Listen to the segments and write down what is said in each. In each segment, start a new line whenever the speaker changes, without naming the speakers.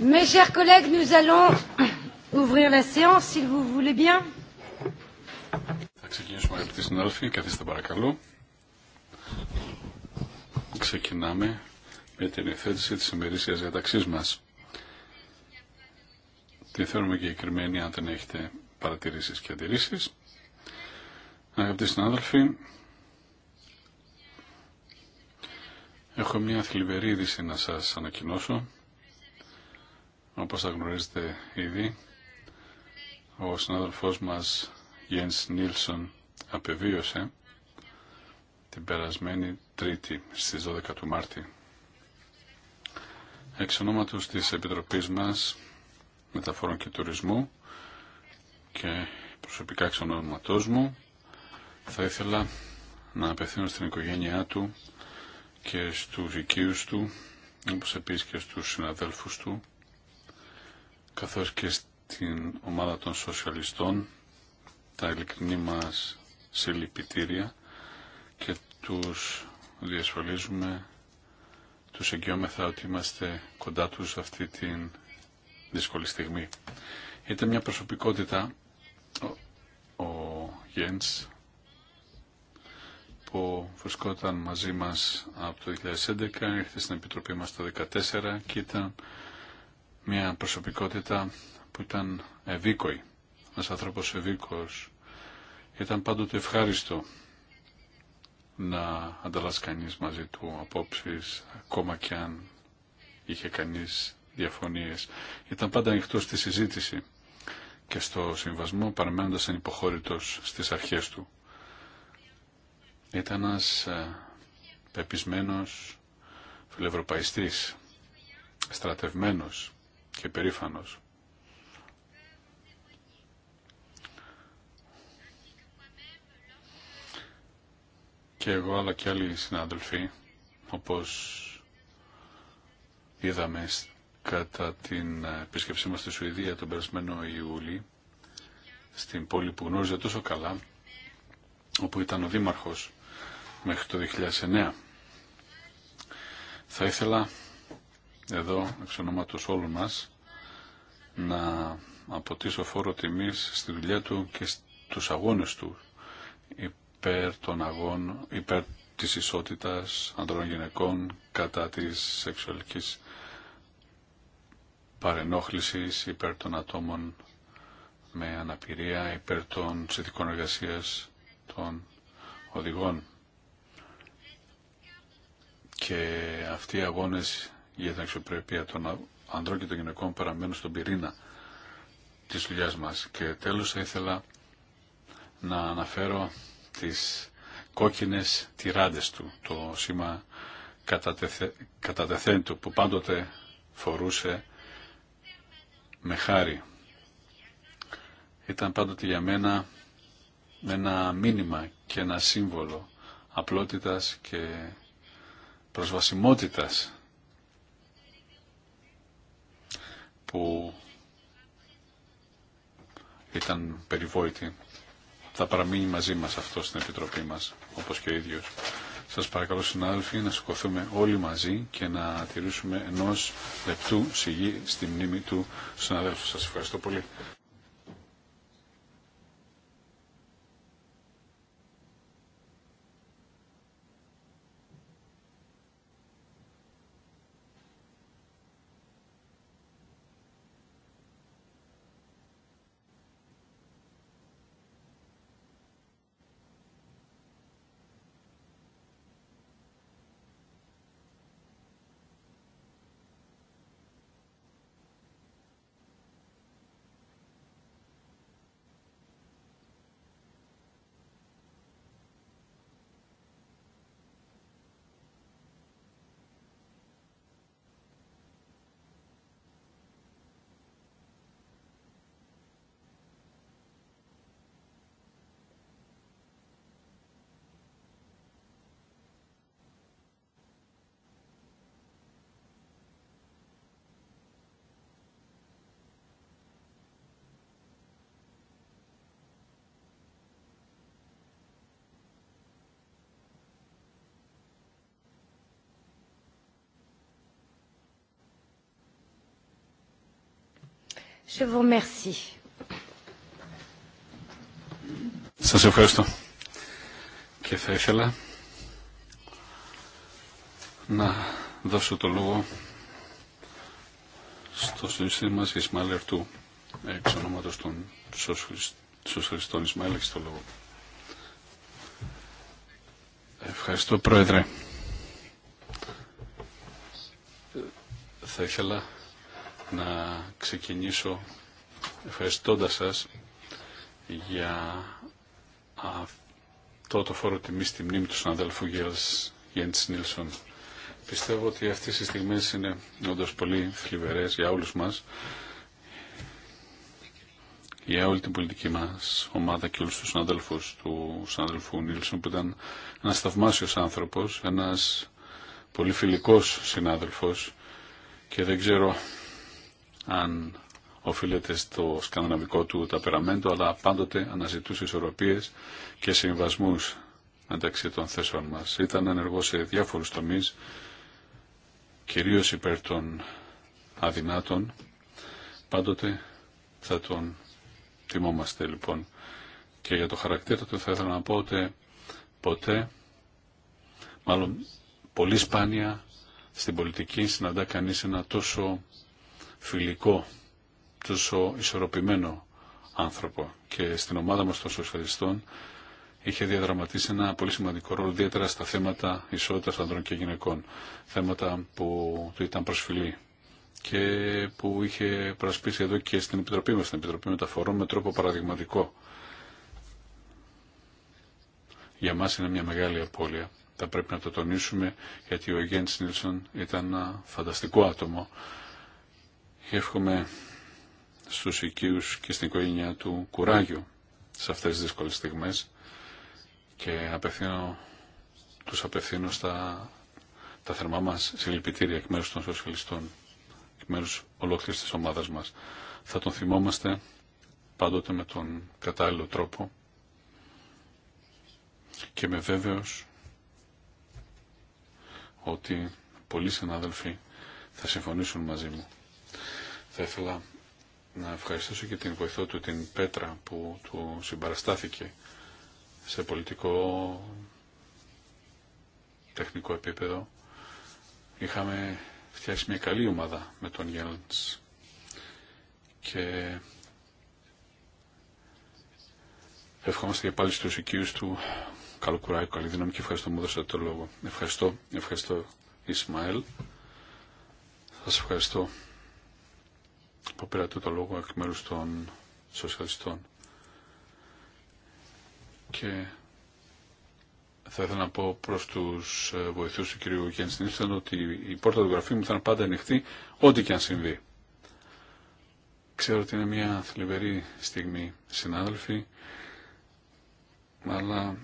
Mes chers collègues, nous allons ouvrir la séance, si vous voulez bien.
Θα ξεκινήσουμε αγαπητοί συνάδελφοι, καθίστε παρακαλώ. Ξεκινάμε με την υφέτηση της ημερήσία διαταξής μα. Τη θέλουμε και εγκεκριμένη αν δεν έχετε παρατηρήσεις και αντιρρήσεις. Αγαπητοί συνάδελφοι, έχω μια θλιβερή είδηση να σα ανακοινώσω. Όπως θα γνωρίζετε ήδη, ο συνάδελφός μας Γιένς Νίλσον απεβίωσε την περασμένη Τρίτη στις 12 του Μάρτη. Εξ ονόματος της Επιτροπής μας Μεταφορών και Τουρισμού και προσωπικά εξ ονόματός μου θα ήθελα να απευθύνω στην οικογένειά του και στους οικείους του όπως επίσης και στους συναδέλφους του καθώς και στην ομάδα των σοσιαλιστών τα ειλικρινή μας συλληπιτήρια και τους διασφαλίζουμε, τους εγγυόμεθα ότι είμαστε κοντά τους αυτή την δύσκολη στιγμή. Ήταν μια προσωπικότητα ο, ο Γιέντς που βρισκόταν μαζί μας από το 2011, ήρθε στην Επιτροπή μας το 2014 και ήταν μια προσωπικότητα που ήταν ευήκοη, ένα άνθρωπος ευήκοος. Ήταν πάντοτε ευχάριστο να ανταλλάσσει κανείς μαζί του απόψεις, ακόμα κι αν είχε κανείς διαφωνίες. Ήταν πάντα ανοιχτό στη συζήτηση και στο συμβασμό παραμένοντας ανυποχώρητος στις αρχές του. Ήταν ένας ε, πεπισμένος φιλευρωπαϊστής, στρατευμένος και περήφανος. Και εγώ αλλά και άλλοι συνάδελφοι, όπως είδαμε κατά την ε, επίσκεψή μας στη Σουηδία τον περασμένο Ιούλη, στην πόλη που γνώριζε τόσο καλά, όπου ήταν ο Δήμαρχος μέχρι το 2009. Θα ήθελα εδώ εξ ονόματος όλων μας να αποτίσω φόρο τιμής στη δουλειά του και στους αγώνες του υπέρ των αγών, υπέρ της ισότητας ανδρών γυναικών κατά της σεξουαλικής παρενόχλησης υπέρ των ατόμων με αναπηρία, υπέρ των συνθηκών εργασία των οδηγών. Και αυτοί οι αγώνες για την αξιοπρέπεια των ανδρών και των γυναικών παραμένουν στον πυρήνα της δουλειά μας. Και τέλος θα ήθελα να αναφέρω τις κόκκινες τυράντες του, το σήμα κατατεθέν κατατεθέντου που πάντοτε φορούσε με χάρη. Ήταν πάντοτε για μένα ένα μήνυμα και ένα σύμβολο απλότητας και προσβασιμότητας που ήταν περιβόητη. Θα παραμείνει μαζί μας αυτό στην Επιτροπή μας, όπως και ο ίδιος. Σας παρακαλώ συνάδελφοι να σηκωθούμε όλοι μαζί και να τηρήσουμε ενός λεπτού σιγή στη μνήμη του συναδέλφου. Σας ευχαριστώ πολύ. Σας ευχαριστώ. Και θα ήθελα να δώσω το λόγο στο συνήθι μας Ισμαήλ του εξ ονόματος των Σοσχριστών Ισμάλερ έχεις το λόγο. Ευχαριστώ, Πρόεδρε. Θα ήθελα να ξεκινήσω ευχαριστώντας σας για αυτό το φόρο τιμή στη μνήμη του συναδέλφου Γέντς Νίλσον. Πιστεύω ότι αυτές οι στιγμές είναι όντω πολύ θλιβερές για όλους μας, για όλη την πολιτική μας ομάδα και όλους τους συναδέλφους του συναδέλφου Νίλσον που ήταν ένας θαυμάσιος άνθρωπος, ένας πολύ φιλικός συνάδελφος και δεν ξέρω αν οφείλεται στο σκανδιναβικό του ταπεραμέντο, αλλά πάντοτε αναζητούσε ισορροπίες και συμβασμούς μεταξύ των θέσεων μας. Ήταν ενεργό σε διάφορους τομείς, κυρίως υπέρ των αδυνάτων. Πάντοτε θα τον τιμόμαστε λοιπόν. Και για το χαρακτήρα του θα ήθελα να πω ότι ποτέ, μάλλον πολύ σπάνια στην πολιτική συναντά κανείς ένα τόσο φιλικό, τόσο ισορροπημένο άνθρωπο και στην ομάδα μας των σοσιαλιστών είχε διαδραματίσει ένα πολύ σημαντικό ρόλο, ιδιαίτερα στα θέματα ισότητας ανδρών και γυναικών, θέματα που του ήταν προσφυλή και που είχε προσπίσει εδώ και στην Επιτροπή μας, στην Επιτροπή Μεταφορών, με τρόπο παραδειγματικό. Για μας είναι μια μεγάλη απώλεια. Θα πρέπει να το τονίσουμε, γιατί ο Γέντς Νίλσον ήταν ένα φανταστικό άτομο εύχομαι στους οικείους και στην οικογένειά του κουράγιο σε αυτές τις δύσκολες στιγμές και απευθύνω, τους απευθύνω στα τα θερμά μας συλληπιτήρια εκ μέρους των σοσιαλιστών, εκ μέρους ολόκληρης της ομάδας μας. Θα τον θυμόμαστε πάντοτε με τον κατάλληλο τρόπο και με βέβαιος ότι πολλοί συνάδελφοι θα συμφωνήσουν μαζί μου. Θα ήθελα να ευχαριστήσω και την βοηθό του την Πέτρα που του συμπαραστάθηκε σε πολιτικό τεχνικό επίπεδο. Είχαμε φτιάξει μια καλή ομάδα με τον Γέλντς και ευχόμαστε και πάλι στους οικείους του καλό κουράγιο, καλή δύναμη και ευχαριστώ μου δώσατε το λόγο. Ευχαριστώ, ευχαριστώ Ισμαέλ Σας ευχαριστώ πήρατε το λόγο εκ μέρους των σοσιαλιστών. Και θα ήθελα να πω προς τους ε, βοηθούς του κυρίου Γιάννη ότι η πόρτα του γραφείου μου θα είναι πάντα ανοιχτή ό,τι και αν συμβεί. Ξέρω ότι είναι μια θλιβερή στιγμή, συνάδελφοι, αλλά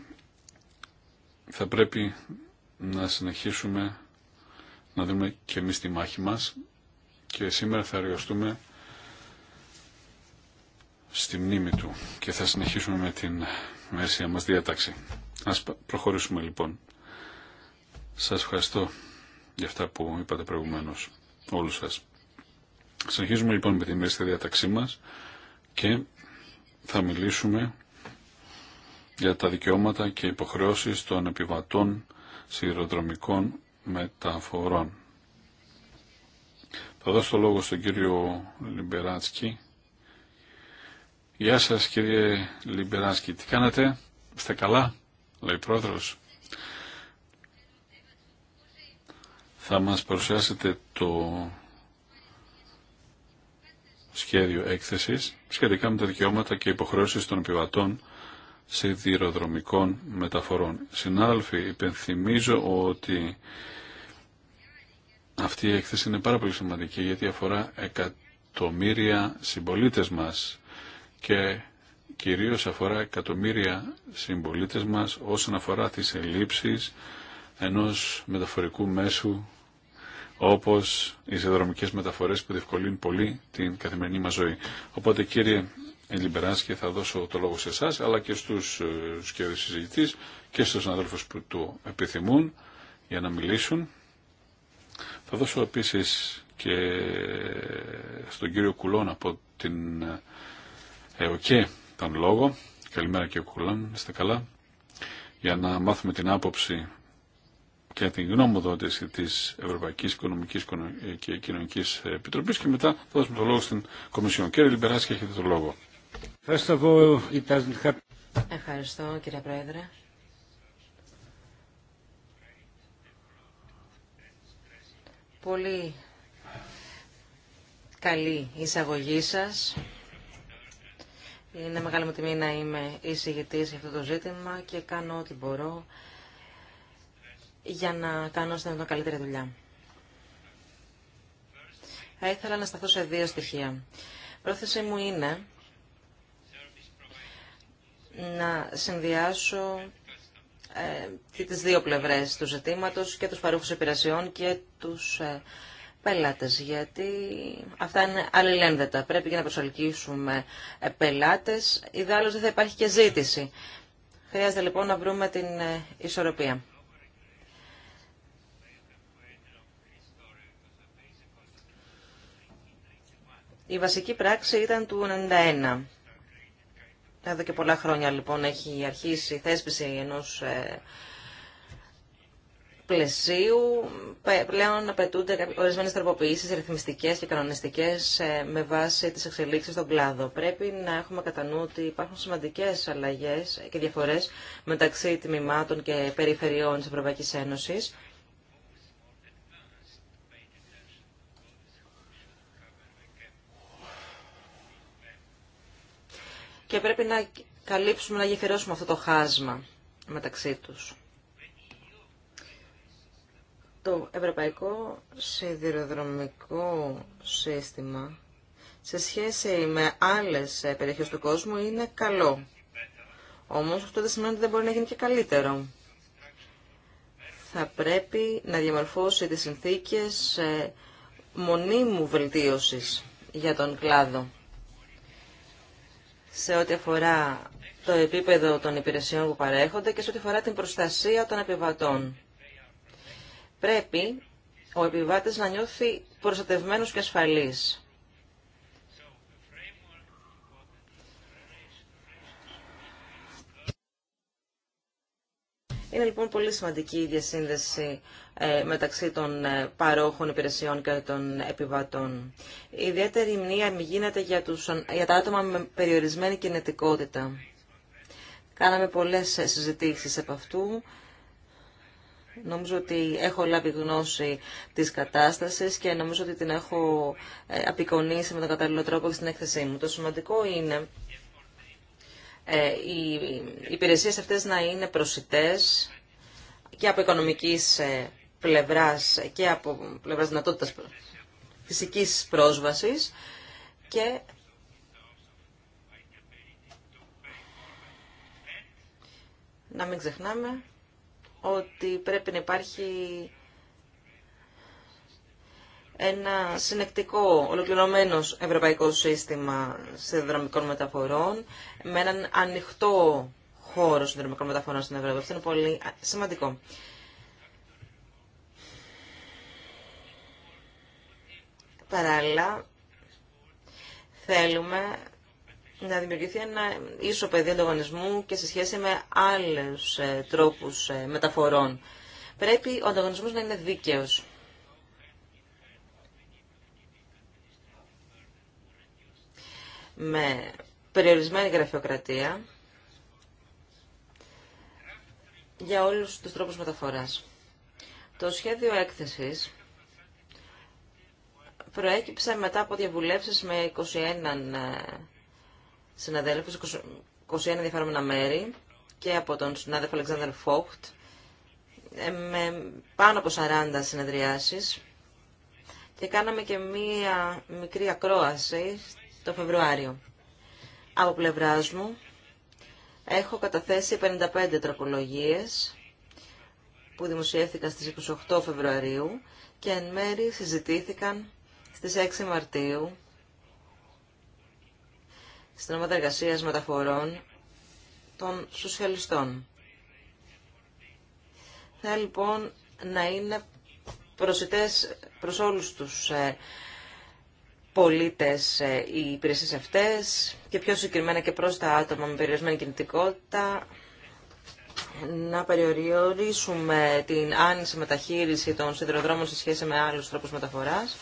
θα πρέπει να συνεχίσουμε να δούμε και εμείς τη μάχη μας και σήμερα θα εργαστούμε στη μνήμη του και θα συνεχίσουμε με την μέσια μας διάταξη. Ας προχωρήσουμε λοιπόν. Σας ευχαριστώ για αυτά που είπατε προηγουμένως όλους σας. Συνεχίζουμε λοιπόν με τη μέση διάταξή μας και θα μιλήσουμε για τα δικαιώματα και υποχρεώσεις των επιβατών σιδηροδρομικών μεταφορών. Θα δώσω το λόγο στον κύριο Λιμπεράτσκι Γεια σας κύριε Λιμπεράσκη. Τι κάνατε, είστε καλά, λέει πρόεδρος. Θα μας παρουσιάσετε το σχέδιο έκθεσης σχετικά με τα δικαιώματα και υποχρεώσεις των επιβατών σε διεροδρομικών μεταφορών. Συνάδελφοι, υπενθυμίζω ότι αυτή η έκθεση είναι πάρα πολύ σημαντική γιατί αφορά εκατομμύρια συμπολίτες μας και κυρίως αφορά εκατομμύρια συμπολίτε μας όσον αφορά τις ελλείψεις ενός μεταφορικού μέσου όπως οι συνδρομικές μεταφορές που διευκολύνουν πολύ την καθημερινή μας ζωή. Οπότε κύριε Λιμπεράσκη θα δώσω το λόγο σε εσά, αλλά και στους ε, σκέδους συζητητής και στους αδέλφους που το επιθυμούν για να μιλήσουν. Θα δώσω επίσης και στον κύριο Κουλόν από την ε, ε, και τον λόγο. Καλημέρα και ο Κουλάν, είστε καλά. Για να μάθουμε την άποψη και την γνώμοδότηση της Ευρωπαϊκής Οικονομικής ε, και Κοινωνικής Επιτροπής και μετά θα δώσουμε το λόγο στην Κομισιόν. Κύριε και έχετε το λόγο.
Ευχαριστώ κύριε Πρόεδρε. Πολύ καλή εισαγωγή σας είναι μεγάλη μου τιμή να είμαι εισηγητής για αυτό το ζήτημα και κάνω ό,τι μπορώ για να κάνω στην καλύτερη δουλειά. Θα ήθελα να σταθώ σε δύο στοιχεία. Πρόθεσή μου είναι να συνδυάσω ε, τις δύο πλευρές του ζητήματος και τους παρούχους υπηρεσιών και τους ε, πελάτες, γιατί αυτά είναι αλληλένδετα. Πρέπει και να προσελκύσουμε ε, πελάτες, ιδάλλως δεν θα υπάρχει και ζήτηση. Χρειάζεται λοιπόν να βρούμε την ε, ισορροπία. Η βασική πράξη ήταν του 1991. Εδώ και πολλά χρόνια λοιπόν έχει αρχίσει η θέσπιση ενός ε, πλαισίου πλέον απαιτούνται ορισμένε τροποποιήσει ρυθμιστικέ και κανονιστικέ ε, με βάση τι εξελίξει στον κλάδο. Πρέπει να έχουμε κατά νου ότι υπάρχουν σημαντικέ αλλαγέ και διαφορέ μεταξύ τμήματων και περιφερειών τη Ευρωπαϊκή Ένωση. Και πρέπει να καλύψουμε, να γεφυρώσουμε αυτό το χάσμα μεταξύ τους. Το Ευρωπαϊκό Σιδηροδρομικό Σύστημα σε σχέση με άλλες περιοχές του κόσμου είναι καλό. Όμως αυτό δεν σημαίνει ότι δεν μπορεί να γίνει και καλύτερο. Θα πρέπει να διαμορφώσει τις συνθήκες ε, μονίμου βελτίωσης για τον κλάδο. Σε ό,τι αφορά το επίπεδο των υπηρεσιών που παρέχονται και σε ό,τι αφορά την προστασία των επιβατών πρέπει ο επιβάτης να νιώθει προστατευμένος και ασφαλής. Είναι λοιπόν πολύ σημαντική η διασύνδεση ε, μεταξύ των ε, παρόχων υπηρεσιών και των επιβατών. Η ιδιαίτερη μνήμη γίνεται για, για τα άτομα με περιορισμένη κινητικότητα. Κάναμε πολλές ε, συζητήσεις από αυτού Νομίζω ότι έχω λάβει γνώση της κατάστασης και νομίζω ότι την έχω ε, απεικονίσει με τον κατάλληλο τρόπο στην έκθεσή μου. Το σημαντικό είναι ε, οι υπηρεσίες αυτές να είναι προσιτές και από οικονομικής ε, πλευράς και από πλευράς δυνατότητας φυσικής πρόσβασης και να μην ξεχνάμε ότι πρέπει να υπάρχει ένα συνεκτικό, ολοκληρωμένο ευρωπαϊκό σύστημα συνδρομικών μεταφορών με έναν ανοιχτό χώρο συνδρομικών μεταφορών στην Ευρώπη. Αυτό είναι πολύ σημαντικό. Παράλληλα, θέλουμε να δημιουργηθεί ένα ίσο πεδίο ανταγωνισμού και σε σχέση με άλλους ε, τρόπους ε, μεταφορών. Πρέπει ο ανταγωνισμός να είναι δίκαιος. Με περιορισμένη γραφειοκρατία για όλους τους τρόπους μεταφοράς. Το σχέδιο έκθεσης προέκυψε μετά από διαβουλεύσεις με 21 Συναδέλφου 21 διαφορετικά μέρη και από τον συνάδελφο Αλεξάνδρ Φόχτ ε, με πάνω από 40 συνεδριάσει και κάναμε και μία μικρή ακρόαση το Φεβρουάριο. Από πλευρά μου έχω καταθέσει 55 τροπολογίες που δημοσιεύθηκαν στις 28 Φεβρουαρίου και εν μέρη συζητήθηκαν στις 6 Μαρτίου στην ομάδα εργασίας μεταφορών των σοσιαλιστών. Θα λοιπόν να είναι προσιτές προς όλους τους ε, πολίτες ε, οι υπηρεσίες αυτές και πιο συγκεκριμένα και προς τα άτομα με περιορισμένη κινητικότητα να περιορίσουμε την άνηση μεταχείριση των σιδηροδρόμων σε σχέση με άλλους τρόπους μεταφοράς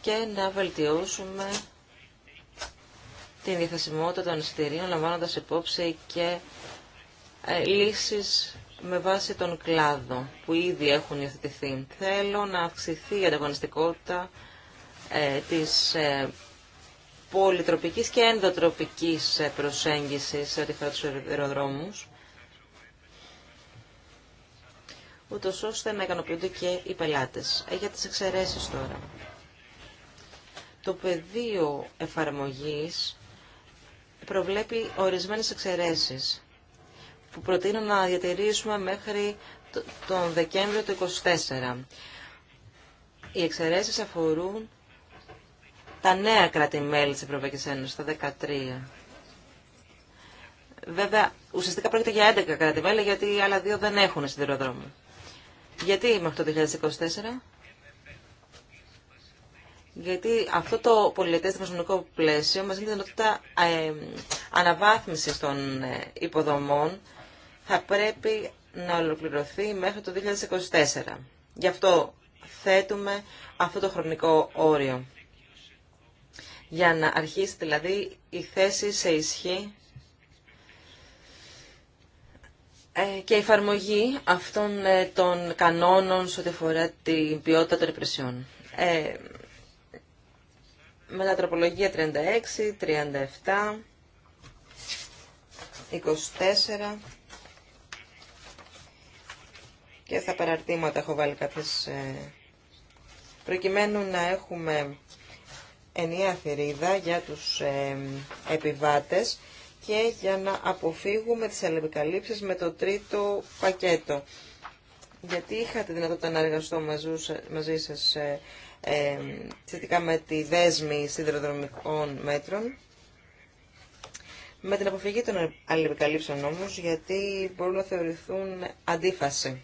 και να βελτιώσουμε την διαθεσιμότητα των εισιτηρίων, λάμβανοντα υπόψη και ε, λύσει με βάση τον κλάδο που ήδη έχουν υιοθετηθεί. Θέλω να αυξηθεί η ανταγωνιστικότητα ε, της ε, πολυτροπική και ενδοτροπικής προσέγγιση σε ό,τι αφορά τους αεροδρόμους, ούτω ώστε να ικανοποιούνται και οι πελάτες. Για τι εξαιρεσει τώρα. Το πεδίο εφαρμογής προβλέπει ορισμένες εξαιρέσεις που προτείνω να διατηρήσουμε μέχρι τον Δεκέμβριο του 2024. Οι εξαιρέσεις αφορούν τα νέα κράτη-μέλη της Ευρωπαϊκής Ένωσης, τα 13. Βέβαια, ουσιαστικά πρόκειται για 11 κράτη-μέλη, γιατί οι άλλα δύο δεν έχουν σιδηροδρόμο. Γιατί μέχρι το 2024 γιατί αυτό το πολιτέ δημοσιονομικό πλαίσιο μας δίνει δυνατότητα ε, αναβάθμιση των ε, υποδομών θα πρέπει να ολοκληρωθεί μέχρι το 2024. Γι' αυτό θέτουμε αυτό το χρονικό όριο. Για να αρχίσει δηλαδή η θέση σε ισχύ ε, και η εφαρμογή αυτών ε, των κανόνων σε ό,τι αφορά την ποιότητα των υπηρεσιών. Μετά τροπολογία 36, 37, 24 και στα παραρτήματα έχω βάλει κάποιες ε, προκειμένου να έχουμε ενιαία θηρίδα για τους ε, επιβάτες και για να αποφύγουμε τις αλληλεπικαλύψεις με το τρίτο πακέτο. Γιατί είχα τη δυνατότητα να εργαστώ μαζί σας ε, ε, σχετικά με τη δέσμη σιδηροδρομικών μέτρων. Με την αποφυγή των αλληλεπικαλύψεων όμως, γιατί μπορούν να θεωρηθούν αντίφαση.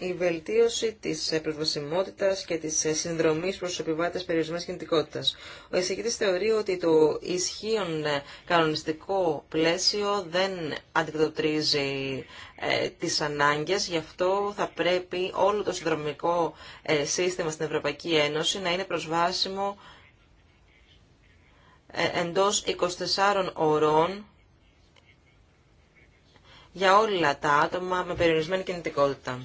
η βελτίωση της προσβασιμότητα και της συνδρομή προ του επιβάτες περιορισμένη κινητικότητας. Ο εισηγητή θεωρεί ότι το ισχύον κανονιστικό πλαίσιο δεν αντικατοπτρίζει ε, τις ανάγκες, γι' αυτό θα πρέπει όλο το συνδρομικό ε, σύστημα στην Ευρωπαϊκή Ένωση να είναι προσβάσιμο ε, εντός 24 ωρών για όλα τα άτομα με περιορισμένη κινητικότητα.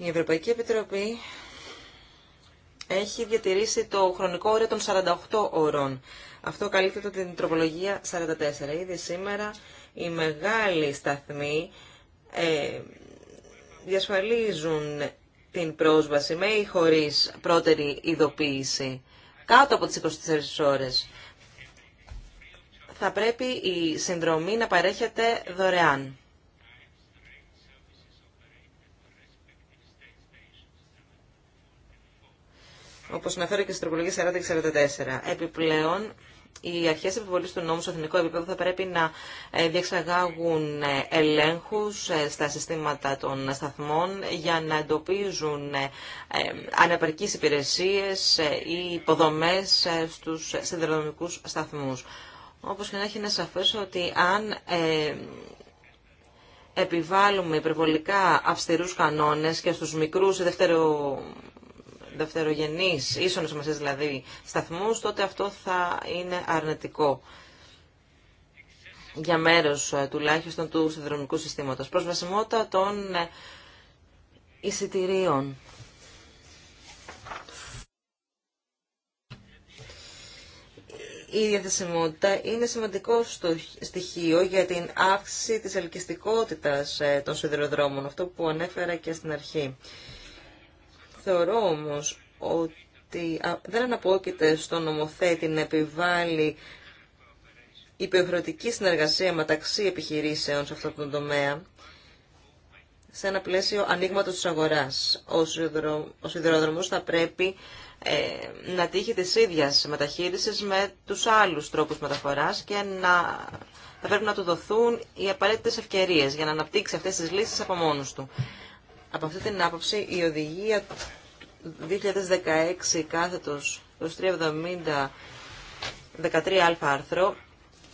Η Ευρωπαϊκή Επιτροπή έχει διατηρήσει το χρονικό όριο των 48 ώρων. Αυτό καλύπτεται την τροπολογία 44. Ήδη σήμερα οι μεγάλοι σταθμοί ε, διασφαλίζουν την πρόσβαση με ή χωρίς πρώτερη ειδοποίηση κάτω από τις 24 ώρες. Θα πρέπει η συνδρομή να παρέχεται δωρεάν. όπως αναφέρω και στις τροπολογίες 40 44. Επιπλέον, οι αρχές επιβολής του νόμου στο εθνικό επίπεδο θα πρέπει να ε, διεξαγάγουν ε, ελέγχους ε, στα συστήματα των σταθμών για να εντοπίζουν ανεπαρκείς υπηρεσίες ή υποδομές στους συνδρομικούς σταθμούς. Όπως και να έχει να σαφές ότι αν επιβάλλουμε υπερβολικά αυστηρούς κανόνες και στους μικρούς δεύτερο δευτερογενεί, ίσως σημασία δηλαδή, σταθμούς, τότε αυτό θα είναι αρνητικό για μέρο ε, τουλάχιστον του συνδρομικού συστήματο. Προσβασιμότητα των ε, εισιτηρίων. Η διαθεσιμότητα είναι σημαντικό στοιχείο για την αύξηση της ελκυστικότητας ε, των σιδηροδρόμων, αυτό που ανέφερα και στην αρχή. Θεωρώ όμως ότι δεν αναπόκειται στο νομοθέτη να επιβάλλει υπερχρεωτική συνεργασία μεταξύ επιχειρήσεων σε αυτόν τον τομέα σε ένα πλαίσιο ανοίγματο της αγοράς. Ο σιδηροδρομός θα πρέπει ε, να τύχει της ίδιας μεταχείρισης με τους άλλους τρόπους μεταφοράς και να, θα πρέπει να του δοθούν οι απαραίτητες ευκαιρίες για να αναπτύξει αυτές τις λύσεις από μόνος του. Από αυτή την άποψη η οδηγία 2016 κάθετος 2370 13α άρθρο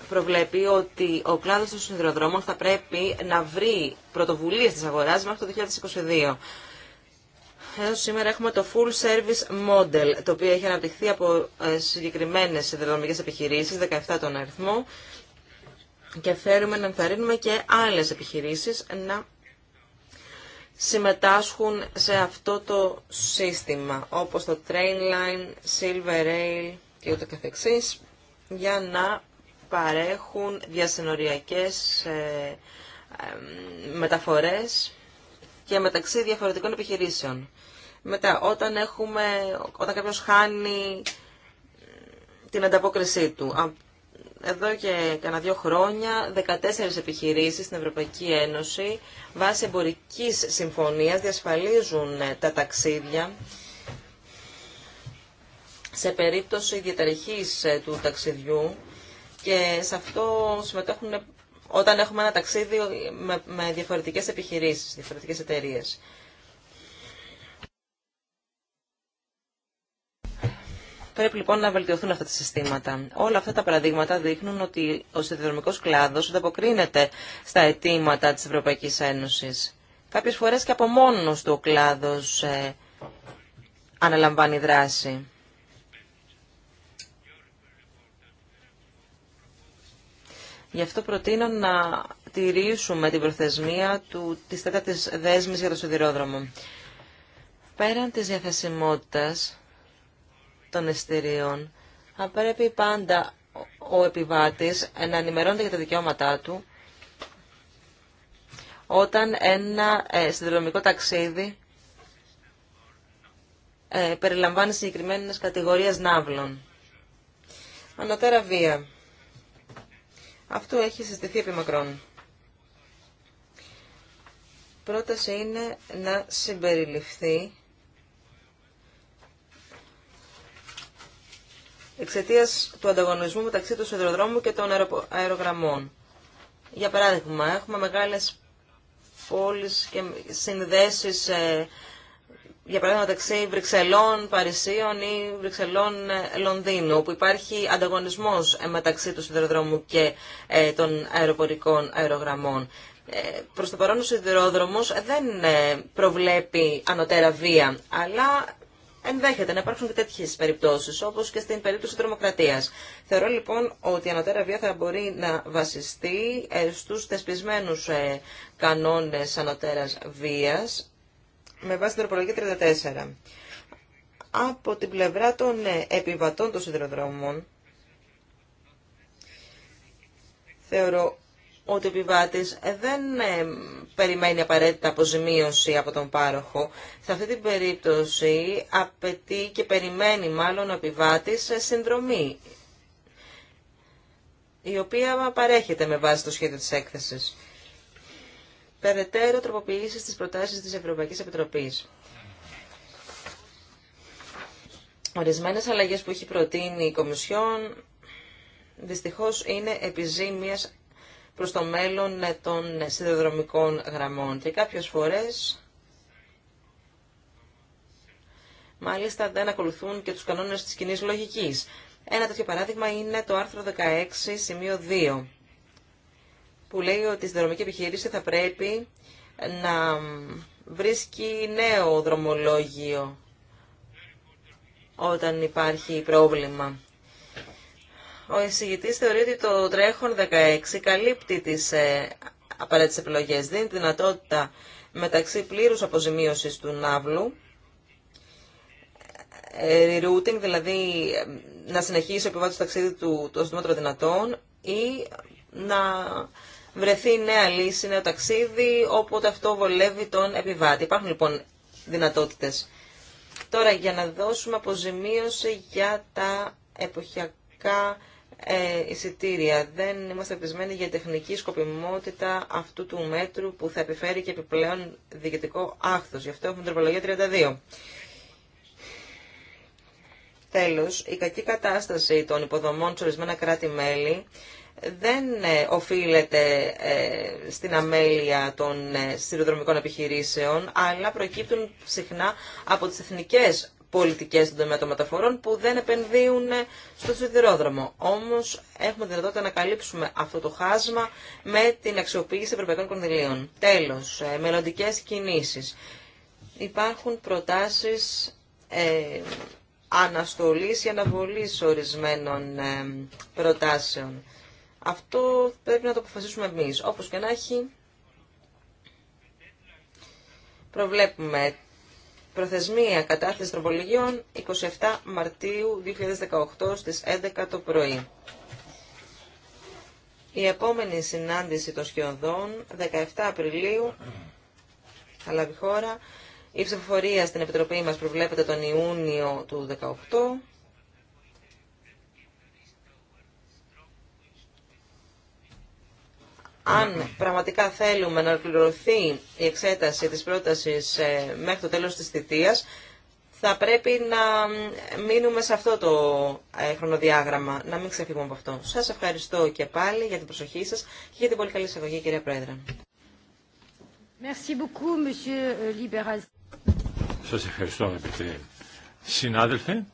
προβλέπει ότι ο κλάδος των συνδυοδρόμων θα πρέπει να βρει πρωτοβουλίες της αγοράς μέχρι το 2022. Εδώ σήμερα έχουμε το Full Service Model, το οποίο έχει αναπτυχθεί από ε, συγκεκριμένες σιδηροδρομικές επιχειρήσεις, 17 τον αριθμό, και θέλουμε να ενθαρρύνουμε και άλλες επιχειρήσεις να συμμετάσχουν σε αυτό το σύστημα, όπως το Trainline, Silver Rail και ούτε καθεξής, για να παρέχουν διασυνοριακές ε, μεταφορές και μεταξύ διαφορετικών επιχειρήσεων. Μετά, όταν, έχουμε, όταν κάποιος χάνει την ανταπόκρισή του εδώ και κανένα δύο χρόνια 14 επιχειρήσεις στην Ευρωπαϊκή Ένωση βάσει εμπορικής συμφωνίας διασφαλίζουν ε, τα ταξίδια σε περίπτωση διαταρχής ε, του ταξιδιού και σε αυτό συμμετέχουν ε, όταν έχουμε ένα ταξίδι με διαφορετικές επιχειρήσεις, διαφορετικές εταιρείες. Πρέπει λοιπόν να βελτιωθούν αυτά τα συστήματα. Όλα αυτά τα παραδείγματα δείχνουν ότι ο σιδηροδρομικός κλάδος ανταποκρίνεται στα αιτήματα της Ευρωπαϊκής Ένωση. Κάποιες φορές και από μόνο του ο κλάδο ε, αναλαμβάνει δράση. Γι' αυτό προτείνω να τηρήσουμε την προθεσμία του, της τέταρτης δέσμης για το σιδηρόδρομο. Πέραν της διαθεσιμότητας, των εστηρίων. Θα πρέπει πάντα ο επιβάτης να ενημερώνεται για τα δικαιώματά του όταν ένα ε, συνδρομικό ταξίδι ε, περιλαμβάνει συγκεκριμένες κατηγορίες ναύλων. Ανατέρα βία. Αυτό έχει συστηθεί επί μακρόν. Πρόταση είναι να συμπεριληφθεί εξαιτία του ανταγωνισμού μεταξύ του σιδηροδρόμου και των αερογραμμών. Για παράδειγμα, έχουμε μεγάλες πόλει και συνδέσεις, ε, για παράδειγμα, μεταξύ Βρυξελών, Παρισίων ή Βρυξελών, ε, Λονδίνου, όπου υπάρχει ανταγωνισμός ε, μεταξύ του σιδηροδρόμου και των αεροπορικών αερογραμμών. Ε, προς το παρόν ο σιδηρόδρομο δεν προβλέπει ανωτέρα βία, αλλά ενδέχεται να υπάρχουν και τέτοιε περιπτώσει, όπω και στην περίπτωση τρομοκρατία. Θεωρώ λοιπόν ότι η ανωτέρα βία θα μπορεί να βασιστεί ε, στου θεσπισμένου ε, κανόνε ανωτέρα βία με βάση την τροπολογία 34. Από την πλευρά των ε, επιβατών των σιδηροδρόμων, θεωρώ ότι ο επιβάτης δεν ε, περιμένει απαραίτητα αποζημίωση από τον πάροχο. Σε αυτή την περίπτωση απαιτεί και περιμένει μάλλον ο επιβάτης συνδρομή, η οποία παρέχεται με βάση το σχέδιο της έκθεσης. Περαιτέρω τροποποιήσει στις προτάσεις της Ευρωπαϊκής Επιτροπής. Ορισμένες αλλαγές που έχει προτείνει η Κομισιόν δυστυχώς είναι επιζήμιας προς το μέλλον ε, των σιδηροδρομικών γραμμών. Και κάποιες φορές, μάλιστα, δεν ακολουθούν και τους κανόνες της κοινή λογικής. Ένα τέτοιο παράδειγμα είναι το άρθρο 16, σημείο 2, που λέει ότι η συνδρομική επιχείρηση θα πρέπει να βρίσκει νέο δρομολόγιο όταν υπάρχει πρόβλημα ο εισηγητής θεωρεί ότι το τρέχον 16 καλύπτει τις ε, απαραίτητες επιλογές. Δίνει τη δυνατότητα μεταξύ πλήρους αποζημίωσης του ναύλου, ε, rerouting, δηλαδή ε, να συνεχίσει ο επιβάτης το ταξίδι του το δυνατόν ή να βρεθεί νέα λύση, νέο ταξίδι, όποτε αυτό βολεύει τον επιβάτη. Υπάρχουν λοιπόν δυνατότητες. Τώρα για να δώσουμε αποζημίωση για τα εποχιακά ε, εισιτήρια. Δεν είμαστε πεισμένοι για τεχνική σκοπιμότητα αυτού του μέτρου που θα επιφέρει και επιπλέον διοικητικό άχθος. Γι' αυτό έχουμε τροπολογία 32. Τέλος, η κακή κατάσταση των υποδομών σε ορισμένα κράτη-μέλη δεν ε, οφείλεται ε, στην αμέλεια των ε, σιδηροδρομικών επιχειρήσεων, αλλά προκύπτουν συχνά από τις εθνικές πολιτικές στον των μεταφορών που δεν επενδύουν στο σιδηρόδρομο. Όμω, έχουμε δυνατότητα να καλύψουμε αυτό το χάσμα με την αξιοποίηση ευρωπαϊκών κονδυλίων. Τέλος, ε, μελλοντικέ κινήσεις. Υπάρχουν προτάσεις ε, αναστολής ή αναβολής ορισμένων ε, προτάσεων. Αυτό πρέπει να το αποφασίσουμε εμεί. Όπως και να έχει, προβλέπουμε Προθεσμία κατάρτιση τροπολογιών 27 Μαρτίου 2018 στις 11 το πρωί. Η επόμενη συνάντηση των σχεδόν 17 Απριλίου θα λάβει χώρα. Η ψηφοφορία στην Επιτροπή μας προβλέπεται τον Ιούνιο του 2018. αν πραγματικά θέλουμε να ολοκληρωθεί η εξέταση της πρότασης ε, μέχρι το τέλος της θητείας, θα πρέπει να μείνουμε σε αυτό το ε, χρονοδιάγραμμα, να μην ξεφύγουμε από αυτό. Σας ευχαριστώ και πάλι για την προσοχή σας και για την πολύ καλή εισαγωγή, κυρία Πρόεδρε. Euh,
σας ευχαριστώ, αγαπητέ συνάδελφε.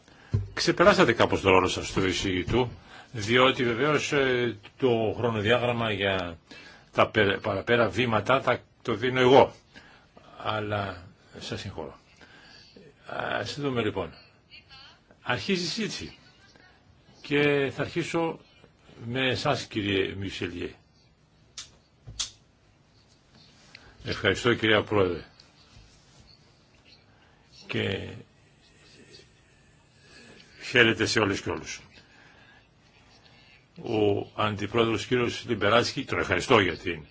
Ξεπεράσατε κάπως το ρόλο σας του εισηγητού διότι βεβαίως ε, το χρονοδιάγραμμα για τα παραπέρα βήματα θα το δίνω εγώ. Αλλά σας συγχωρώ. Ας δούμε λοιπόν. Αρχίζει η και θα αρχίσω με εσάς κύριε Μισελιέ. Ευχαριστώ κυρία Πρόεδρε. Και χαίρετε σε όλες και όλους ο Αντιπρόεδρος κ. Λιμπεράσκη, τον ευχαριστώ για την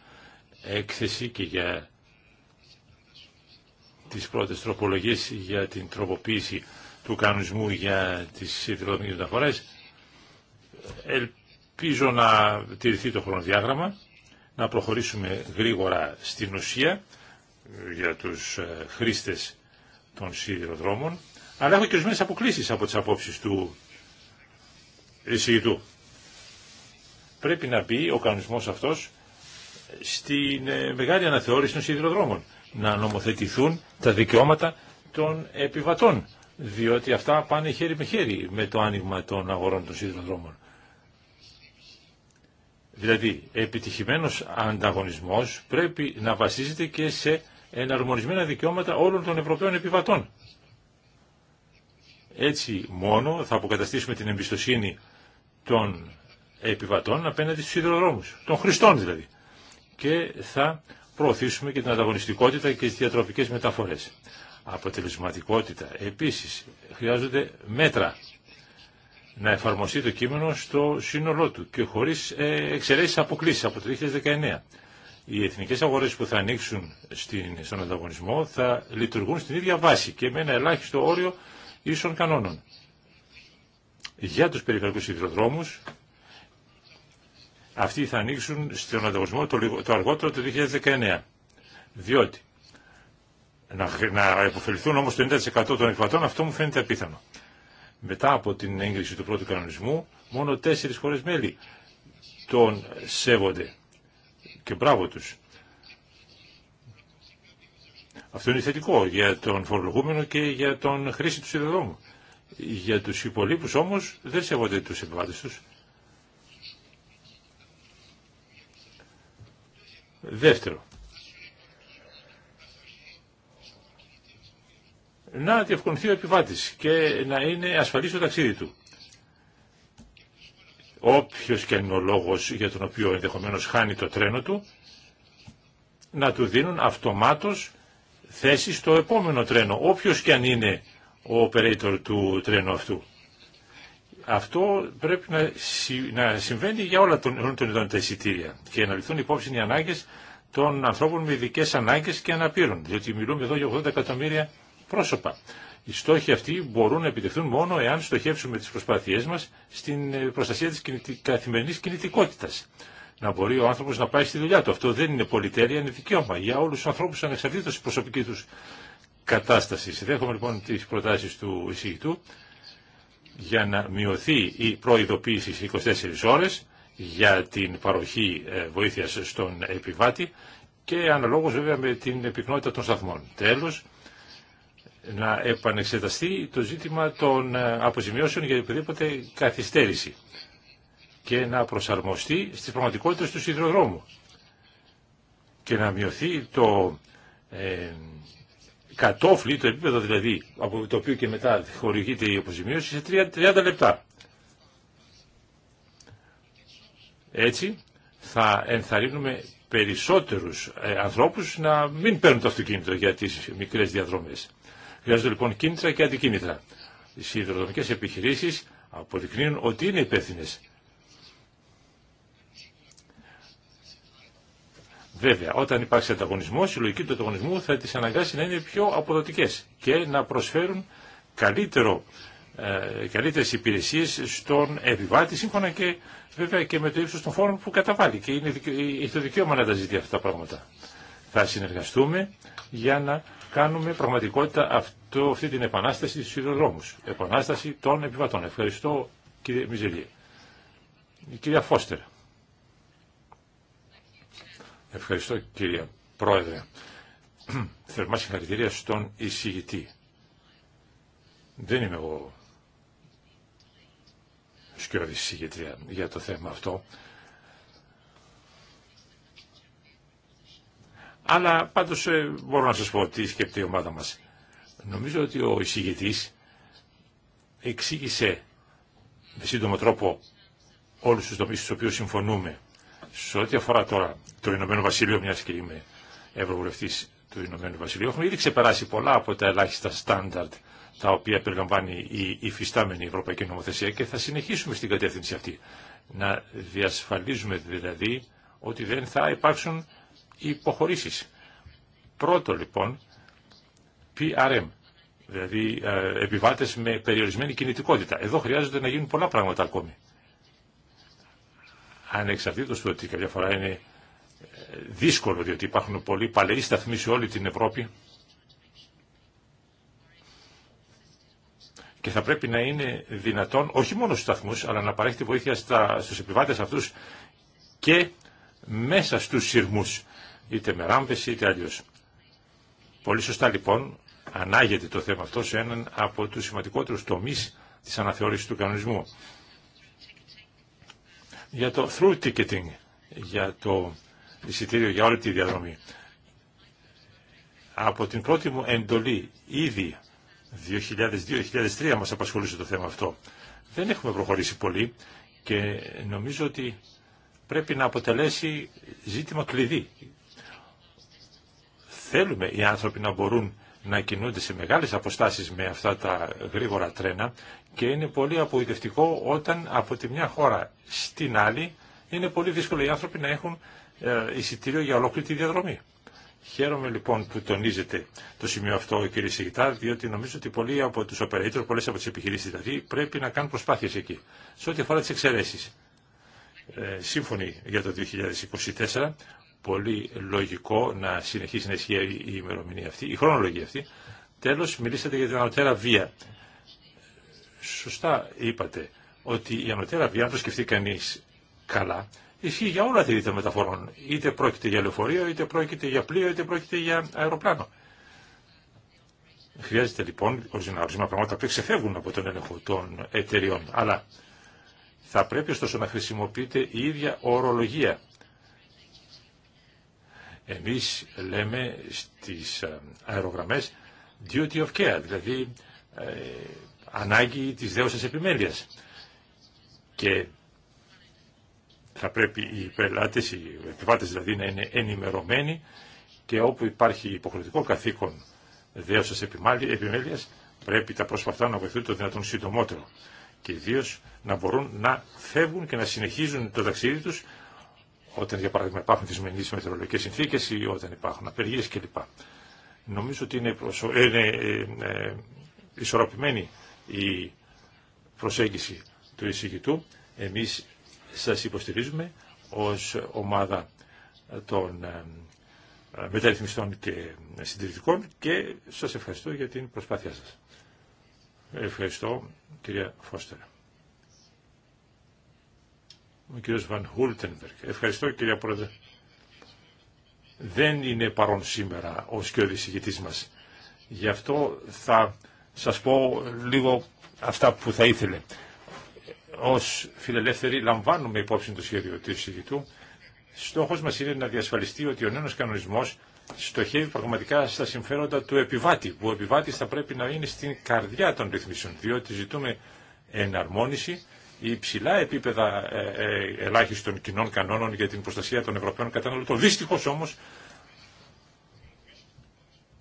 έκθεση και για τις πρώτες τροπολογίες για την τροποποίηση του κανονισμού για τις ιδρυοδομικές μεταφορές. Ελπίζω να τηρηθεί το χρονοδιάγραμμα, να προχωρήσουμε γρήγορα στην ουσία για τους ε, χρήστες των σιδηροδρόμων, αλλά έχω και ορισμένε αποκλήσει από τις απόψεις του εισηγητού πρέπει να μπει ο κανονισμός αυτός στην ε, μεγάλη αναθεώρηση των σιδηροδρόμων. Να νομοθετηθούν τα δικαιώματα των επιβατών, διότι αυτά πάνε χέρι με χέρι με το άνοιγμα των αγορών των σιδηροδρόμων. Δηλαδή, επιτυχημένος ανταγωνισμός πρέπει να βασίζεται και σε εναρμονισμένα δικαιώματα όλων των Ευρωπαίων επιβατών. Έτσι μόνο θα αποκαταστήσουμε την εμπιστοσύνη των επιβατών απέναντι στους σιδηροδρόμους, των χρηστών δηλαδή. Και θα προωθήσουμε και την ανταγωνιστικότητα και τις διατροπικές μεταφορές. Αποτελεσματικότητα. Επίσης, χρειάζονται μέτρα να εφαρμοστεί το κείμενο στο σύνολό του και χωρίς ε, εξαιρέσεις αποκλήσεις από το 2019. Οι εθνικές αγορές που θα ανοίξουν στην, στον ανταγωνισμό θα λειτουργούν στην ίδια βάση και με ένα ελάχιστο όριο ίσων κανόνων. Για τους περιφερειακούς υδροδρόμους αυτοί θα ανοίξουν στον ανταγωνισμό το αργότερο το 2019. Διότι να υποφεληθούν όμως το 90% των εκβατών αυτό μου φαίνεται απίθανο. Μετά από την έγκριση του πρώτου κανονισμού μόνο τέσσερις χώρες μέλη τον σέβονται και μπράβο τους. Αυτό είναι θετικό για τον φορολογούμενο και για τον χρήση του σιδεδρόμου. Για τους υπολείπους όμως δεν σέβονται τους επιβάτες τους. Δεύτερο. Να διευκολυνθεί ο επιβάτης και να είναι ασφαλής στο ταξίδι του. Όποιος και αν είναι ο λόγος για τον οποίο ενδεχομένως χάνει το τρένο του, να του δίνουν αυτομάτως θέση στο επόμενο τρένο, όποιος και αν είναι ο operator του τρένου αυτού. Αυτό πρέπει να, να συμβαίνει για όλα των, ειδών τα εισιτήρια και να λυθούν υπόψη οι ανάγκες των ανθρώπων με ειδικέ ανάγκες και αναπήρων, διότι μιλούμε εδώ για 80 εκατομμύρια πρόσωπα. Οι στόχοι αυτοί μπορούν να επιτευχθούν μόνο εάν στοχεύσουμε τις προσπάθειές μας στην ε, προστασία της καθημερινής κινητικότητας. Να μπορεί ο άνθρωπος να πάει στη δουλειά του. Αυτό δεν είναι πολυτέλεια, είναι δικαίωμα για όλους τους ανθρώπους ανεξαρτήτως της προσωπικής τους κατάστασης. Δέχομαι λοιπόν τις προτάσεις του εισηγητού για να μειωθεί η προειδοποίηση 24 ώρες για την παροχή ε, βοήθειας στον επιβάτη και αναλόγως βέβαια με την πυκνότητα των σταθμών. Τέλος, να επανεξεταστεί το ζήτημα των ε, αποζημιώσεων για οποιαδήποτε καθυστέρηση και να προσαρμοστεί στις πραγματικότητες του σιδηροδρόμου και να μειωθεί το, ε, κατόφλι, το επίπεδο δηλαδή από το οποίο και μετά χορηγείται η αποζημίωση σε 30 λεπτά. Έτσι θα ενθαρρύνουμε περισσότερους ε, ανθρώπους να μην παίρνουν το αυτοκίνητο για τις μικρές διαδρομές. Χρειάζονται λοιπόν κίνητρα και αντικίνητρα. Οι σιδηροδρομικές επιχειρήσεις αποδεικνύουν ότι είναι υπεύθυνε Βέβαια, όταν υπάρξει ανταγωνισμό, η λογική του ανταγωνισμού θα τι αναγκάσει να είναι πιο αποδοτικέ και να προσφέρουν καλύτερο ε, καλύτερες υπηρεσίες στον επιβάτη σύμφωνα και βέβαια και με το ύψο των φόρων που καταβάλει και είναι, έχει ε, το δικαίωμα να τα ζητεί αυτά τα πράγματα. Θα συνεργαστούμε για να κάνουμε πραγματικότητα αυτό, αυτή την επανάσταση στους σιδηροδρόμου. Επανάσταση των επιβατών. Ευχαριστώ κύριε Μιζελή. Η κυρία Φώστερ. Ευχαριστώ κύριε Πρόεδρε. Θερμά συγχαρητήρια στον εισηγητή. Δεν είμαι εγώ σκιώδη εισηγητρία για το θέμα αυτό. Αλλά πάντως ε, μπορώ να σας πω τι σκεπτεί η ομάδα μας. Νομίζω ότι ο εισηγητής εξήγησε με σύντομο τρόπο όλους τους τομείς στους οποίους συμφωνούμε σε ό,τι αφορά τώρα το Ηνωμένο Βασίλειο, μια και είμαι Ευρωβουλευτή του Ηνωμένου Βασιλείου, έχουμε ήδη ξεπεράσει πολλά από τα ελάχιστα στάνταρτ τα οποία περιλαμβάνει η υφιστάμενη Ευρωπαϊκή Νομοθεσία και θα συνεχίσουμε στην κατεύθυνση αυτή. Να διασφαλίζουμε δηλαδή ότι δεν θα υπάρξουν υποχωρήσει. Πρώτο λοιπόν, PRM, δηλαδή ε, επιβάτε με περιορισμένη κινητικότητα. Εδώ χρειάζεται να γίνουν πολλά πράγματα ακόμη ανεξαρτήτως του ότι κάποια φορά είναι ε, δύσκολο διότι υπάρχουν πολλοί παλαιοί σταθμοί σε όλη την Ευρώπη και θα πρέπει να είναι δυνατόν όχι μόνο στους σταθμούς αλλά να τη βοήθεια στα, στους επιβάτες αυτούς και μέσα στους σειρμούς είτε με ράμπες είτε αλλιώς. Πολύ σωστά λοιπόν ανάγεται το θέμα αυτό σε έναν από τους σημαντικότερους τομείς της αναθεώρησης του κανονισμού για το through ticketing, για το εισιτήριο για όλη τη διαδρομή. Από την πρώτη μου εντολή ήδη 2002-2003 μας απασχολούσε το θέμα αυτό. Δεν έχουμε προχωρήσει πολύ και νομίζω ότι πρέπει να αποτελέσει ζήτημα κλειδί. Θέλουμε οι άνθρωποι να μπορούν να κινούνται σε μεγάλες αποστάσεις με αυτά τα γρήγορα τρένα και είναι πολύ απογοητευτικό όταν από τη μια χώρα στην άλλη είναι πολύ δύσκολο οι άνθρωποι να έχουν ε, εισιτήριο για ολόκληρη τη διαδρομή. Χαίρομαι λοιπόν που τονίζεται το σημείο αυτό, κύριε Σιγητά, διότι νομίζω ότι πολλοί από του operators, πολλέ από τι επιχειρήσει δηλαδή, πρέπει να κάνουν προσπάθειε εκεί. Σε ό,τι αφορά τι εξαιρέσει. Ε, σύμφωνοι για το 2024, πολύ λογικό να συνεχίσει να ισχύει η ημερομηνία αυτή, η χρονολογία αυτή. Τέλος, μιλήσατε για την ανωτέρα βία. Σωστά είπατε ότι η ανωτέρα βία, αν το σκεφτεί κανείς καλά, ισχύει για όλα τα είδη μεταφορών. Είτε πρόκειται για λεωφορείο, είτε πρόκειται για πλοίο, είτε πρόκειται για αεροπλάνο. Χρειάζεται λοιπόν να ορισμένα πράγματα που ξεφεύγουν από τον έλεγχο των εταιριών. Αλλά θα πρέπει ωστόσο να χρησιμοποιείται η ίδια ορολογία εμείς λέμε στις ε, αερογραμμές duty of care, δηλαδή ε, ανάγκη της δέουσας επιμέλειας. Και θα πρέπει οι πελάτες, οι επιβάτες δηλαδή να είναι ενημερωμένοι και όπου υπάρχει υποχρεωτικό καθήκον δέουσας επιμέλειας πρέπει τα πρόσφατα να βοηθούν το δυνατόν συντομότερο και ιδίω να μπορούν να φεύγουν και να συνεχίζουν το ταξίδι τους όταν για παράδειγμα υπάρχουν δυσμενεί μετεωρολογικέ συνθήκες ή όταν υπάρχουν απεργίε κλπ. Νομίζω ότι είναι, προσω... Ε, ε, ε, ισορροπημένη η προσέγγιση του εισηγητού. Εμείς σας υποστηρίζουμε ως ομάδα των μεταρρυθμιστών και συντηρητικών και σας ευχαριστώ για την προσπάθειά σας. Ευχαριστώ κυρία Φώστερα. Ο κύριος Βαν Χούλτενβερκ. Ευχαριστώ κύριε Πρόεδρε. Δεν είναι παρόν σήμερα ο σκιώδης ηγητής μας. Γι' αυτό θα σας πω λίγο αυτά που θα ήθελε. Ως φιλελεύθεροι λαμβάνουμε υπόψη το σχέδιο του ηγητού. Στόχος μας είναι να διασφαλιστεί ότι ο νέος κανονισμός στοχεύει πραγματικά στα συμφέροντα του επιβάτη, που ο επιβάτης θα πρέπει να είναι στην καρδιά των ρυθμίσεων, διότι ζητούμε εναρμόνιση ή υψηλά επίπεδα ε, ε, ελάχιστων κοινών κανόνων για την προστασία των Ευρωπαίων καταναλωτών. δυστυχώ όμω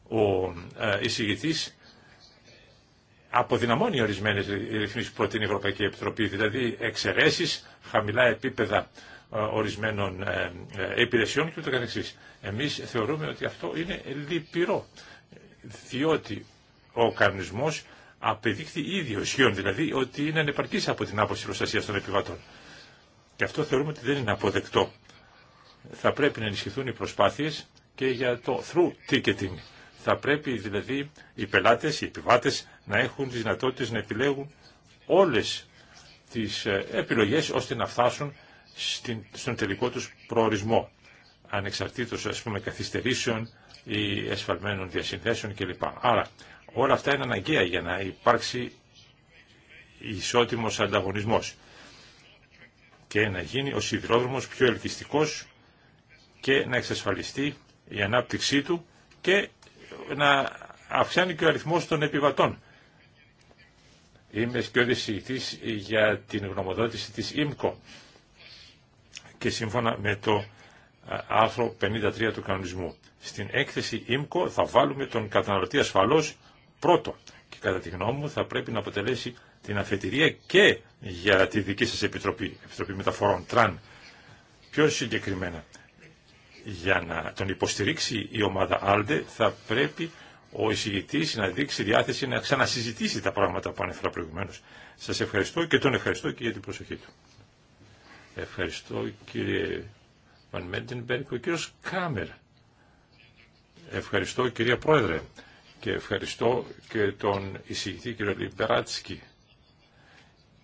ο ε, εισηγητή αποδυναμώνει ορισμένε ρυθμίσει που προτείνει η Ευρωπαϊκή Επιτροπή, δηλαδή εξαιρέσει, χαμηλά επίπεδα ορισμένων υπηρεσιών και ούτω Εμείς θεωρούμε ότι αυτό είναι λυπηρό, διότι ο κανονισμός απεδείχθη ο ισχύων δηλαδή ότι είναι ανεπαρκής από την άποψη προστασία των επιβατών. Και αυτό θεωρούμε ότι δεν είναι αποδεκτό. Θα πρέπει να ενισχυθούν οι προσπάθειες και για το through ticketing. Θα πρέπει δηλαδή οι πελάτες, οι επιβάτες να έχουν τι δυνατότητες να επιλέγουν όλες τις ε, επιλογές ώστε να φτάσουν στον τελικό τους προορισμό ανεξαρτήτως ας πούμε καθυστερήσεων ή εσφαλμένων διασυνδέσεων κλπ. Άρα Όλα αυτά είναι αναγκαία για να υπάρξει ισότιμος ανταγωνισμός και να γίνει ο σιδηρόδρομος πιο ελκυστικός και να εξασφαλιστεί η ανάπτυξή του και να αυξάνει και ο αριθμός των επιβατών. Είμαι σκιώδης για την γνωμοδότηση της ΙΜΚΟ και σύμφωνα με το άρθρο 53 του κανονισμού. Στην έκθεση ΙΜΚΟ θα βάλουμε τον καταναλωτή ασφαλώς πρώτο και κατά τη γνώμη μου θα πρέπει να αποτελέσει την αφετηρία και για τη δική σας Επιτροπή, Επιτροπή Μεταφορών, Τραν, πιο συγκεκριμένα. Για να τον υποστηρίξει η ομάδα Άλντε θα πρέπει ο εισηγητής να δείξει διάθεση να ξανασυζητήσει τα πράγματα που ανέφερα προηγουμένω. Σας ευχαριστώ και τον ευχαριστώ και για την προσοχή του. Ευχαριστώ κύριε Βαν Μέντενμπερκ, ο κύριος Κάμερ Ευχαριστώ κυρία Πρόεδρε και ευχαριστώ και τον εισηγητή κ. Λιμπεράτσκι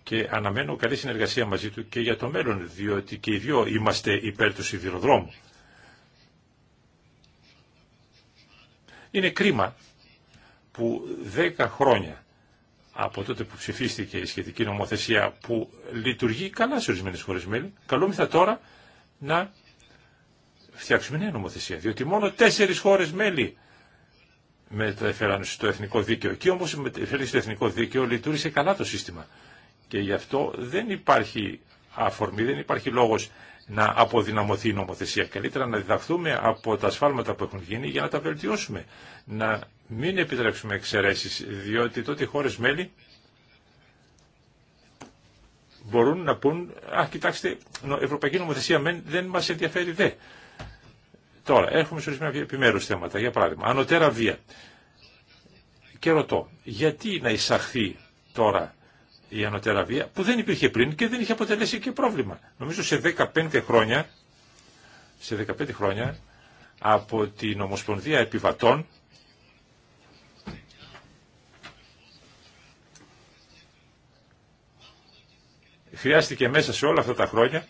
και αναμένω καλή συνεργασία μαζί του και για το μέλλον, διότι και οι δύο είμαστε υπέρ του σιδηροδρόμου. Είναι κρίμα που δέκα χρόνια από τότε που ψηφίστηκε η σχετική νομοθεσία που λειτουργεί καλά σε ορισμένε χώρε μέλη, καλούμεθα τώρα να φτιάξουμε νέα νομοθεσία. Διότι μόνο τέσσερις χώρες μέλη μετέφεραν στο εθνικό δίκαιο. Εκεί όμως μετέφερε στο εθνικό δίκαιο λειτουργήσε καλά το σύστημα. Και γι' αυτό δεν υπάρχει αφορμή, δεν υπάρχει λόγος να αποδυναμωθεί η νομοθεσία. Καλύτερα να διδαχθούμε από τα ασφάλματα που έχουν γίνει για να τα βελτιώσουμε. Να μην επιτρέψουμε εξαιρέσει, διότι τότε οι χώρες μέλη μπορούν να πούν «Α, κοιτάξτε, η Ευρωπαϊκή Νομοθεσία δεν μας ενδιαφέρει δε». Τώρα, έχουμε σε ορισμένα επιμέρου θέματα. Για παράδειγμα, ανωτέρα βία. Και ρωτώ, γιατί να εισαχθεί τώρα η ανωτέρα βία που δεν υπήρχε πριν και δεν είχε αποτελέσει και πρόβλημα. Νομίζω σε 15 χρόνια, σε 15 χρόνια από την Ομοσπονδία Επιβατών χρειάστηκε μέσα σε όλα αυτά τα χρόνια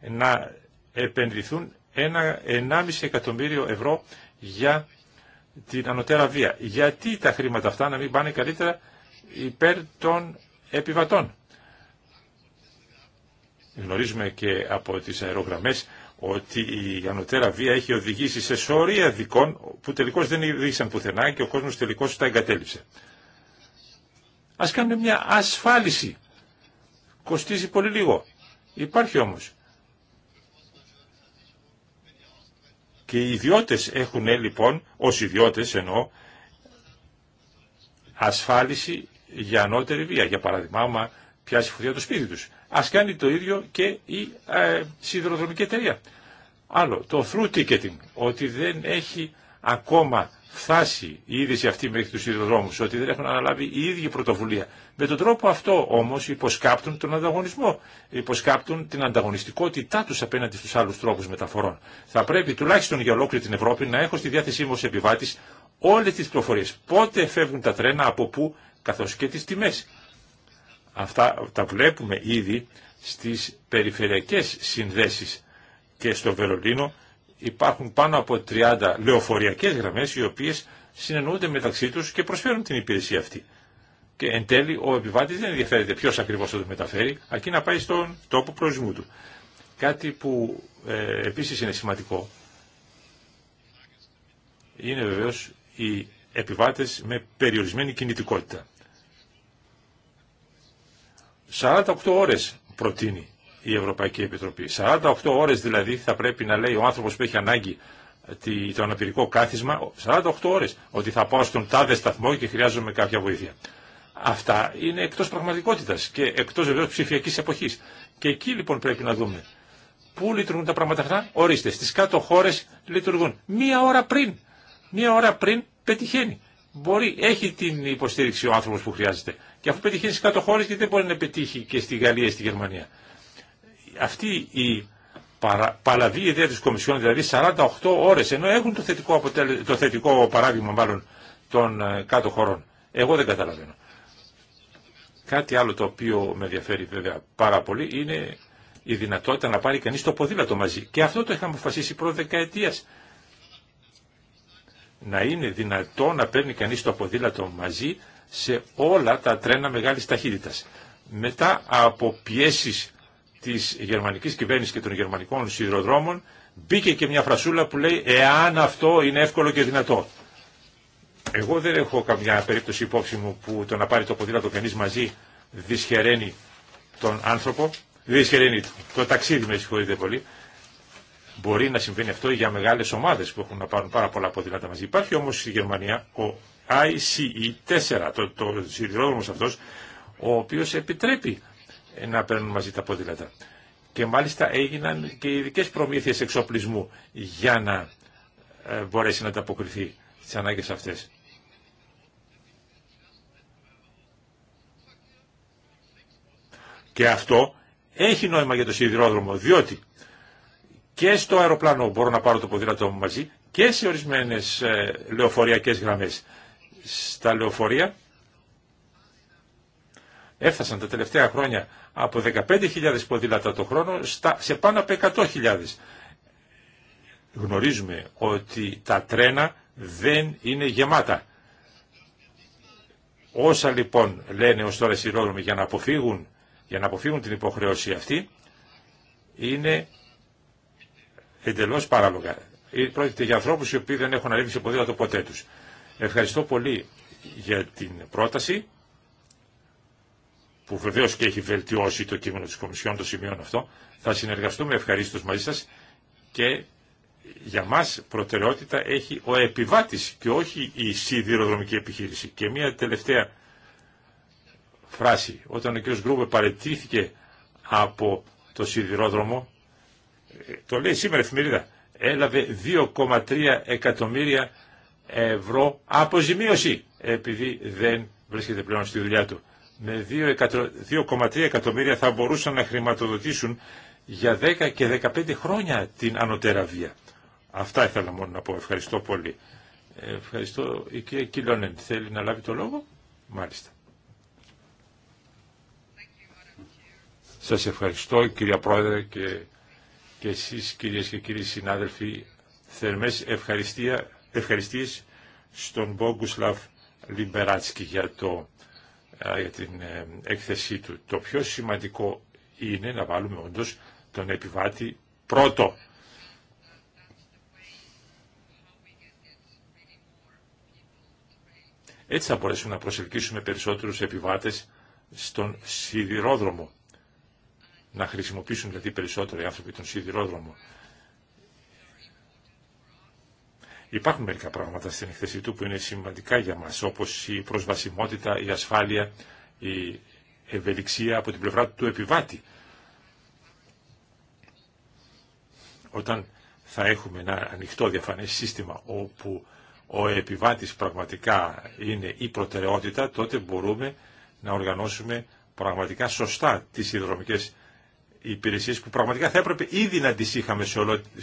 να επενδυθούν ένα 1,5 εκατομμύριο ευρώ για την ανωτέρα βία. Γιατί τα χρήματα αυτά να μην πάνε καλύτερα υπέρ των επιβατών. Γνωρίζουμε και από τις αερογραμμές ότι η ανωτέρα βία έχει οδηγήσει σε σωρία δικών που τελικώς δεν οδήγησαν πουθενά και ο κόσμος τελικώς τα εγκατέλειψε. Ας κάνουμε μια ασφάλιση. Κοστίζει πολύ λίγο. Υπάρχει όμως. Και οι ιδιώτες έχουν λοιπόν, ως ιδιώτες εννοώ, ασφάλιση για ανώτερη βία. Για παράδειγμα, άμα πιάσει φωτιά το σπίτι τους. Ας κάνει το ίδιο και η ε, σιδηροδρομική εταιρεία. Άλλο, το through ticketing, ότι δεν έχει ακόμα φτάσει η είδηση αυτή μέχρι του ιδεοδρόμου, ότι δεν έχουν αναλάβει η ίδια πρωτοβουλία. Με τον τρόπο αυτό όμω υποσκάπτουν τον ανταγωνισμό, υποσκάπτουν την ανταγωνιστικότητά του απέναντι στου άλλου τρόπου μεταφορών. Θα πρέπει τουλάχιστον για ολόκληρη την Ευρώπη να έχω στη διάθεσή μου ως επιβάτης όλε τι πληροφορίε, Πότε φεύγουν τα τρένα, από πού, καθώ και τι τιμέ. Αυτά τα βλέπουμε ήδη στι περιφερειακές συνδέσει και στο Βερολίνο υπάρχουν πάνω από 30 λεωφοριακές γραμμές οι οποίες συνεννοούνται μεταξύ τους και προσφέρουν την υπηρεσία αυτή. Και εν τέλει ο επιβάτης δεν ενδιαφέρεται ποιος ακριβώς θα το μεταφέρει, αρκεί να πάει στον τόπο προορισμού του. Κάτι που ε, επίσης είναι σημαντικό είναι βεβαίως οι επιβάτες με περιορισμένη κινητικότητα. 48 ώρες προτείνει η Ευρωπαϊκή Επιτροπή. 48 ώρες δηλαδή θα πρέπει να λέει ο άνθρωπος που έχει ανάγκη το αναπηρικό κάθισμα, 48 ώρες, ότι θα πάω στον τάδε σταθμό και χρειάζομαι κάποια βοήθεια. Αυτά είναι εκτός πραγματικότητας και εκτός βεβαίως ψηφιακής εποχής. Και εκεί λοιπόν πρέπει να δούμε. Πού λειτουργούν τα πράγματα αυτά, ορίστε, στις κάτω χώρες λειτουργούν. Μία ώρα πριν, μία ώρα πριν πετυχαίνει. Μπορεί, έχει την υποστήριξη ο άνθρωπος που χρειάζεται. Και αφού πετυχαίνει στις κάτω χώρες, γιατί δεν μπορεί να πετύχει και στη Γαλλία ή στη Γερμανία αυτή η παρα, παλαβή ιδέα της Κομισιόν, δηλαδή 48 ώρες, ενώ έχουν το θετικό, το παράδειγμα μάλλον των ε, κάτω χωρών. Εγώ δεν καταλαβαίνω. Κάτι άλλο το οποίο με ενδιαφέρει βέβαια πάρα πολύ είναι η δυνατότητα να πάρει κανείς το ποδήλατο μαζί. Και αυτό το είχαμε αποφασίσει προ δεκαετίας. Να είναι δυνατό να παίρνει κανείς το ποδήλατο μαζί σε όλα τα τρένα μεγάλης ταχύτητας. Μετά από πιέσεις της γερμανικής κυβέρνησης και των γερμανικών σιδηροδρόμων μπήκε και μια φρασούλα που λέει εάν αυτό είναι εύκολο και δυνατό. Εγώ δεν έχω καμιά περίπτωση υπόψη μου που το να πάρει το ποδήλατο κανείς μαζί δυσχεραίνει τον άνθρωπο, δυσχεραίνει το ταξίδι με συγχωρείτε πολύ. Μπορεί να συμβαίνει αυτό για μεγάλες ομάδες που έχουν να πάρουν πάρα πολλά ποδήλατα μαζί. Υπάρχει όμως στη Γερμανία ο ICE4, το, το σιδηρόδρομος αυτός, ο οποίος επιτρέπει ε, να παίρνουν μαζί τα ποδήλατα. Και μάλιστα έγιναν και ειδικέ προμήθειε εξοπλισμού για να ε, μπορέσει να ανταποκριθεί στι ανάγκες αυτές. Και αυτό έχει νόημα για το σιδηρόδρομο, διότι και στο αεροπλάνο μπορώ να πάρω το ποδήλατό μου μαζί και σε ορισμένες ε, λεωφοριακές γραμμές. Στα λεωφορεία έφτασαν τα τελευταία χρόνια από 15.000 ποδήλατα το χρόνο σε πάνω από 100.000. Γνωρίζουμε ότι τα τρένα δεν είναι γεμάτα. Όσα λοιπόν λένε ως τώρα σειρόδρομοι για να αποφύγουν, για να αποφύγουν την υποχρέωση αυτή είναι εντελώς παράλογα. Ε, πρόκειται για ανθρώπους οι οποίοι δεν έχουν ανέβει σε ποδήλατο ποτέ τους. Ευχαριστώ πολύ για την πρόταση που βεβαίω και έχει βελτιώσει το κείμενο τη Κομισιόν το σημείο αυτό, θα συνεργαστούμε ευχαρίστως μαζί σα και για μα προτεραιότητα έχει ο επιβάτης και όχι η σιδηροδρομική επιχείρηση. Και μια τελευταία φράση, όταν ο κ. Γκρούμπε παρετήθηκε από το σιδηρόδρομο, ε, το λέει σήμερα η εφημερίδα, έλαβε 2,3 εκατομμύρια ευρώ αποζημίωση επειδή δεν βρίσκεται πλέον στη δουλειά του με 2,3 εκατομμύρια θα μπορούσαν να χρηματοδοτήσουν για 10 και 15 χρόνια την ανωτέρα βία. Αυτά ήθελα μόνο να πω. Ευχαριστώ πολύ. Ευχαριστώ. Η κυρία Κιλόνεν θέλει να λάβει το λόγο. Μάλιστα. Σας ευχαριστώ κυρία Πρόεδρε και, και εσείς κυρίες και κύριοι συνάδελφοι. Θερμές ευχαριστίες στον Μπόγκουσλαβ Λιμπεράτσκι για το για την ε, έκθεσή του. Το πιο σημαντικό είναι να βάλουμε όντω τον επιβάτη πρώτο. Έτσι θα μπορέσουμε να προσελκύσουμε περισσότερους επιβάτες στον σιδηρόδρομο. Να χρησιμοποιήσουν δηλαδή περισσότερο οι άνθρωποι τον σιδηρόδρομο. Υπάρχουν μερικά πράγματα στην εκθεσή του που είναι σημαντικά για μας, όπως η προσβασιμότητα, η ασφάλεια, η ευελιξία από την πλευρά του επιβάτη. Όταν θα έχουμε ένα ανοιχτό διαφανές σύστημα όπου ο επιβάτης πραγματικά είναι η προτεραιότητα, τότε μπορούμε να οργανώσουμε πραγματικά σωστά τις υδρομικές υπηρεσίες που πραγματικά θα έπρεπε ήδη να τις είχαμε σε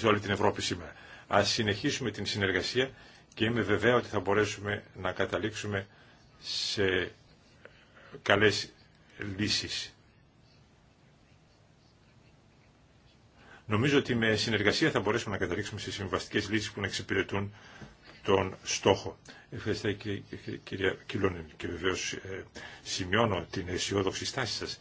όλη την Ευρώπη σήμερα. Ας συνεχίσουμε την συνεργασία και είμαι βεβαία ότι θα μπορέσουμε να καταλήξουμε σε καλές λύσεις. Νομίζω ότι με συνεργασία θα μπορέσουμε να καταλήξουμε σε συμβαστικές λύσεις που να εξυπηρετούν τον στόχο. Ευχαριστώ κυρία Κιλόνιν και βεβαίως ε, σημειώνω την αισιόδοξη στάση σας.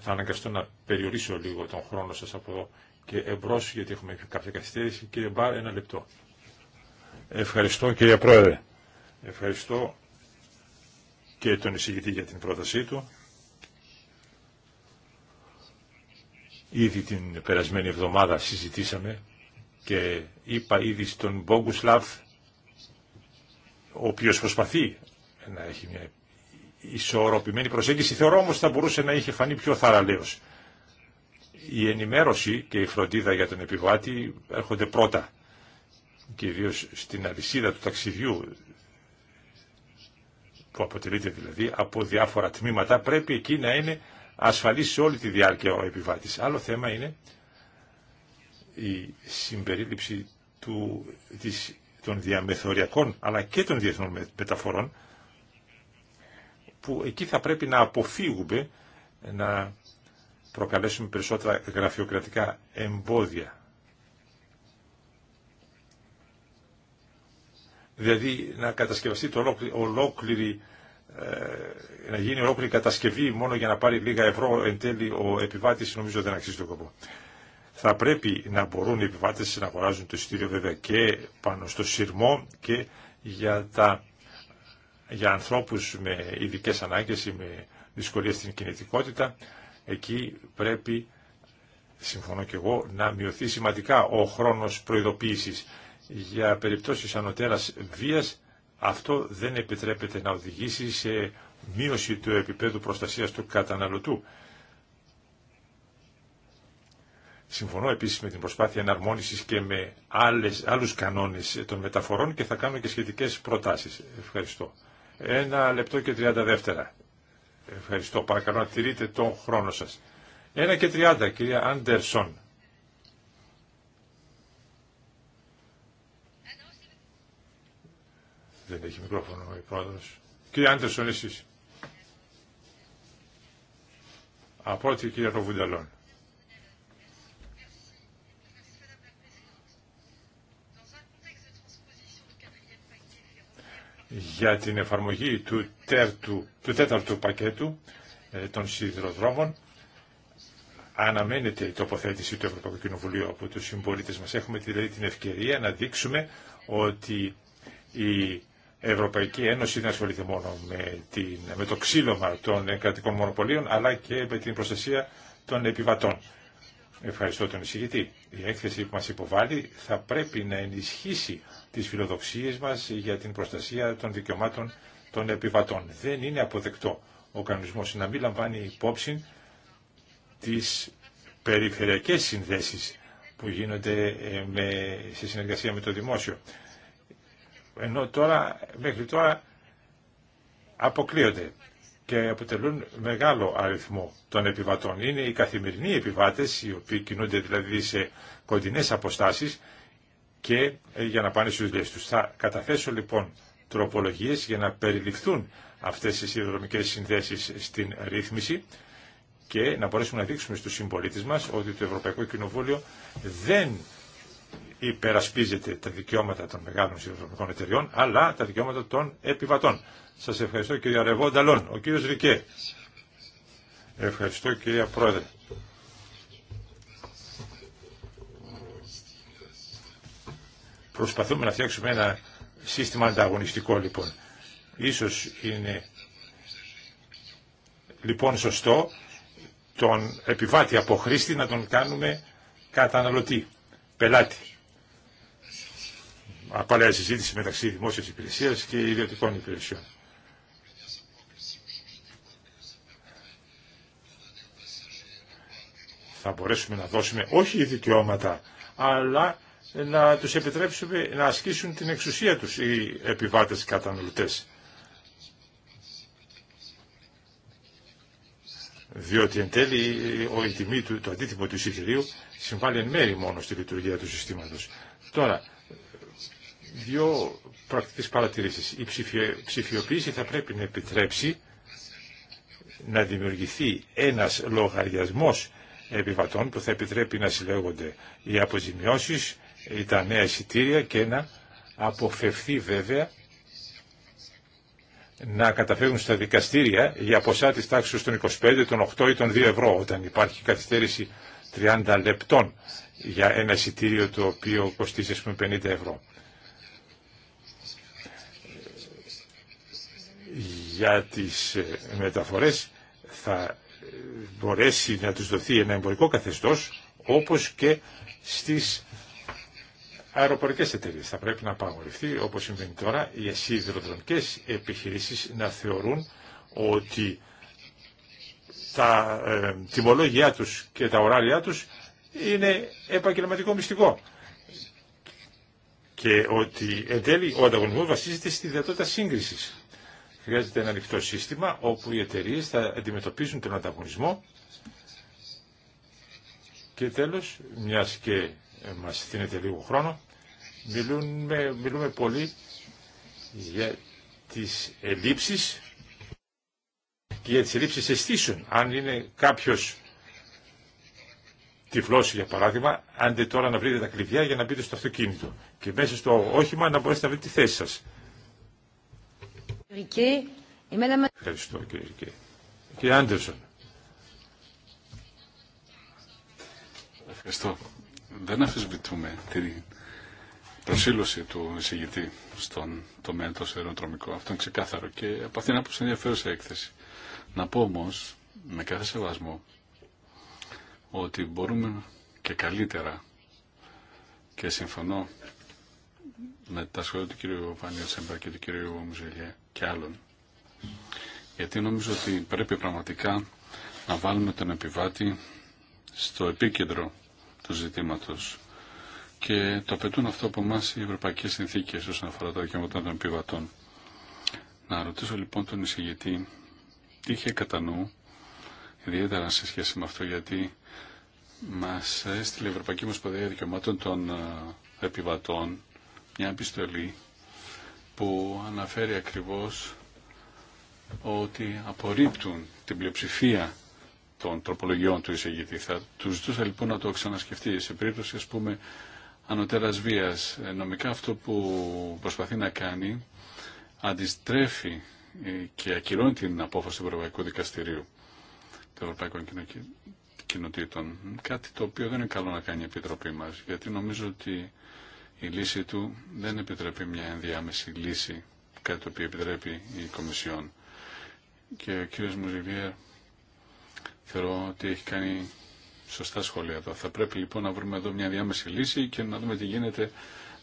Θα αναγκαστώ να περιορίσω λίγο τον χρόνο σας από εδώ και εμπρό γιατί έχουμε κάποια καθυστέρηση. Κύριε Μπάρ, ένα λεπτό. Ευχαριστώ κύριε Πρόεδρε. Ευχαριστώ και τον εισηγητή για την πρότασή του. Ήδη την περασμένη εβδομάδα συζητήσαμε και είπα ήδη στον Μπόγκουσλαβ, ο οποίος προσπαθεί να έχει μια ισορροπημένη προσέγγιση, θεωρώ όμως θα μπορούσε να είχε φανεί πιο θαραλέος η ενημέρωση και η φροντίδα για τον επιβάτη έρχονται πρώτα και ιδίω στην αλυσίδα του ταξιδιού που αποτελείται δηλαδή από διάφορα τμήματα πρέπει εκεί να είναι ασφαλής σε όλη τη διάρκεια ο επιβάτης. Άλλο θέμα είναι η συμπερίληψη του, των διαμεθοριακών αλλά και των διεθνών μεταφορών που εκεί θα πρέπει να αποφύγουμε να προκαλέσουμε περισσότερα γραφειοκρατικά εμπόδια. Δηλαδή να κατασκευαστεί το ολόκληρη, ε, να γίνει ολόκληρη κατασκευή μόνο για να πάρει λίγα ευρώ εν τέλει ο επιβάτης νομίζω δεν αξίζει τον κόπο. Θα πρέπει να μπορούν οι επιβάτες να αγοράζουν το εισιτήριο βέβαια και πάνω στο σειρμό και για, τα, για ανθρώπους με ειδικές ανάγκες ή με δυσκολίες στην κινητικότητα Εκεί πρέπει, συμφωνώ και εγώ, να μειωθεί σημαντικά ο χρόνος προειδοποίησης. Για περιπτώσεις ανωτέρας βίας αυτό δεν επιτρέπεται να οδηγήσει σε μείωση του επίπεδου προστασίας του καταναλωτού. Συμφωνώ επίσης με την προσπάθεια εναρμόνισης και με άλλες, άλλους κανόνες των μεταφορών και θα κάνω και σχετικές προτάσεις. Ευχαριστώ. Ένα λεπτό και τριάντα δεύτερα. Ευχαριστώ. Παρακαλώ να τηρείτε τον χρόνο σας. 1 και 30, κυρία Άντερσον. Δεν έχει μικρόφωνο η πρόεδρος. Κύριε Άντερσον, εσείς. Από ό,τι κυρία Ροβουνταλόν. για την εφαρμογή του, τέρτου, του τέταρτου πακέτου ε, των σιδηροδρόμων. Αναμένεται η τοποθέτηση του Ευρωπαϊκού Κοινοβουλίου από τους συμπολίτε μας. Έχουμε δηλαδή την ευκαιρία να δείξουμε ότι η Ευρωπαϊκή Ένωση δεν ασχολείται μόνο με, την, με το ξύλωμα των κρατικών μονοπωλίων, αλλά και με την προστασία των επιβατών. Ευχαριστώ τον εισηγητή. Η έκθεση που μας υποβάλλει θα πρέπει να ενισχύσει τις φιλοδοξίες μας για την προστασία των δικαιωμάτων των επιβατών. Δεν είναι αποδεκτό ο κανονισμός να μην λαμβάνει υπόψη τις περιφερειακές συνδέσεις που γίνονται ε, με, σε συνεργασία με το δημόσιο. Ενώ τώρα, μέχρι τώρα αποκλείονται και αποτελούν μεγάλο αριθμό των επιβατών. Είναι οι καθημερινοί επιβάτες, οι οποίοι κινούνται δηλαδή σε κοντινές αποστάσεις και ε, για να πάνε στους δουλειές τους. Θα καταθέσω λοιπόν τροπολογίες για να περιληφθούν αυτές οι συνδρομικές συνδέσεις στην ρύθμιση και να μπορέσουμε να δείξουμε στους συμπολίτε μας ότι το Ευρωπαϊκό Κοινοβούλιο δεν υπερασπίζεται τα δικαιώματα των μεγάλων σιδηροδρομικών εταιριών, αλλά τα δικαιώματα των επιβατών. Σας ευχαριστώ κύριε Αρεβό Νταλόν. Ο κύριος Ρικέ. Ευχαριστώ κύριε Πρόεδρε. Προσπαθούμε να φτιάξουμε ένα σύστημα ανταγωνιστικό λοιπόν. Ίσως είναι λοιπόν σωστό τον επιβάτη από χρήστη να τον κάνουμε καταναλωτή, πελάτη απαλαία συζήτηση μεταξύ δημόσιας υπηρεσίας και ιδιωτικών υπηρεσιών. Θα μπορέσουμε να δώσουμε όχι δικαιώματα, αλλά να τους επιτρέψουμε να ασκήσουν την εξουσία τους οι επιβάτες καταναλωτές. διότι εν τέλει η τιμή του, το αντίτιμο του εισιτηρίου συμβάλλει εν μέρη μόνο στη λειτουργία του συστήματος. Τώρα, δύο πρακτικές παρατηρήσεις. Η ψηφιοποίηση θα πρέπει να επιτρέψει να δημιουργηθεί ένας λογαριασμός επιβατών που θα επιτρέπει να συλλέγονται οι αποζημιώσεις, τα νέα εισιτήρια και να αποφευθεί βέβαια να καταφέρουν στα δικαστήρια για ποσά της τάξης των 25, των 8 ή των 2 ευρώ όταν υπάρχει καθυστέρηση 30 λεπτών για ένα εισιτήριο το οποίο κοστίζει 50 ευρώ. για τις ε, μεταφορές θα μπορέσει να τους δοθεί ένα εμπορικό καθεστώς όπως και στις αεροπορικές εταιρείες. Θα πρέπει να απαγορευτεί όπως συμβαίνει τώρα οι σιδηροδρομικές επιχειρήσεις να θεωρούν ότι τα ε, τιμολόγια τους και τα οράλια τους είναι επαγγελματικό μυστικό και ότι εν τέλει ο ανταγωνισμός βασίζεται στη δυνατότητα σύγκρισης. Χρειάζεται ένα ανοιχτό σύστημα όπου οι εταιρείε θα αντιμετωπίζουν τον ανταγωνισμό και τέλος, μιας και μας δίνεται λίγο χρόνο, μιλούμε, μιλούμε πολύ για τις ελλείψεις και για τις ελλείψεις αισθήσεων. Αν είναι κάποιος τυφλός για παράδειγμα, άντε τώρα να βρείτε τα κλειδιά για να μπείτε στο αυτοκίνητο και μέσα στο όχημα να μπορέσετε να βρείτε τη θέση σας. Ευχαριστώ κύριε Ρικέ. Κύριε Άντερσον.
Ευχαριστώ. Δεν αφισβητούμε την προσήλωση του εισηγητή στον τομέα το σιδηροδρομικό. Αυτό είναι ξεκάθαρο και από αυτήν άποψη ενδιαφέρουσα έκθεση. Να πω όμω με κάθε σεβασμό ότι μπορούμε και καλύτερα και συμφωνώ με τα σχόλια του κύριου Βανίλ Τσέμπα και του κύριου Μουζελιέ και άλλων. Γιατί νομίζω ότι πρέπει πραγματικά να βάλουμε τον επιβάτη στο επίκεντρο του ζητήματος και το απαιτούν αυτό από εμά οι ευρωπαϊκές συνθήκες όσον αφορά τα δικαιώματα των επιβατών. Να ρωτήσω λοιπόν τον εισηγητή τι είχε κατά νου, ιδιαίτερα σε σχέση με αυτό, γιατί μας έστειλε η Ευρωπαϊκή Ομοσπονδία Δικαιωμάτων των ε, Επιβατών μια επιστολή που αναφέρει ακριβώς ότι απορρίπτουν την πλειοψηφία των τροπολογιών του εισηγητή. Θα του ζητούσα λοιπόν να το ξανασκεφτεί σε περίπτωση ας πούμε ανωτέρας βίας. Ε, νομικά αυτό που προσπαθεί να κάνει αντιστρέφει ε, και ακυρώνει την απόφαση του Ευρωπαϊκού Δικαστηρίου των Ευρωπαϊκών Κοινοτήτων. Κάτι το οποίο δεν είναι καλό να κάνει η Επιτροπή μας, γιατί νομίζω ότι η λύση του δεν επιτρέπει μια ενδιάμεση λύση, κάτι το οποίο επιτρέπει η Κομισιόν. Και ο κύριος Μουζιβιέρ θεωρώ ότι έχει κάνει σωστά σχόλια εδώ. Θα πρέπει λοιπόν να βρούμε εδώ μια ενδιάμεση λύση και να δούμε τι γίνεται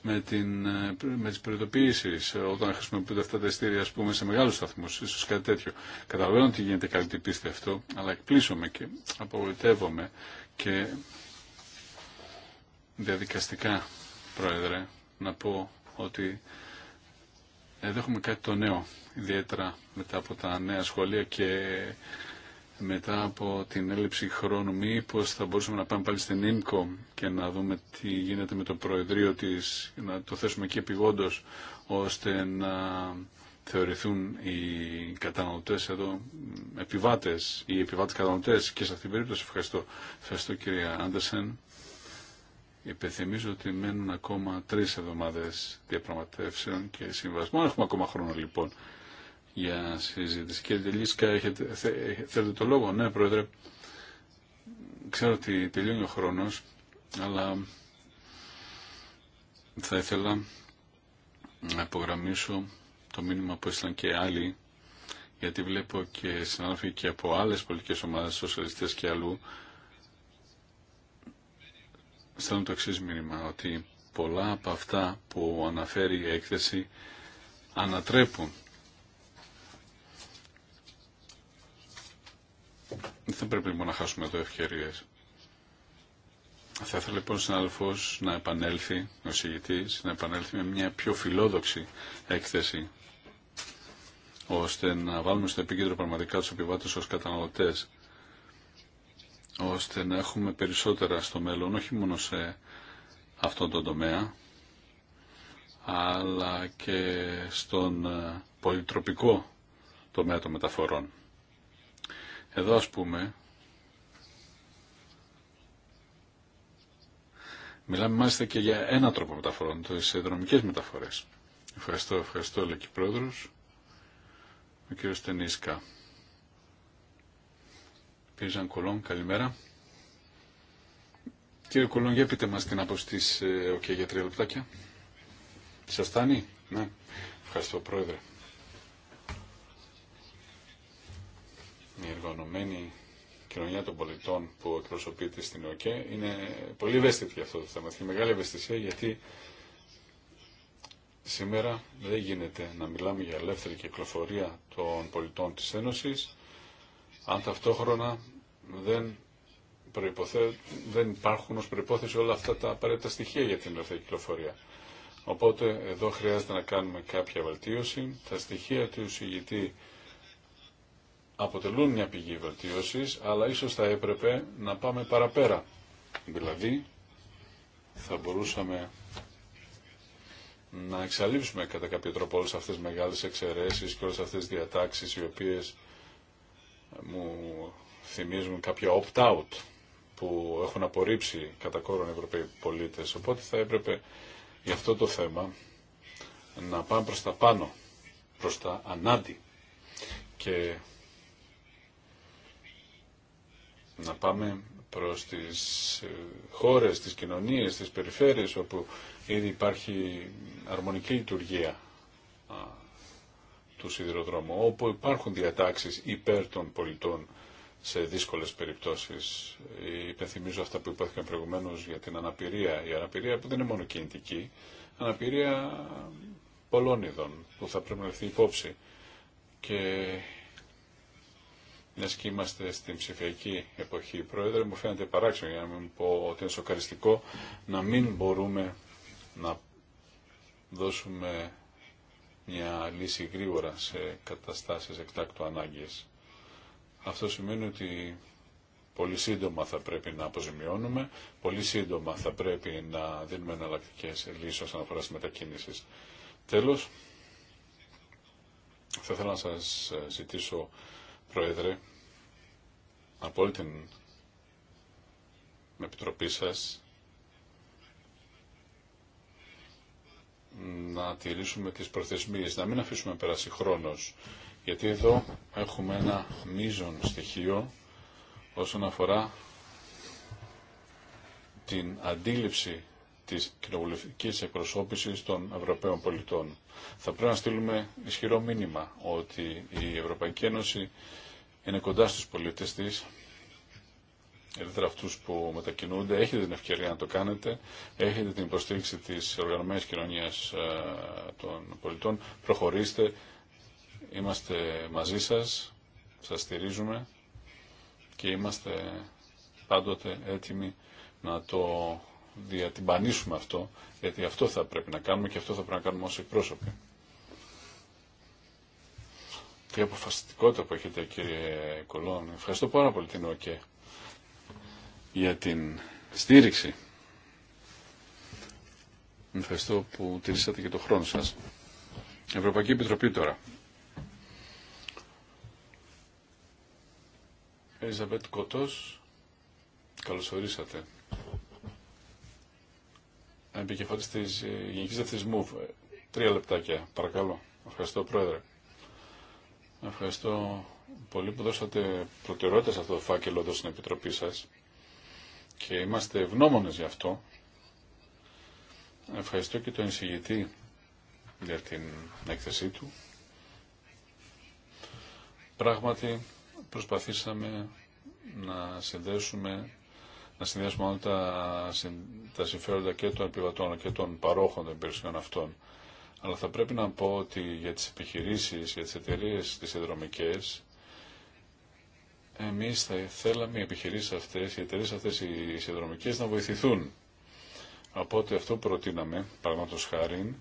με, την, με τις προειδοποιήσεις όταν χρησιμοποιούνται αυτά τα εστήρια ας πούμε, σε μεγάλους σταθμούς, ίσως κάτι τέτοιο. Καταλαβαίνω ότι γίνεται καλή την πίστη αυτό, αλλά εκπλήσωμαι και απογοητεύομαι και διαδικαστικά Πρόεδρε, να πω ότι εδώ έχουμε κάτι το νέο, ιδιαίτερα μετά από τα νέα σχολεία και μετά από την έλλειψη χρόνου. Μήπως θα μπορούσαμε να πάμε πάλι στην ΙΜΚΟ και να δούμε τι γίνεται με το Προεδρείο της, να το θέσουμε εκεί επιγόντως, ώστε να θεωρηθούν οι καταναλωτές εδώ επιβάτες, οι επιβάτες καταναλωτές και σε αυτήν την περίπτωση ευχαριστώ. Ευχαριστώ κυρία Άντερσεν. Υπενθυμίζω ότι μένουν ακόμα τρει εβδομάδε διαπραγματεύσεων και συμβασμών. Έχουμε ακόμα χρόνο λοιπόν για συζήτηση. Κύριε Τελίσκα, έχετε, θέλετε το λόγο. Ναι, Πρόεδρε, ξέρω ότι τελειώνει ο χρόνος, αλλά θα ήθελα να υπογραμμίσω το μήνυμα που έστειλαν και άλλοι, γιατί βλέπω και συνάδελφοι και από άλλες πολιτικέ ομάδε, σοσιαλιστές και αλλού, στέλνουν το εξή μήνυμα, ότι πολλά από αυτά που αναφέρει η έκθεση ανατρέπουν Δεν πρέπει μόνο λοιπόν να χάσουμε εδώ ευκαιρίε. Θα ήθελα λοιπόν ο συνάδελφο να επανέλθει, ο συγητή, να επανέλθει με μια πιο φιλόδοξη έκθεση, ώστε να βάλουμε στο επίκεντρο πραγματικά του επιβάτε ω καταναλωτέ ώστε να έχουμε περισσότερα στο μέλλον, όχι μόνο σε αυτόν τον τομέα, αλλά και στον ε, πολυτροπικό τομέα των μεταφορών. Εδώ ας πούμε, μιλάμε μάλιστα και για ένα τρόπο μεταφορών, τις δρομικές μεταφορές. Ευχαριστώ, ευχαριστώ, λέει και πρόεδρος, ο κύριος Τενίσκα. Πίζαν Κολόν, καλημέρα. Κύριε Κολόν, για πείτε μας την άποψη της ε, ΟΚΕ okay, για τρία λεπτάκια. Σας φτάνει. Ναι. Ευχαριστώ, Πρόεδρε. Η εργανομένη κοινωνία των πολιτών που εκπροσωπείται στην ΟΚΕ είναι πολύ ευαίσθητη για αυτό το θέμα. Έχει μεγάλη ευαισθησία γιατί σήμερα δεν γίνεται να μιλάμε για ελεύθερη κυκλοφορία των πολιτών της Ένωσης αν ταυτόχρονα δεν, δεν υπάρχουν ως προϋπόθεση όλα αυτά τα απαραίτητα στοιχεία για την ελεύθερη κυκλοφορία. Οπότε εδώ χρειάζεται να κάνουμε κάποια βελτίωση. Τα στοιχεία του συγητή αποτελούν μια πηγή βελτίωσης, αλλά ίσως θα έπρεπε να πάμε παραπέρα. Δηλαδή, θα μπορούσαμε να εξαλείψουμε κατά κάποιο τρόπο όλες αυτές τις μεγάλες εξαιρέσεις και όλες αυτές τις διατάξεις οι οποίες μου θυμιζουν καποια κάποιο opt-out που έχουν απορρίψει κατά κόρον οι Ευρωπαίοι πολίτες. Οπότε θα έπρεπε για αυτό το θέμα να πάμε προς τα πάνω, προς τα ανάντι και να πάμε προς τις ε, χώρες, τις κοινωνίες, τις περιφέρειες όπου ήδη υπάρχει αρμονική λειτουργία του σιδηροδρόμου, όπου υπάρχουν διατάξεις υπέρ των πολιτών σε δύσκολες περιπτώσεις. Υπενθυμίζω αυτά που υπόθηκαν προηγουμένως για την αναπηρία. Η αναπηρία που δεν είναι μόνο κινητική, αναπηρία πολλών ειδών που θα πρέπει να λεφθεί υπόψη. Και μια και είμαστε στην ψηφιακή εποχή, Πρόεδρε, μου φαίνεται παράξενο για να μην πω ότι είναι σοκαριστικό να μην μπορούμε να δώσουμε μια λύση γρήγορα σε καταστάσεις εκτάκτου ανάγκης. Αυτό σημαίνει ότι πολύ σύντομα θα πρέπει να αποζημιώνουμε, πολύ σύντομα θα πρέπει να δίνουμε εναλλακτικέ λύσει όσον αφορά στις μετακινήσεις. Τέλος, θα ήθελα να σας ζητήσω, Πρόεδρε, από όλη την Επιτροπή σα, να τηρήσουμε τις προθεσμίες, να μην αφήσουμε περάσει χρόνος γιατί εδώ έχουμε ένα μείζον στοιχείο όσον αφορά την αντίληψη της κοινοβουλευτικής εκπροσώπησης των Ευρωπαίων πολιτών. Θα πρέπει να στείλουμε ισχυρό μήνυμα ότι η Ευρωπαϊκή Ένωση είναι κοντά στους πολίτες της, ιδιαίτερα αυτούς που μετακινούνται, έχετε την ευκαιρία να το κάνετε, έχετε την υποστήριξη της οργανωμένης κοινωνίας ε, των πολιτών, προχωρήστε, Είμαστε μαζί σας, σας στηρίζουμε και είμαστε πάντοτε έτοιμοι να το διατυμπανίσουμε αυτό, γιατί αυτό θα πρέπει να κάνουμε και αυτό θα πρέπει να κάνουμε ως εκπρόσωποι. Τι αποφασιστικότητα που έχετε κύριε Κολόν. Ευχαριστώ πάρα πολύ την ΟΚΕ για την στήριξη. Ευχαριστώ που τηρήσατε και το χρόνο σας. Ευρωπαϊκή Επιτροπή τώρα. Ελίζαμπετ Κοτός, καλωσορίσατε. Επικεφαλής της ε, Γενικής Δευθυσμού. Ε, τρία λεπτάκια, παρακαλώ. Ευχαριστώ, Πρόεδρε. Ευχαριστώ πολύ που δώσατε προτεραιότητα σε αυτό το φάκελο εδώ στην Επιτροπή σας και είμαστε ευγνώμονες γι' αυτό. Ευχαριστώ και τον εισηγητή για την έκθεσή του. Πράγματι, προσπαθήσαμε να συνδέσουμε να συνδυάσουμε όλα τα, τα συμφέροντα και των επιβατών και των παρόχων των υπηρεσιών αυτών. Αλλά θα πρέπει να πω ότι για τις επιχειρήσεις, για τις εταιρείε τις συνδρομικές, εμείς θα θέλαμε οι επιχειρήσεις αυτές, οι εταιρείε αυτές οι συνδρομικές να βοηθηθούν. Οπότε αυτό που προτείναμε, παραδείγματος χάρη,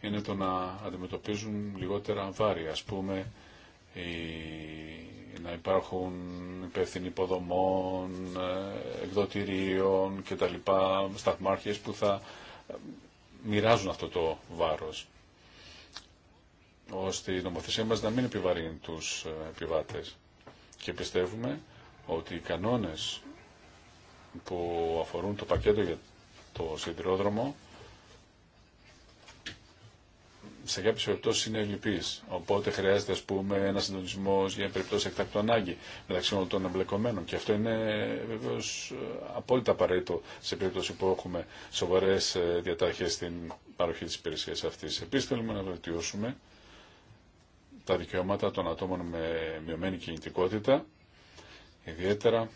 είναι το να αντιμετωπίζουν λιγότερα βάρη, ας πούμε, να υπάρχουν υπεύθυνοι υποδομών, ε, εκδοτηρίων και τα λοιπά, σταθμάρχες που θα ε, μοιράζουν αυτό το βάρος ώστε η νομοθεσία μας να μην επιβαρύνει τους ε, επιβάτες. Και πιστεύουμε ότι οι κανόνες που αφορούν το πακέτο για το σιδηρόδρομο σε κάποιε περιπτώσει είναι ελληπή. Οπότε χρειάζεται, α πούμε, ένα συντονισμό για περιπτώσει εκτακτού ανάγκη μεταξύ όλων των εμπλεκομένων. Και αυτό είναι βεβαίω απόλυτα απαραίτητο σε περίπτωση που έχουμε σοβαρέ ε, διαταραχέ στην παροχή τη υπηρεσία αυτή. Επίση, θέλουμε να βελτιώσουμε τα δικαιώματα των ατόμων με μειωμένη κινητικότητα, ιδιαίτερα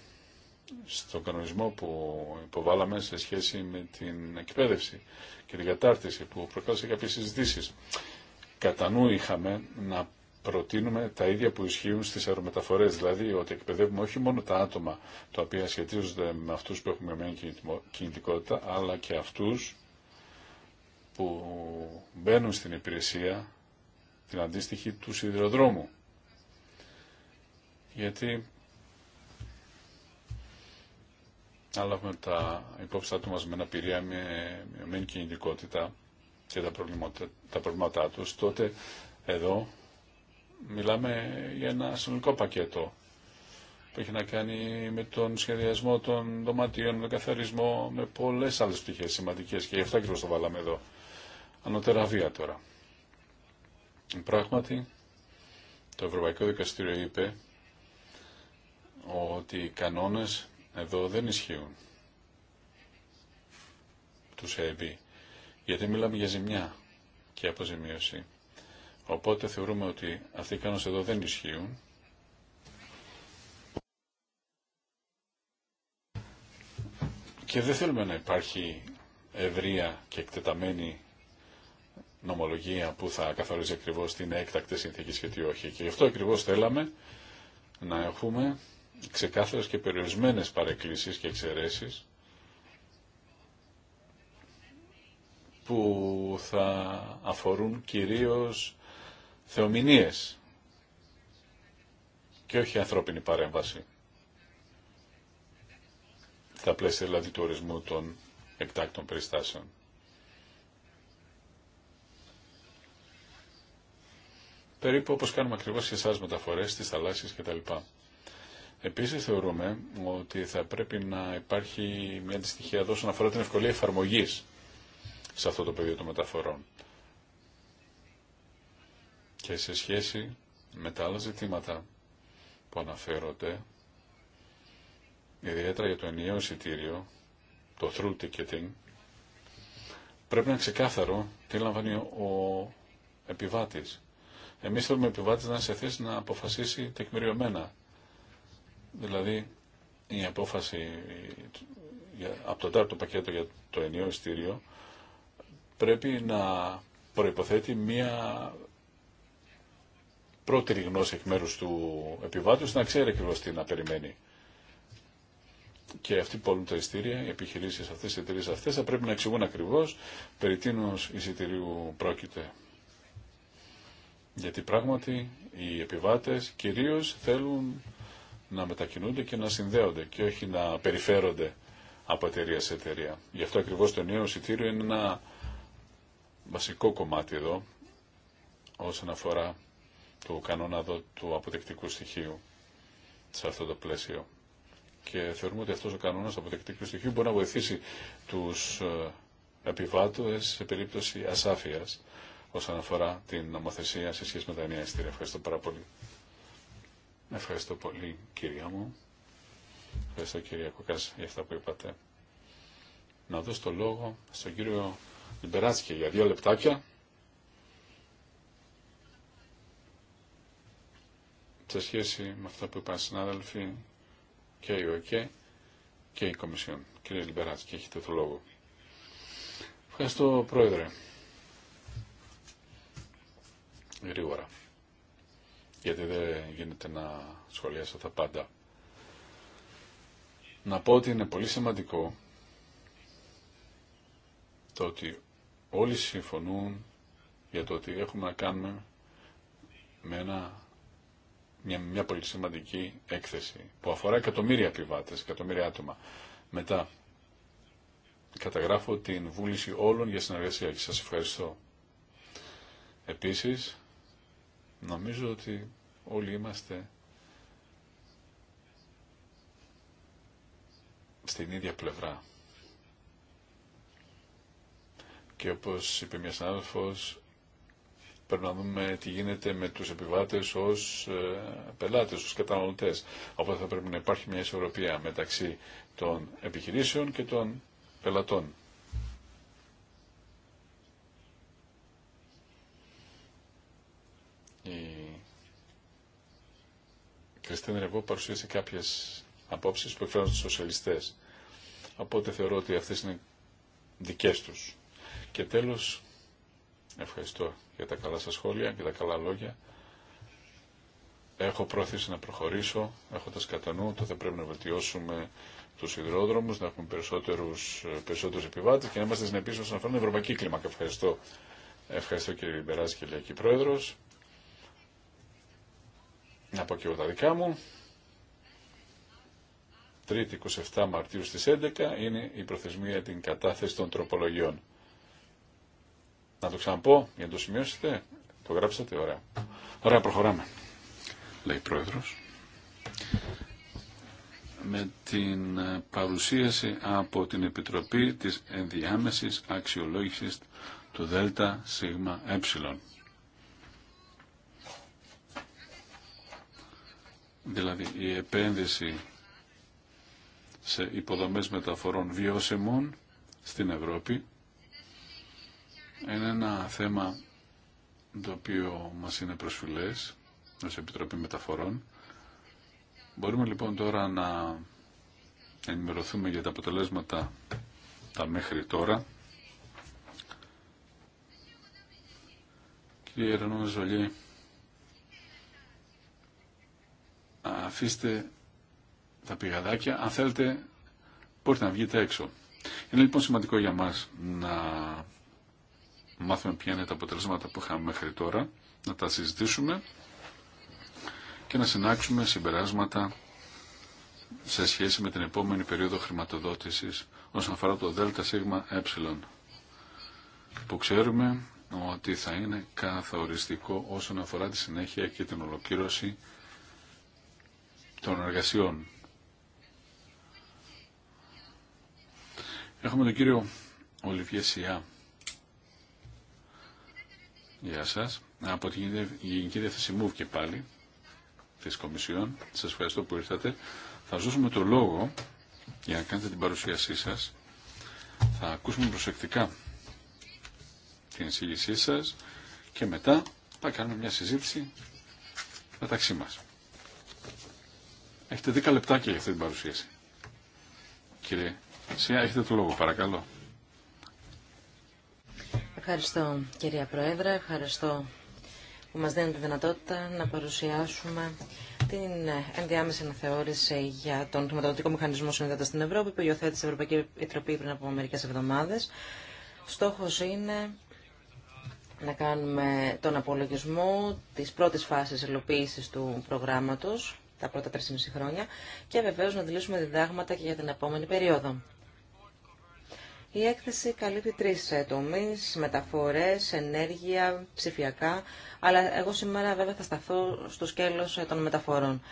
στον κανονισμό που υποβάλαμε σε σχέση με την εκπαίδευση και την κατάρτιση που προκάλεσε κάποιες συζητήσεις. Κατά νου είχαμε να προτείνουμε τα ίδια που ισχύουν στις αερομεταφορές, δηλαδή ότι εκπαιδεύουμε όχι μόνο τα άτομα τα οποία σχετίζονται με αυτούς που έχουν μειωμένη κινητικότητα, αλλά και αυτούς που μπαίνουν στην υπηρεσία την αντίστοιχη του σιδηροδρόμου. Γιατί αλλά λάβουμε τα υπόψη μας με αναπηρία, με μειωμένη κινητικότητα και τα, προβλήματα, τα προβλήματά τους, τότε εδώ μιλάμε για ένα συνολικό πακέτο που έχει να κάνει με τον σχεδιασμό των δωματίων, με τον καθαρισμό, με πολλές άλλες πτυχές σημαντικές και γι' αυτό ακριβώς το βάλαμε εδώ. βία τώρα. Πράγματι, το Ευρωπαϊκό Δικαστήριο είπε ότι οι κανόνες εδώ δεν ισχύουν τους έπι, γιατί μιλάμε για ζημιά και αποζημίωση. Οπότε θεωρούμε ότι αυτοί οι κανόνες εδώ δεν ισχύουν. Και δεν θέλουμε να υπάρχει ευρεία και εκτεταμένη νομολογία που θα καθορίζει ακριβώ τι είναι συνθήκη και τι όχι. Και γι' αυτό ακριβώ θέλαμε να έχουμε ξεκάθαρες και περιορισμένες παρεκκλήσεις και εξαιρέσεις που θα αφορούν κυρίως θεομηνίες και όχι ανθρώπινη παρέμβαση. Τα πλαίσια δηλαδή του ορισμού των εκτάκτων περιστάσεων. Περίπου όπως κάνουμε ακριβώς και εσάς μεταφορές στις θαλάσσιες κτλ. Επίσης θεωρούμε ότι θα πρέπει να υπάρχει μια αντιστοιχεία εδώ όσον αφορά την ευκολία εφαρμογής σε αυτό το πεδίο των μεταφορών. Και σε σχέση με τα άλλα ζητήματα που αναφέρονται, ιδιαίτερα για το ενιαίο εισιτήριο, το through ticketing, πρέπει να είναι ξεκάθαρο τι λαμβάνει ο επιβάτης. Εμείς θέλουμε ο επιβάτης να είναι σε θέση να αποφασίσει τεκμηριωμένα Δηλαδή η απόφαση από το τέταρτο πακέτο για το ενιαίο ειστήριο πρέπει να προϋποθέτει μία πρώτη γνώση εκ μέρους του επιβάτη να ξέρει ακριβώ τι να περιμένει. Και αυτοί που πολλούν τα ειστήρια, οι επιχειρήσει αυτέ, οι εταιρείε αυτέ, θα πρέπει να εξηγούν ακριβώ περί τίνο εισιτηρίου πρόκειται. Γιατί πράγματι οι επιβάτε κυρίω θέλουν να μετακινούνται και να συνδέονται και όχι να περιφέρονται από εταιρεία σε εταιρεία. Γι' αυτό ακριβώ το νέο εισιτήριο είναι ένα βασικό κομμάτι εδώ όσον αφορά το κανόνα του αποτεκτικού στοιχείου σε αυτό το πλαίσιο. Και θεωρούμε ότι αυτός ο κανόνας του αποτεκτικού στοιχείου μπορεί να βοηθήσει τους ε, επιβάτες σε περίπτωση ασάφειας όσον αφορά την νομοθεσία σε σχέση με τα νέα εισιτήρια. Ευχαριστώ πάρα πολύ. Ευχαριστώ πολύ κυρία μου. Ευχαριστώ κυρία Κοκάς για αυτά που είπατε. Να δώσω το λόγο στον κύριο Λιμπεράτσκι για δύο λεπτάκια. σε σχέση με αυτά που είπαν οι συνάδελφοι και η ΟΚΕ και η Κομισιόν. Κύριε Λιμπεράτσικη, έχετε το λόγο. Ευχαριστώ, Πρόεδρε. Γρήγορα γιατί δεν γίνεται να σχολιάσω τα πάντα. Να πω ότι είναι πολύ σημαντικό το ότι όλοι συμφωνούν για το ότι έχουμε να κάνουμε με ένα, μια, μια πολύ σημαντική έκθεση που αφορά εκατομμύρια πιβάτες, εκατομμύρια άτομα. Μετά καταγράφω την βούληση όλων για συνεργασία και σας ευχαριστώ. Επίσης, Νομίζω ότι όλοι είμαστε στην ίδια πλευρά. Και όπως είπε μια συνάδελφος, πρέπει να δούμε τι γίνεται με τους επιβάτες ως ε, πελάτες, ως καταναλωτές. Οπότε θα πρέπει να υπάρχει μια ισορροπία μεταξύ των επιχειρήσεων και των πελατών. Η Κριστίνα Ρεβό παρουσίασε κάποιες απόψει που εκφράζουν τους σοσιαλιστές. Οπότε θεωρώ ότι αυτέ είναι δικέ του. Και τέλος, ευχαριστώ για τα καλά σα σχόλια και τα καλά λόγια. Έχω πρόθεση να προχωρήσω, έχοντας κατά νου ότι θα πρέπει να βελτιώσουμε τους υδρόδρομους, να έχουμε περισσότερους, περισσότερους επιβάτες και να είμαστε συνεπείς όσον αφορά την ευρωπαϊκή κλίμακα. Ευχαριστώ. Ευχαριστώ κύριε Μπεράζη και Λιακή πρόεδρος. Να πω και εγώ τα δικά μου. Τρίτη 27 Μαρτίου στις 11 είναι η προθεσμία την κατάθεση των τροπολογιών. Να το ξαναπώ για να το σημειώσετε. Το γράψατε, ωραία. Ωραία, προχωράμε. Λέει πρόεδρος. Με την ε, παρουσίαση από την Επιτροπή της Ενδιάμεσης Αξιολόγησης του ΔΣΕ. δηλαδή η επένδυση σε υποδομές μεταφορών βιώσιμων στην Ευρώπη είναι ένα θέμα το οποίο μας είναι προσφυλές ως Επιτροπή Μεταφορών. Μπορούμε λοιπόν τώρα να ενημερωθούμε για τα αποτελέσματα τα μέχρι τώρα. Κύριε Ρανόμες αφήστε τα πηγαδάκια. Αν θέλετε, μπορείτε να βγείτε έξω. Είναι λοιπόν σημαντικό για μας να μάθουμε ποια είναι τα αποτελέσματα που είχαμε μέχρι τώρα, να τα συζητήσουμε και να συνάξουμε συμπεράσματα σε σχέση με την επόμενη περίοδο χρηματοδότησης όσον αφορά το ΔΣΕ που ξέρουμε ότι θα είναι καθοριστικό όσον αφορά τη συνέχεια και την ολοκλήρωση των εργασιών. Έχουμε τον κύριο Ολιβιέ Σιά. Γεια σας. Από την Γενική Διεύθυνση ΜΟΥΒ και πάλι της Κομισιόν. Σας ευχαριστώ που ήρθατε. Θα δώσουμε το λόγο για να κάνετε την παρουσίασή σας. Θα ακούσουμε προσεκτικά την εισήγησή σας και μετά θα κάνουμε μια συζήτηση μεταξύ μας. Έχετε δέκα λεπτάκια για αυτή την παρουσίαση. Κύριε Σία, έχετε το λόγο, παρακαλώ.
Ευχαριστώ κυρία Πρόεδρε, ευχαριστώ που μας δίνετε τη δυνατότητα να παρουσιάσουμε την ενδιάμεση αναθεώρηση για τον χρηματοδοτικό μηχανισμό συνδέτα στην Ευρώπη που υιοθέτησε η Ευρωπαϊκή Επιτροπή πριν από μερικές εβδομάδες. Στόχος είναι να κάνουμε τον απολογισμό της πρώτης φάσης υλοποίησης του προγράμματος τα πρώτα 3,5 χρόνια και βεβαίως να δηλώσουμε διδάγματα και για την επόμενη περίοδο. Η έκθεση καλύπτει τρει ε, τομεί, μεταφορές, ενέργεια, ψηφιακά, αλλά εγώ σήμερα βέβαια θα σταθώ στο σκέλος ε, των μεταφορών.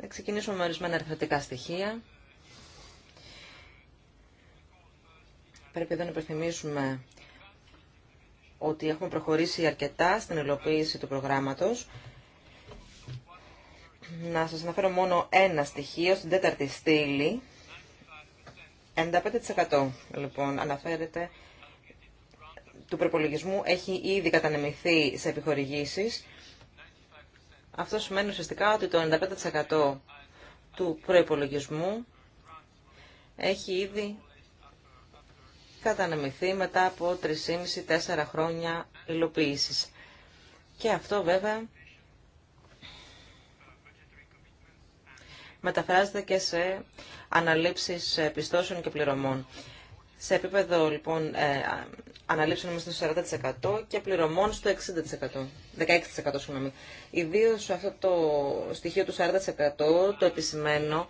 Θα ξεκινήσουμε με ορισμένα αριθμητικά στοιχεία. Πρέπει εδώ να υπενθυμίσουμε ότι έχουμε προχωρήσει αρκετά στην υλοποίηση του προγράμματος να σας αναφέρω μόνο ένα στοιχείο στην τέταρτη στήλη. 95% λοιπόν αναφέρεται του προπολογισμού έχει ήδη κατανεμηθεί σε επιχορηγήσεις. Αυτό σημαίνει ουσιαστικά ότι το 95% του προπολογισμού έχει ήδη κατανεμηθεί μετά από 3,5-4 χρόνια υλοποίησης. Και αυτό βέβαια μεταφράζεται και σε αναλήψεις ε, πιστώσεων και πληρωμών. Σε επίπεδο λοιπόν ε, αναλήψεων είμαστε στο 40% και πληρωμών στο 60%, 16% συγγνώμη. Ιδίως αυτό το στοιχείο του 40% το επισημαίνω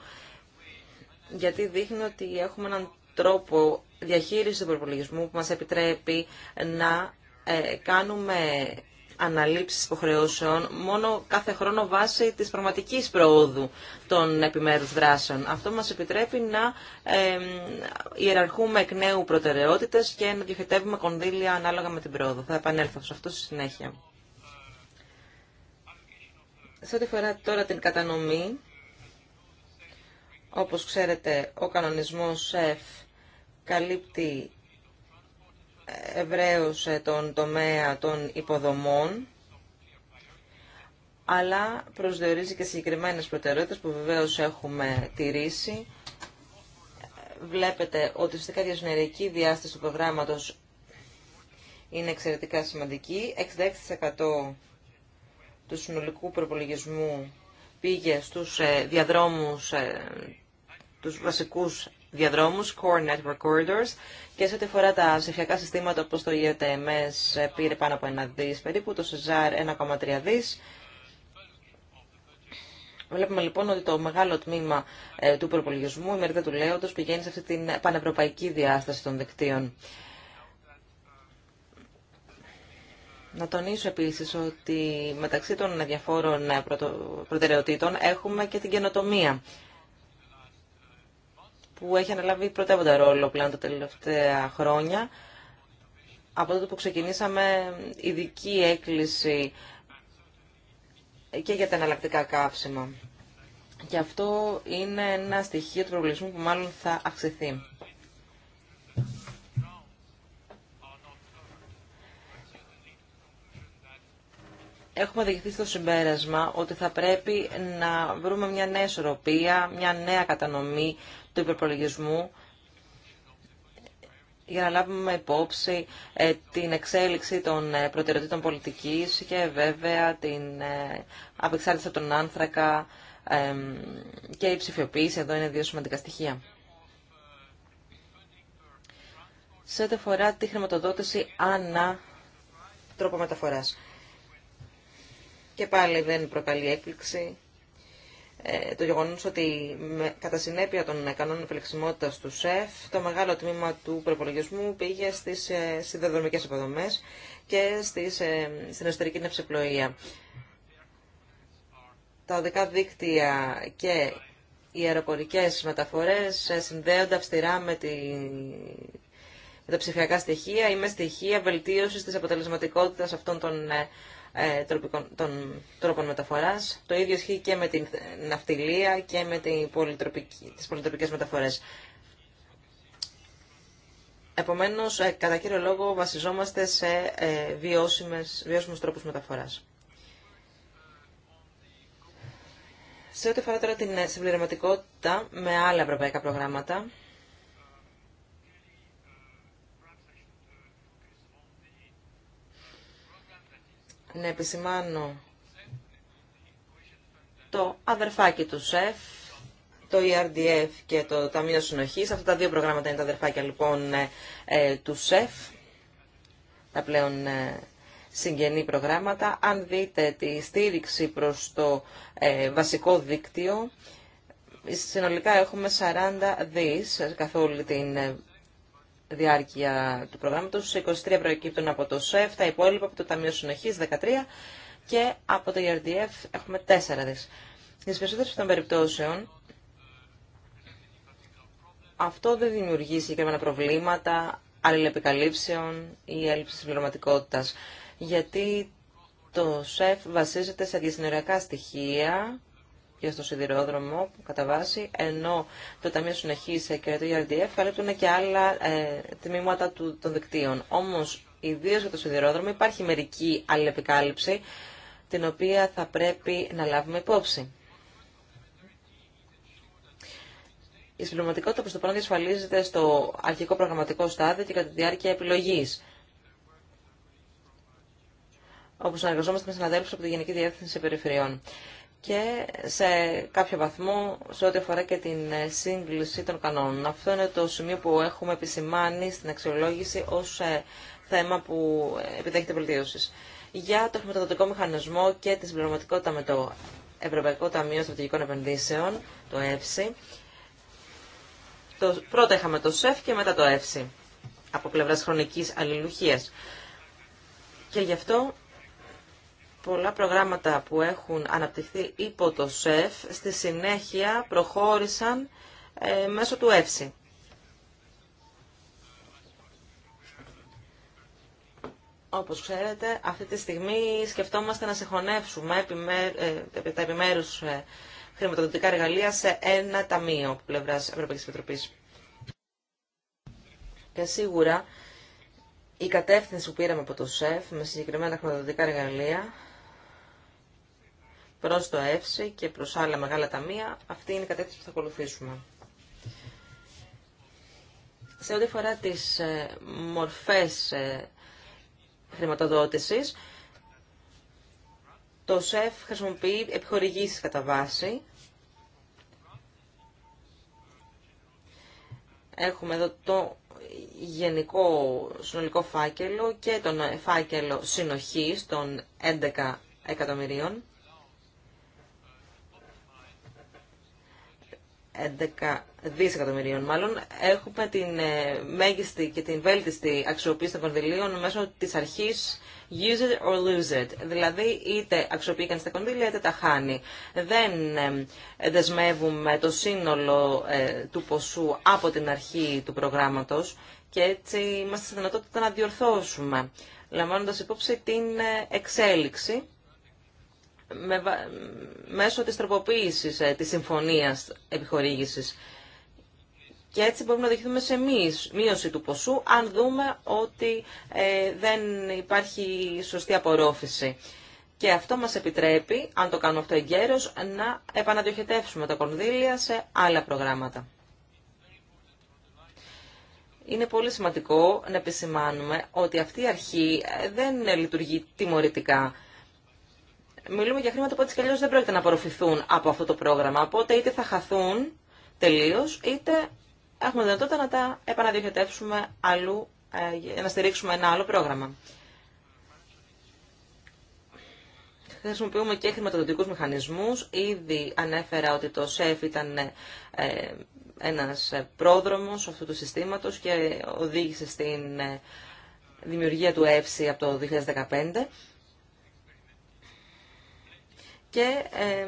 γιατί δείχνει ότι έχουμε έναν τρόπο διαχείρισης του προπολογισμού που μας επιτρέπει να ε, κάνουμε αναλήψεις υποχρεώσεων μόνο κάθε χρόνο βάσει της πραγματικής προόδου των επιμέρους δράσεων. Αυτό μας επιτρέπει να ιεραρχούμε εκ νέου προτεραιότητες και να διοχετεύουμε κονδύλια ανάλογα με την πρόοδο. Θα επανέλθω σε αυτό στη συνέχεια. Σε ό,τι αφορά τώρα την κατανομή, όπως ξέρετε, ο κανονισμός F καλύπτει Ευρέωσε τον τομέα των υποδομών, αλλά προσδιορίζει και συγκεκριμένες προτεραιότητες που βεβαίως έχουμε τηρήσει. Βλέπετε ότι στις η διασυνεριακή διάσταση του προγράμματος είναι εξαιρετικά σημαντική. 66% του συνολικού προπολογισμού πήγε στους ε, διαδρόμους, ε, τους βασικούς διαδρόμους, Core Network Corridors, και σε ό,τι αφορά τα ψηφιακά συστήματα όπως το ETMS πήρε πάνω από ένα δις περίπου, το CESAR 1,3 δις. Βλέπουμε λοιπόν ότι το μεγάλο τμήμα ε, του προπολογισμού, η μερίδα του λέοντος, πηγαίνει σε αυτή την πανευρωπαϊκή διάσταση των δικτύων. Να τονίσω επίσης ότι μεταξύ των διαφόρων ε, προτεραιοτήτων έχουμε και την καινοτομία που έχει αναλάβει πρωτεύοντα ρόλο πλέον τα τελευταία χρόνια. Από τότε που ξεκινήσαμε ειδική έκκληση και για τα εναλλακτικά καύσιμα. Και αυτό είναι ένα στοιχείο του προβλησμού που μάλλον θα αυξηθεί. έχουμε οδηγηθεί στο συμπέρασμα ότι θα πρέπει να βρούμε μια νέα ισορροπία, μια νέα κατανομή του υπερπολογισμού για να λάβουμε υπόψη ε, την εξέλιξη των ε, προτεραιοτήτων πολιτικής και βέβαια την ε, απεξάρτηση από τον άνθρακα και η ψηφιοποίηση. Εδώ είναι δύο σημαντικά στοιχεία. Σε ό,τι αφορά τη χρηματοδότηση ανά τρόπο μεταφοράς. Και πάλι δεν προκαλεί έκπληξη ε, το γεγονό ότι κατά συνέπεια των κανόνων επιλεξιμότητα του ΣΕΦ, το μεγάλο τμήμα του προπολογισμού πήγε στι ε, σιδεδρομικέ υποδομέ και στις, ε, στην εσωτερική νευσεπλοεία. Τα οδικά δίκτυα και οι αεροπορικές μεταφορές ε, συνδέονται αυστηρά με, τη, με τα ψηφιακά στοιχεία ή με στοιχεία βελτίωσης της αποτελεσματικότητας αυτών των ε, των τρόπων μεταφοράς. Το ίδιο ισχύει και με την ναυτιλία και με την πολυτροπική, τις πολυτροπικές μεταφορές. Επομένως, ε, κατά κύριο λόγο, βασιζόμαστε σε ε, βιώσιμες, βιώσιμους τρόπους μεταφοράς. Σε ό,τι αφορά τώρα την συμπληρωματικότητα με άλλα ευρωπαϊκά προγράμματα, να επισημάνω το αδερφάκι του ΣΕΦ, το ERDF και το Ταμείο Συνοχής. Αυτά τα δύο προγράμματα είναι τα αδερφάκια λοιπόν ε, ε, του ΣΕΦ, τα πλέον ε, συγγενή προγράμματα. Αν δείτε τη στήριξη προς το βασικό δίκτυο, συνολικά έχουμε 40 δις καθ' όλη την διάρκεια του προγράμματος. 23 προκύπτουν από το ΣΕΦ, τα υπόλοιπα από το Ταμείο Συνοχή 13 και από το ERDF έχουμε 4 δις. Στις περισσότερες των περιπτώσεων αυτό δεν δημιουργεί συγκεκριμένα προβλήματα αλληλεπικαλύψεων ή έλλειψη συμπληρωματικότητα. γιατί το ΣΕΦ βασίζεται σε διασυνοριακά στοιχεία και στο σιδηρόδρομο κατά βάση, ενώ το Ταμείο συνεχίσει και το ERDF καλύπτουν και άλλα ε, τμήματα του, των δικτύων. Όμω, ιδίω για το σιδηρόδρομο υπάρχει μερική αλληλεπικάλυψη, την οποία θα πρέπει να λάβουμε υπόψη. Η συμπληρωματικότητα προς το πρώτο διασφαλίζεται στο αρχικό προγραμματικό στάδιο και κατά τη διάρκεια επιλογής όπου συνεργαζόμαστε με συναδέλφου από τη Γενική Διεύθυνση Περιφερειών και σε κάποιο βαθμό σε ό,τι αφορά και την ε, σύγκληση των κανόνων. Αυτό είναι το σημείο που έχουμε επισημάνει στην αξιολόγηση ως ε, θέμα που επιδέχεται βελτίωση. Για το χρηματοδοτικό μηχανισμό και τη συμπληρωματικότητα με το Ευρωπαϊκό Ταμείο Στρατηγικών Επενδύσεων, το ΕΦΣΥ, πρώτα είχαμε το ΣΕΦ και μετά το ΕΦΣΥ από πλευράς χρονικής αλληλουχίας. Και γι' αυτό πολλά προγράμματα που έχουν αναπτυχθεί υπό το ΣΕΦ στη συνέχεια προχώρησαν ε, μέσω του ΕΦΣΥ. Όπως ξέρετε, αυτή τη στιγμή σκεφτόμαστε να συγχωνεύσουμε επιμέρ, ε, τα επιμέρους ε, χρηματοδοτικά εργαλεία σε ένα ταμείο από πλευράς Ευρωπαϊκής Επιτροπής. Και σίγουρα η κατεύθυνση που πήραμε από το ΣΕΦ με συγκεκριμένα χρηματοδοτικά εργαλεία Προ το ΕΦΣΙ και προς άλλα μεγάλα ταμεία, αυτή είναι η κατεύθυνση που θα ακολουθήσουμε. Σε ό,τι αφορά τις ε, μορφές ε, χρηματοδότηση. το ΣΕΦ χρησιμοποιεί επιχορηγήσει κατά βάση. Έχουμε εδώ το γενικό συνολικό φάκελο και τον φάκελο συνοχής των 11 εκατομμυρίων. 11 δισεκατομμυρίων μάλλον, έχουμε την ε, μέγιστη και την βέλτιστη αξιοποίηση των κονδυλίων μέσω της αρχής use it or lose it. Δηλαδή είτε αξιοποιεί κανείς τα κονδύλια είτε τα χάνει. Δεν ε, δεσμεύουμε το σύνολο ε, του ποσού από την αρχή του προγράμματος και έτσι είμαστε στη δυνατότητα να διορθώσουμε, λαμβάνοντας υπόψη την εξέλιξη με, μέσω της τροποποίησης ε, της συμφωνίας επιχορήγησης. Και έτσι μπορούμε να δεχθούμε σε μείωση του ποσού, αν δούμε ότι ε, δεν υπάρχει σωστή απορρόφηση. Και αυτό μας επιτρέπει, αν το κάνουμε αυτό εγκαίρως, να επαναδιοχετεύσουμε τα κονδύλια σε άλλα προγράμματα. Είναι πολύ σημαντικό να επισημάνουμε ότι αυτή η αρχή ε, δεν λειτουργεί τιμωρητικά μιλούμε για χρήματα που έτσι και δεν πρόκειται να απορροφηθούν από αυτό το πρόγραμμα. Οπότε είτε θα χαθούν τελείω, είτε έχουμε δυνατότητα να τα επαναδιοχετεύσουμε αλλού, ε, να στηρίξουμε ένα άλλο πρόγραμμα. Χρησιμοποιούμε και χρηματοδοτικούς μηχανισμούς. Ήδη ανέφερα ότι το ΣΕΦ ήταν ε, ένας πρόδρομος αυτού του συστήματος και οδήγησε στην ε, δημιουργία του ΕΦΣΙ από το 2015 και ε,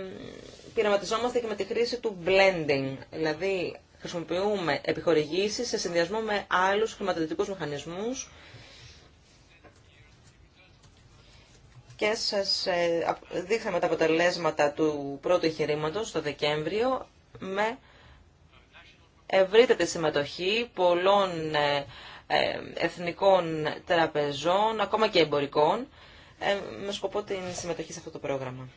πειραματιζόμαστε και με τη χρήση του blending, δηλαδή χρησιμοποιούμε επιχορηγήσεις σε συνδυασμό με άλλους χρηματοδοτικούς μηχανισμούς και σας ε, δείχναμε τα αποτελέσματα του πρώτου εγχειρήματο το Δεκέμβριο με ευρύτερη συμμετοχή πολλών ε, ε, εθνικών τραπεζών, ακόμα και εμπορικών, με σκοπό την συμμετοχή σε αυτό το πρόγραμμα.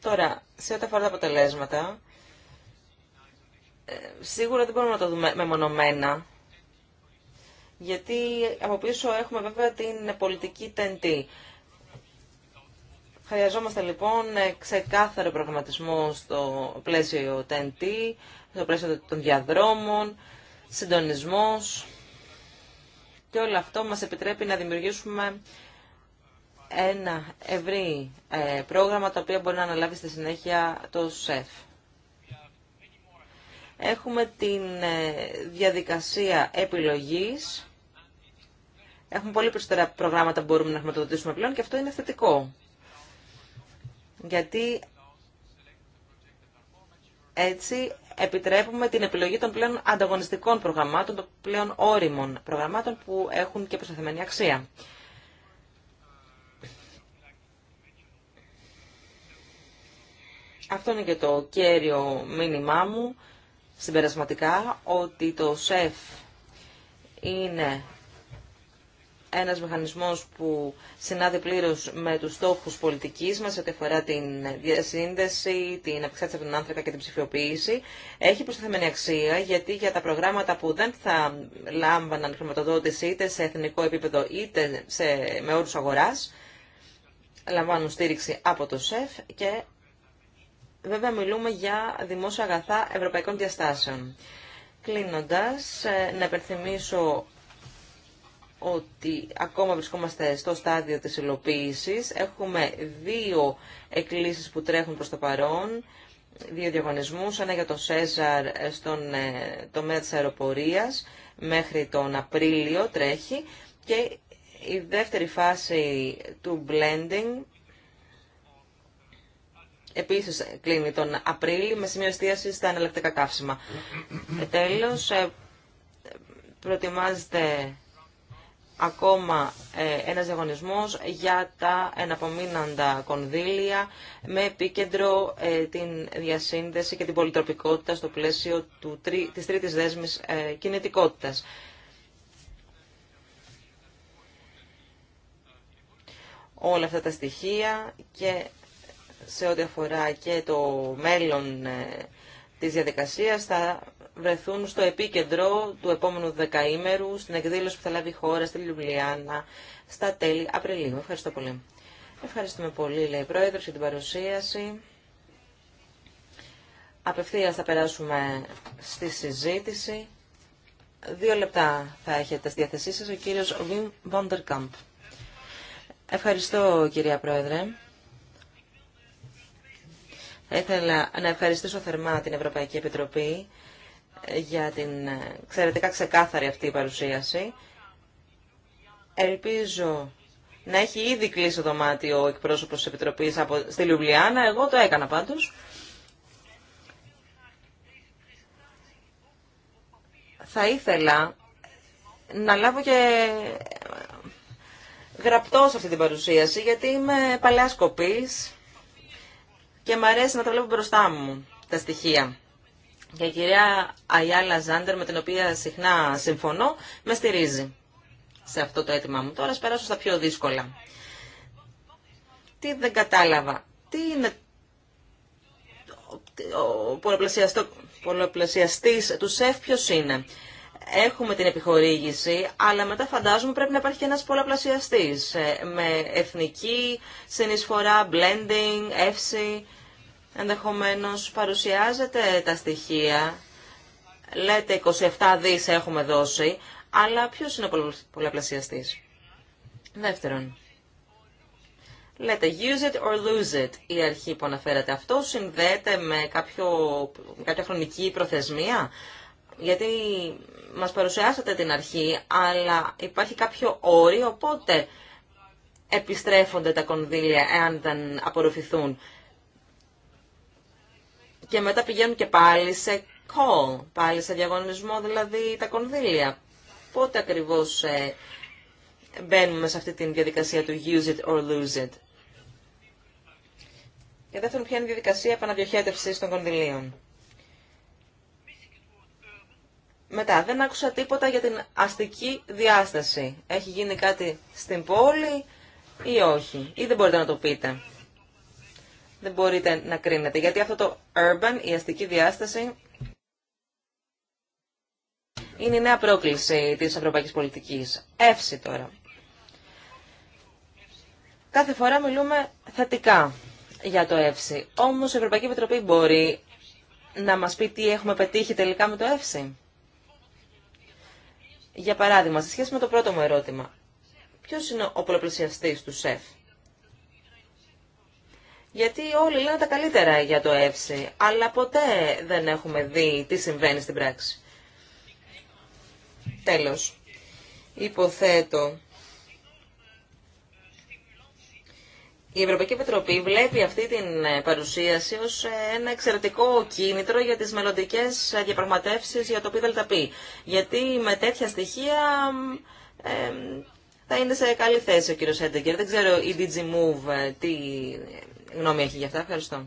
Τώρα, σε ό,τι αφορά τα αποτελέσματα, ε, σίγουρα δεν μπορούμε να το δούμε μεμονωμένα, γιατί από πίσω έχουμε βέβαια την πολιτική τεντή. Χρειαζόμαστε λοιπόν ξεκάθαρο προγραμματισμό στο πλαίσιο TNT, στο πλαίσιο των διαδρόμων, συντονισμός και όλο αυτό μας επιτρέπει να δημιουργήσουμε ένα ευρύ ε, πρόγραμμα το οποίο μπορεί να αναλάβει στη συνέχεια το ΣΕΦ. Έχουμε την ε, διαδικασία επιλογής. Έχουμε πολύ περισσότερα προγράμματα που μπορούμε να χρηματοδοτήσουμε πλέον και αυτό είναι θετικό. Γιατί έτσι επιτρέπουμε την επιλογή των πλέον ανταγωνιστικών προγραμμάτων, των πλέον όριμων προγραμμάτων που έχουν και προσταθεμένη αξία. Αυτό είναι και το κέριο μήνυμά μου, συμπερασματικά, ότι το ΣΕΦ είναι ένας μηχανισμός που συνάδει πλήρως με τους στόχους πολιτικής μας ό,τι αφορά την διασύνδεση, την αυξάτηση από τον άνθρακα και την ψηφιοποίηση. Έχει προσθεμένη αξία γιατί για τα προγράμματα που δεν θα λάμβαναν χρηματοδότηση είτε σε εθνικό επίπεδο είτε σε, με όρους αγοράς, λαμβάνουν στήριξη από το ΣΕΦ και Βέβαια μιλούμε για δημόσια αγαθά ευρωπαϊκών διαστάσεων. Κλείνοντας, ε, να υπενθυμίσω ότι ακόμα βρισκόμαστε στο στάδιο της υλοποίησης. Έχουμε δύο εκκλήσεις που τρέχουν προς το παρόν, δύο διαγωνισμούς, ένα για το ΣΕΖΑΡ στον ε, τομέα της αεροπορίας μέχρι τον Απρίλιο τρέχει και η δεύτερη φάση του blending επίσης κλείνει τον Απρίλιο με σημείο εστίαση στα εναλλακτικά καύσιμα. Ε, τέλος, ε, προετοιμάζεται ακόμα ε, ένας διαγωνισμός για τα εναπομείναντα κονδύλια με επίκεντρο ε, την διασύνδεση και την πολυτροπικότητα στο πλαίσιο του, της τρίτης δέσμης κινητικότητας. Όλα αυτά τα στοιχεία και σε ό,τι αφορά και το μέλλον ε, της διαδικασίας θα βρεθούν στο επίκεντρο του επόμενου δεκαήμερου στην εκδήλωση που θα λάβει η χώρα στη Λιουμπλιάνα στα τέλη Απριλίου. Ευχαριστώ πολύ. Ευχαριστούμε πολύ, λέει η Πρόεδρος, για την παρουσίαση. Απευθείας θα περάσουμε στη συζήτηση. Δύο λεπτά θα έχετε στη διάθεσή σας ο κύριος Βιμ Κάμπ. Ευχαριστώ, κυρία Πρόεδρε. Θα ήθελα να ευχαριστήσω θερμά την Ευρωπαϊκή Επιτροπή για την εξαιρετικά ξεκάθαρη αυτή η παρουσίαση. Ελπίζω να έχει ήδη κλείσει το δωμάτιο ο εκπρόσωπος της Επιτροπής από, στη Λιουμπλιάνα. Εγώ το έκανα πάντως. Θα ήθελα να λάβω και γραπτό αυτή την παρουσίαση, γιατί είμαι παλαιάς κοπής και μου αρέσει να τα βλέπω μπροστά μου τα στοιχεία. Και η κυρία Αιάλα Ζάντερ, με την οποία συχνά συμφωνώ, με στηρίζει σε αυτό το αίτημά μου. Τώρα περάσω στα πιο δύσκολα. Τι δεν κατάλαβα. Τι είναι ο πολλαπλασιαστής του ΣΕΦ ποιος είναι έχουμε την επιχορήγηση, αλλά μετά φαντάζομαι πρέπει να υπάρχει και ένας πολλαπλασιαστής ε, με εθνική συνεισφορά, blending, εύση. Ενδεχομένως παρουσιάζεται τα στοιχεία, λέτε 27 δις έχουμε δώσει, αλλά ποιος είναι ο πολλαπλασιαστής. Δεύτερον, λέτε use it or lose it. Η αρχή που αναφέρατε αυτό συνδέεται με κάποιο, κάποια χρονική προθεσμία. Γιατί μας παρουσιάσατε την αρχή, αλλά υπάρχει κάποιο όριο οπότε επιστρέφονται τα κονδύλια εάν δεν απορροφηθούν. Και μετά πηγαίνουν και πάλι σε call, πάλι σε διαγωνισμό, δηλαδή τα κονδύλια. Πότε ακριβώς ε, μπαίνουμε σε αυτή τη διαδικασία του use it or lose it. Και δεύτερον, ποια είναι η διαδικασία επαναδιοχέτευσης των κονδυλίων. Μετά, δεν άκουσα τίποτα για την αστική διάσταση. Έχει γίνει κάτι στην πόλη ή όχι. Ή δεν μπορείτε να το πείτε. Δεν μπορείτε να κρίνετε. Γιατί αυτό το urban, η αστική διάσταση, είναι η νέα πρόκληση της ευρωπαϊκής πολιτικής. Εύση τώρα. Κάθε φορά μιλούμε θετικά για το εύση. Όμως η Ευρωπαϊκή Επιτροπή μπορεί να μας πει τι έχουμε πετύχει τελικά με το εύση. Για παράδειγμα, σε σχέση με το πρώτο μου ερώτημα, ποιο είναι ο πολλαπλασιαστής του ΣΕΦ. Γιατί όλοι λένε τα καλύτερα για το ΕΦΣΙ, αλλά ποτέ δεν έχουμε δει τι συμβαίνει στην πράξη. Τέλος, υποθέτω η Ευρωπαϊκή Επιτροπή βλέπει αυτή την ε, παρουσίαση ως ε, ένα εξαιρετικό κίνητρο για τις μελλοντικέ ε, διαπραγματεύσεις για το πει. Γιατί με τέτοια στοιχεία θα είναι σε καλή θέση ο κύριος Έντεγκερ. Δεν ξέρω η DG Move τι γνώμη έχει γι' αυτά. Ευχαριστώ.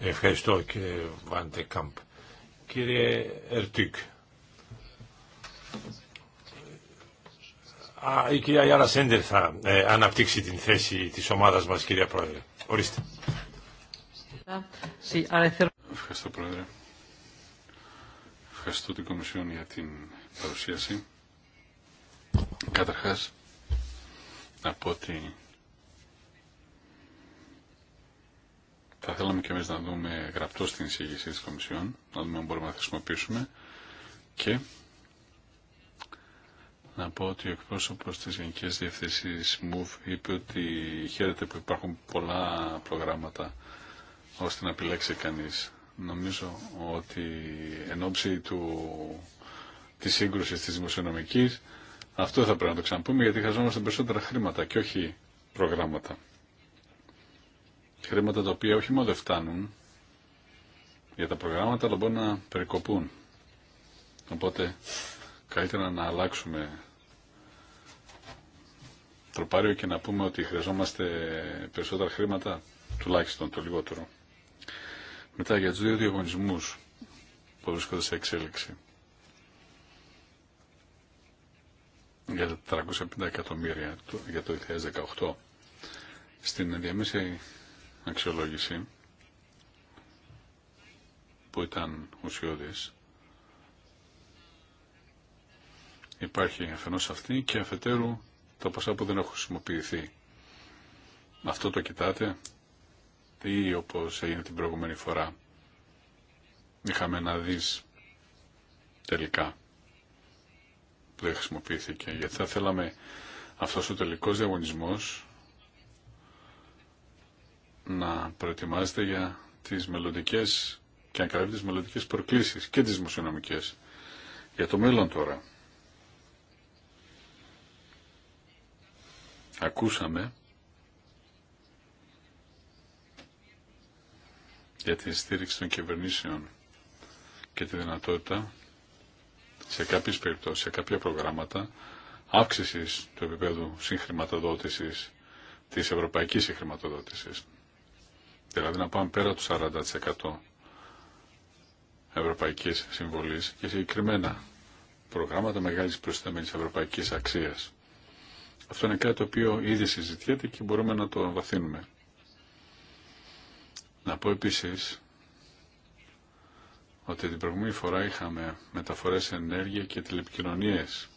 Ευχαριστώ κύριε Βαντεκάμπ. Κύριε Ερτίκ η κυρία Γιάννα Σέντερ θα ε, αναπτύξει την θέση της ομάδας μας, κυρία Πρόεδρε. Ορίστε.
Ευχαριστώ, Πρόεδρε.
Ευχαριστώ την Κομισιόν
για την παρουσίαση. Καταρχάς, να πω ότι θα θέλαμε και εμείς να δούμε γραπτό στην εισήγηση της Κομισιόν, να δούμε αν μπορούμε να χρησιμοποιήσουμε και να πω ότι ο εκπρόσωπο τη Γενική Διευθύνση MOVE είπε ότι χαίρεται που υπάρχουν πολλά προγράμματα ώστε να επιλέξει κανεί. Νομίζω ότι εν ώψη του τη σύγκρουση τη δημοσιονομική αυτό θα πρέπει να το ξαναπούμε γιατί χρειαζόμαστε περισσότερα χρήματα και όχι προγράμματα. Χρήματα τα οποία όχι μόνο δεν φτάνουν για τα προγράμματα αλλά μπορούν να περικοπούν. Οπότε καλύτερα να αλλάξουμε τροπάριο και να πούμε ότι χρειαζόμαστε περισσότερα χρήματα, τουλάχιστον το λιγότερο. Μετά για τους δύο διαγωνισμούς που βρίσκονται σε εξέλιξη. Για τα 350 εκατομμύρια για το 2018. Στην διαμέση αξιολόγηση που ήταν ουσιώδης υπάρχει αφενός αυτή και αφετέρου τα ποσά που δεν έχουν χρησιμοποιηθεί. Με Αυτό το κοιτάτε ή όπως έγινε την προηγούμενη φορά. Είχαμε να δεις τελικά που δεν χρησιμοποιήθηκε. Γιατί θα θέλαμε αυτός ο τελικός διαγωνισμός να προετοιμάζεται για τις μελλοντικέ και να καλύπτει τις μελλοντικέ προκλήσεις και τις δημοσιονομικές. Για το μέλλον τώρα. ακούσαμε για την στήριξη των κυβερνήσεων και τη δυνατότητα σε κάποιες περιπτώσεις, σε κάποια προγράμματα αύξησης του επίπεδου συγχρηματοδότησης της ευρωπαϊκής συγχρηματοδότησης. Δηλαδή να πάμε πέρα του 40% ευρωπαϊκής συμβολής και συγκεκριμένα προγράμματα μεγάλης προσθέμενης ευρωπαϊκής αξίας. Αυτό είναι κάτι το οποίο ήδη συζητιέται και μπορούμε να το βαθύνουμε. Να πω επίσης ότι την προηγούμενη φορά είχαμε μεταφορές ενέργεια και τηλεπικοινωνίες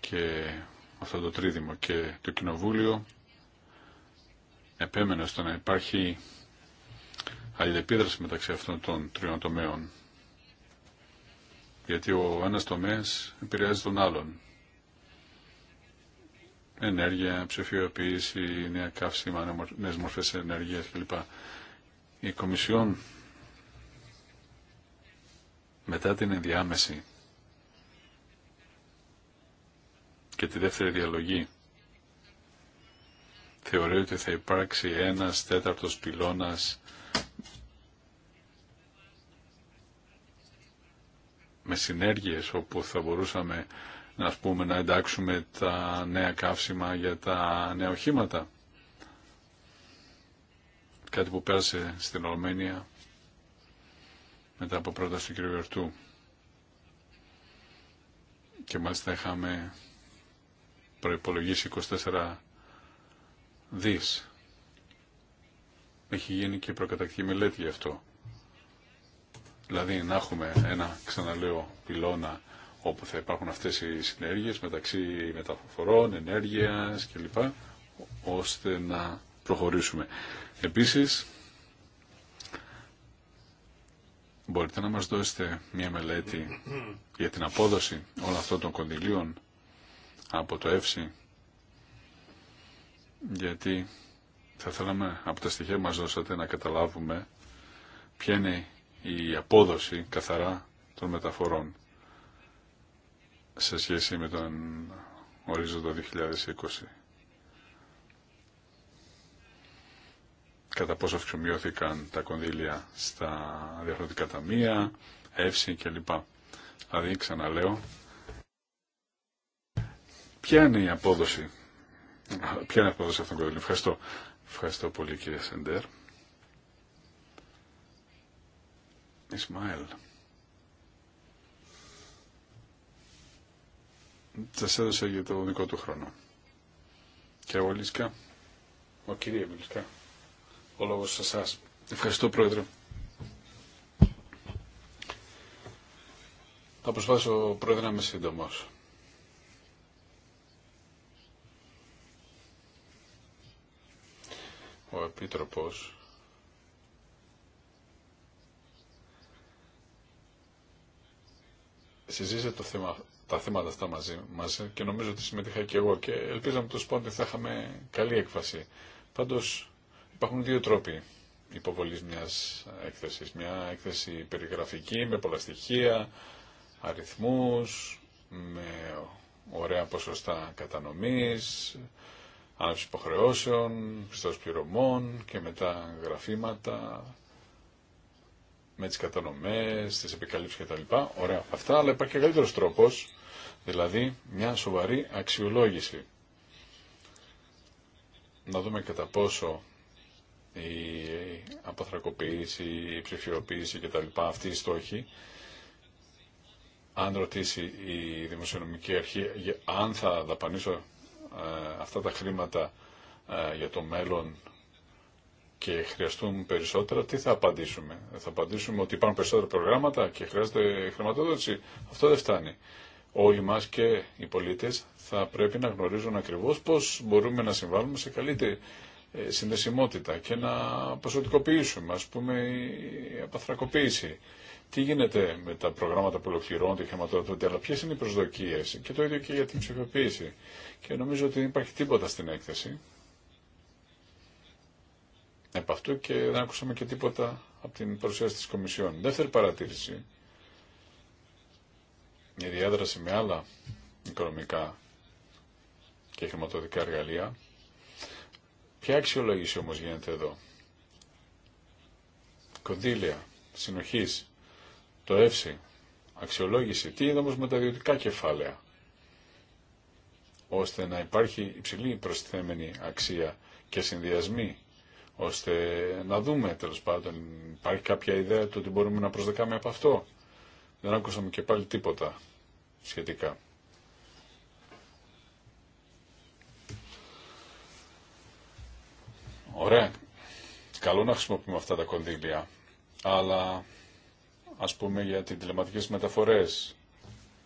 και αυτό το τρίδημο και το Κοινοβούλιο επέμενε στο να υπάρχει αλληλεπίδραση μεταξύ αυτών των τριών τομέων γιατί ο ένας τομέας επηρεάζει τον άλλον ενέργεια, ψηφιοποίηση, νέα καύσιμα, νέες μορφές ενέργειας κλπ. Η Κομισιόν μετά την ενδιάμεση και τη δεύτερη διαλογή θεωρεί ότι θα υπάρξει ένας τέταρτος πυλώνας με συνέργειες όπου θα μπορούσαμε ας πούμε, να εντάξουμε τα νέα καύσιμα για τα νέα οχήματα. Κάτι που πέρασε στην Ολομένια μετά από πρόταση του κ. Βερτού. Και μάλιστα είχαμε προϋπολογίσει 24 δις. Έχει γίνει και προκατακτική μελέτη γι' αυτό. Δηλαδή να έχουμε ένα, ξαναλέω, πυλώνα όπου θα υπάρχουν αυτές οι συνέργειες μεταξύ μεταφορών, ενέργειας κλπ. ώστε να προχωρήσουμε. Επίσης, μπορείτε να μας δώσετε μια μελέτη για την απόδοση όλων αυτών των κονδυλίων από το ΕΦΣΥ γιατί θα θέλαμε από τα στοιχεία μας δώσατε να καταλάβουμε ποια είναι η απόδοση καθαρά των μεταφορών σε σχέση με τον ορίζοντα 2020. Κατά πόσο αυξομοιώθηκαν τα κονδύλια στα διαφορετικά ταμεία, εύση κλπ. Δηλαδή, ξαναλέω, ποια είναι η απόδοση, ποια είναι η απόδοση αυτών των κονδύλων. Ευχαριστώ. Ευχαριστώ πολύ κύριε Σεντέρ. Ισμαέλ. Σα έδωσα για το δικό του χρόνο. Και ο Λίσκα, ο κύριε Λίσκα, ο λόγο σε εσά. Ευχαριστώ, Πρόεδρε. Θα προσπάσω, Πρόεδρε, να είμαι σύντομο. Ο Επίτροπος συζήτησε το θέμα τα θέματα αυτά μαζί μα και νομίζω ότι συμμετείχα και εγώ και ελπίζαμε του πω ότι θα είχαμε καλή έκφαση. Πάντως υπάρχουν δύο τρόποι υποβολή μιας έκθεσης. Μια έκθεση περιγραφική με πολλά στοιχεία, αριθμού, με ωραία ποσοστά κατανομή, άνοιξη υποχρεώσεων, πιστό πληρωμών και μετά γραφήματα με τις κατανομές, τις επικαλύψεις κτλ. Ωραία αυτά, αλλά υπάρχει και καλύτερος τρόπος Δηλαδή μια σοβαρή αξιολόγηση. Να δούμε κατά πόσο η αποθρακοποίηση, η ψηφιοποίηση λοιπά, αυτή η στόχη αν ρωτήσει η Δημοσιονομική Αρχή αν θα δαπανίσω ε, αυτά τα χρήματα ε, για το μέλλον και χρειαστούν περισσότερα, τι θα απαντήσουμε. Θα απαντήσουμε ότι υπάρχουν περισσότερα προγράμματα και χρειάζεται χρηματοδότηση. Αυτό δεν φτάνει όλοι μας και οι πολίτες θα πρέπει να γνωρίζουν ακριβώς πώς μπορούμε να συμβάλλουμε σε καλύτερη ε, συνδεσιμότητα και να ποσοτικοποιήσουμε, ας πούμε, η απαθρακοποίηση. Τι γίνεται με τα προγράμματα που ολοκληρώνονται, χρηματοδοτούνται, αλλά ποιε είναι οι προσδοκίε. Και το ίδιο και για την ψηφιοποίηση. Και νομίζω ότι δεν υπάρχει τίποτα στην έκθεση. Επ' αυτού και δεν άκουσαμε και τίποτα από την παρουσίαση τη Κομισιόν. Δεύτερη παρατήρηση η διάδραση με άλλα οικονομικά και χρηματοδοτικά εργαλεία. Ποια αξιολόγηση όμως γίνεται εδώ. Κοντήλια, συνοχής, το εύση, αξιολόγηση. Τι είναι όμως με τα ιδιωτικά κεφάλαια ώστε να υπάρχει υψηλή προσθέμενη αξία και συνδυασμή. ώστε να δούμε τέλος πάντων υπάρχει κάποια ιδέα του ότι μπορούμε να προσδεκάμε από αυτό δεν άκουσαμε και πάλι τίποτα σχετικά. Ωραία. Καλό να χρησιμοποιούμε αυτά τα κονδύλια. Αλλά ας πούμε για τις τηλεματικές μεταφορές.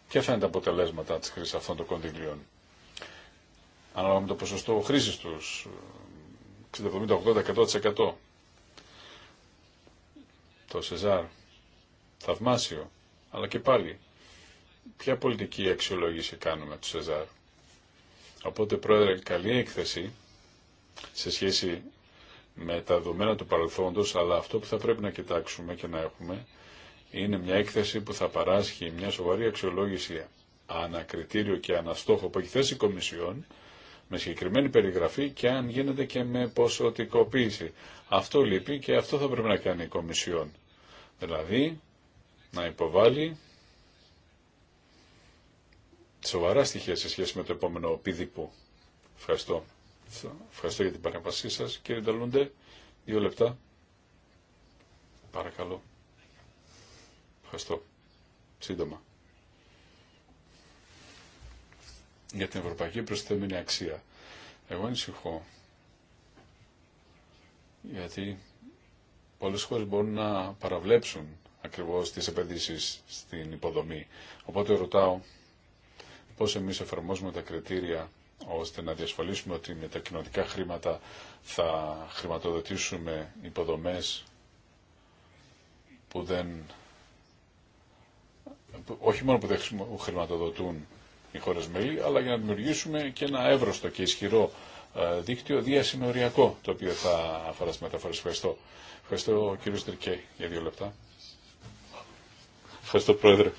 Ποια θα είναι τα αποτελέσματα της χρήσης αυτών των κονδυλίων. Ανάλογα με το ποσοστό χρήσης τους. 60-70-80-100%. Το Σεζάρ. Θαυμάσιο. Αλλά και πάλι, ποια πολιτική αξιολόγηση κάνουμε του ΣΕΖΑΡ. Οπότε, Πρόεδρε, καλή έκθεση σε σχέση με τα δεδομένα του παρελθόντος, αλλά αυτό που θα πρέπει να κοιτάξουμε και να έχουμε είναι μια έκθεση που θα παράσχει μια σοβαρή αξιολόγηση ανακριτήριο και αναστόχο που έχει θέσει η Κομισιόν, με συγκεκριμένη περιγραφή και αν γίνεται και με ποσοτικοποίηση. Αυτό λείπει και αυτό θα πρέπει να κάνει η Κομισιόν. Δηλαδή, να υποβάλει σοβαρά στοιχεία σε σχέση με το επόμενο που Ευχαριστώ. Ευχαριστώ για την παρέμβασή σας. Κύριε Νταλούντε, δύο λεπτά. Παρακαλώ. Ευχαριστώ. Σύντομα. Για την ευρωπαϊκή προσθέμενη αξία. Εγώ ανησυχώ. Γιατί πολλές χώρες μπορούν να παραβλέψουν ακριβώς τις επενδύσεις στην υποδομή. Οπότε ρωτάω πώς εμείς εφαρμόζουμε τα κριτήρια ώστε να διασφαλίσουμε ότι με τα κοινωνικά χρήματα θα χρηματοδοτήσουμε υποδομές που δεν όχι μόνο που δεν χρηματοδοτούν οι χώρες μέλη, αλλά για να δημιουργήσουμε και ένα εύρωστο και ισχυρό ε, δίκτυο διασυνοριακό, το οποίο θα αφορά στις μεταφορές. Ευχαριστώ. Ευχαριστώ κύριο Στρικέ για δύο λεπτά. Ευχαριστώ Πρόεδρε.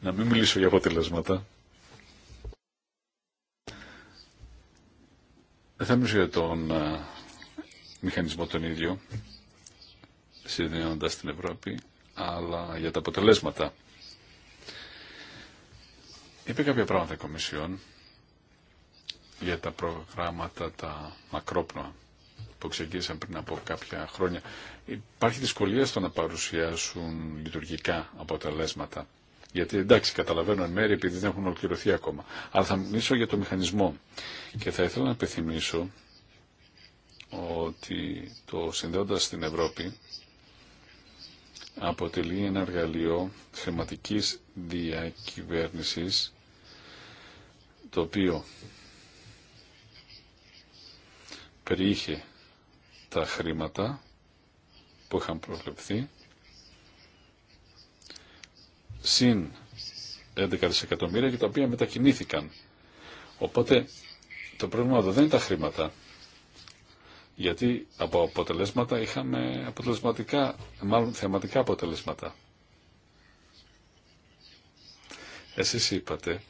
Να μην μιλήσω για αποτελέσματα. Δεν θα μιλήσω για τον μηχανισμό τον ίδιο, συνδέοντας την Ευρώπη, αλλά για τα αποτελέσματα. Είπε κάποια πράγματα η Κομισιόν για τα προγράμματα τα μακρόπνοα που εξεγγίσαν πριν από κάποια χρόνια. Υπάρχει δυσκολία στο να παρουσιάσουν λειτουργικά αποτελέσματα. Γιατί εντάξει, καταλαβαίνω εν επειδή δεν έχουν ολοκληρωθεί ακόμα. Αλλά θα μιλήσω για το μηχανισμό. Και θα ήθελα να επιθυμήσω ότι το συνδέοντας στην Ευρώπη αποτελεί ένα εργαλείο χρηματικής διακυβέρνησης το οποίο περιείχε τα χρήματα που είχαν προβλεφθεί συν 11 δισεκατομμύρια και τα οποία μετακινήθηκαν. Οπότε το πρόβλημα εδώ δεν είναι τα χρήματα. Γιατί από αποτελέσματα είχαμε αποτελεσματικά, μάλλον θεματικά αποτελέσματα. Εσείς είπατε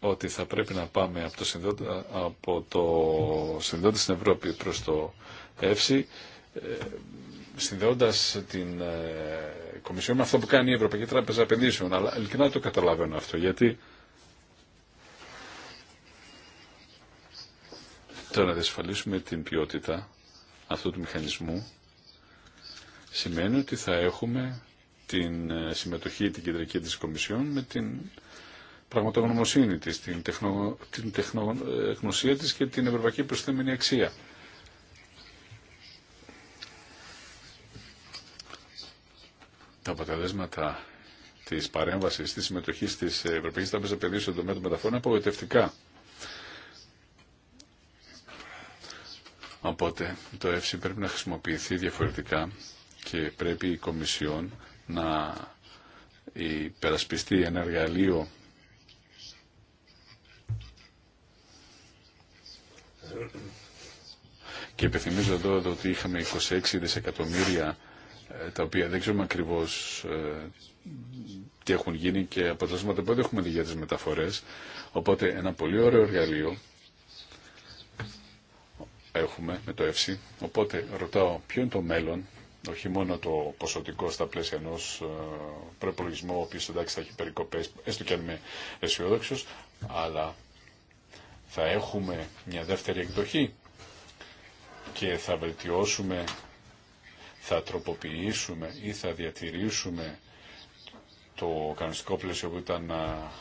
ότι θα πρέπει να πάμε από το, συνδέοντα, από το στην Ευρώπη προς το ΕΦΣΥ ε, συνδέοντας την ε, Κομισιόν με αυτό που κάνει η Ευρωπαϊκή Τράπεζα Επενδύσεων. Αλλά ειλικρινά το καταλαβαίνω αυτό γιατί το να διασφαλίσουμε την ποιότητα αυτού του μηχανισμού σημαίνει ότι θα έχουμε την ε, συμμετοχή την κεντρική της Κομισιόν με την πραγματογνωμοσύνη της, την, τεχνο, τεχνογνωσία ε, της και την ευρωπαϊκή προσθέμενη αξία. Τα αποτελέσματα της παρέμβασης, της συμμετοχή της Ευρωπαϊκής Τράπεζας Παιδίου στον τομέα των μεταφορών είναι απογοητευτικά. Οπότε το ΕΦΣΥ πρέπει να χρησιμοποιηθεί διαφορετικά και πρέπει η Κομισιόν να υπερασπιστεί ένα εργαλείο Και επιθυμίζω εδώ ότι είχαμε 26 δισεκατομμύρια ε, τα οποία δεν ξέρουμε ακριβώς ε, τι έχουν γίνει και αποτελέσματα που δεν έχουμε δει για τις μεταφορές. Οπότε ένα πολύ ωραίο εργαλείο έχουμε με το ΕΦΣΥ. Οπότε ρωτάω ποιο είναι το μέλλον, όχι μόνο το ποσοτικό στα πλαίσια ενό ε, προπολογισμού, ο οποίο εντάξει θα έχει περικοπέ, έστω και αν είμαι αισιόδοξο, αλλά θα έχουμε μια δεύτερη εκδοχή και θα βελτιώσουμε, θα τροποποιήσουμε ή θα διατηρήσουμε το κανονιστικό πλαίσιο που ήταν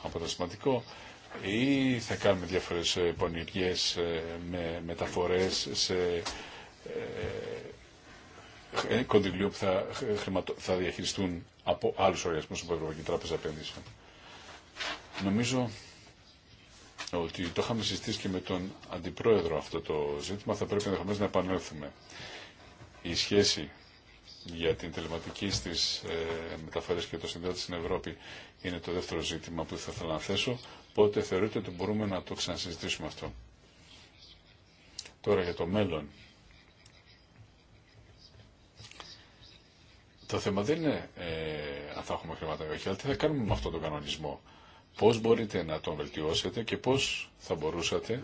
αποτελεσματικό ή θα κάνουμε διάφορες πονηριές ε, με μεταφορές σε ε, ε, κοντιλίου που θα, διαχειριστούν από άλλους οργανισμούς από Ευρωπαϊκή Τράπεζα Επενδύσεων. Νομίζω ότι το είχαμε συζητήσει και με τον αντιπρόεδρο αυτό το ζήτημα, θα πρέπει ενδεχομένω να επανέλθουμε. Η σχέση για την τελεματική στι ε, μεταφορέ και το συνδέοντα στην Ευρώπη είναι το δεύτερο ζήτημα που θα ήθελα να θέσω. Οπότε θεωρείτε ότι μπορούμε να το ξανασυζητήσουμε αυτό. Τώρα για το μέλλον. Το θέμα δεν είναι ε, αν θα έχουμε χρήματα ή όχι, αλλά τι θα κάνουμε με αυτόν τον κανονισμό πώς μπορείτε να τον βελτιώσετε και πώς θα μπορούσατε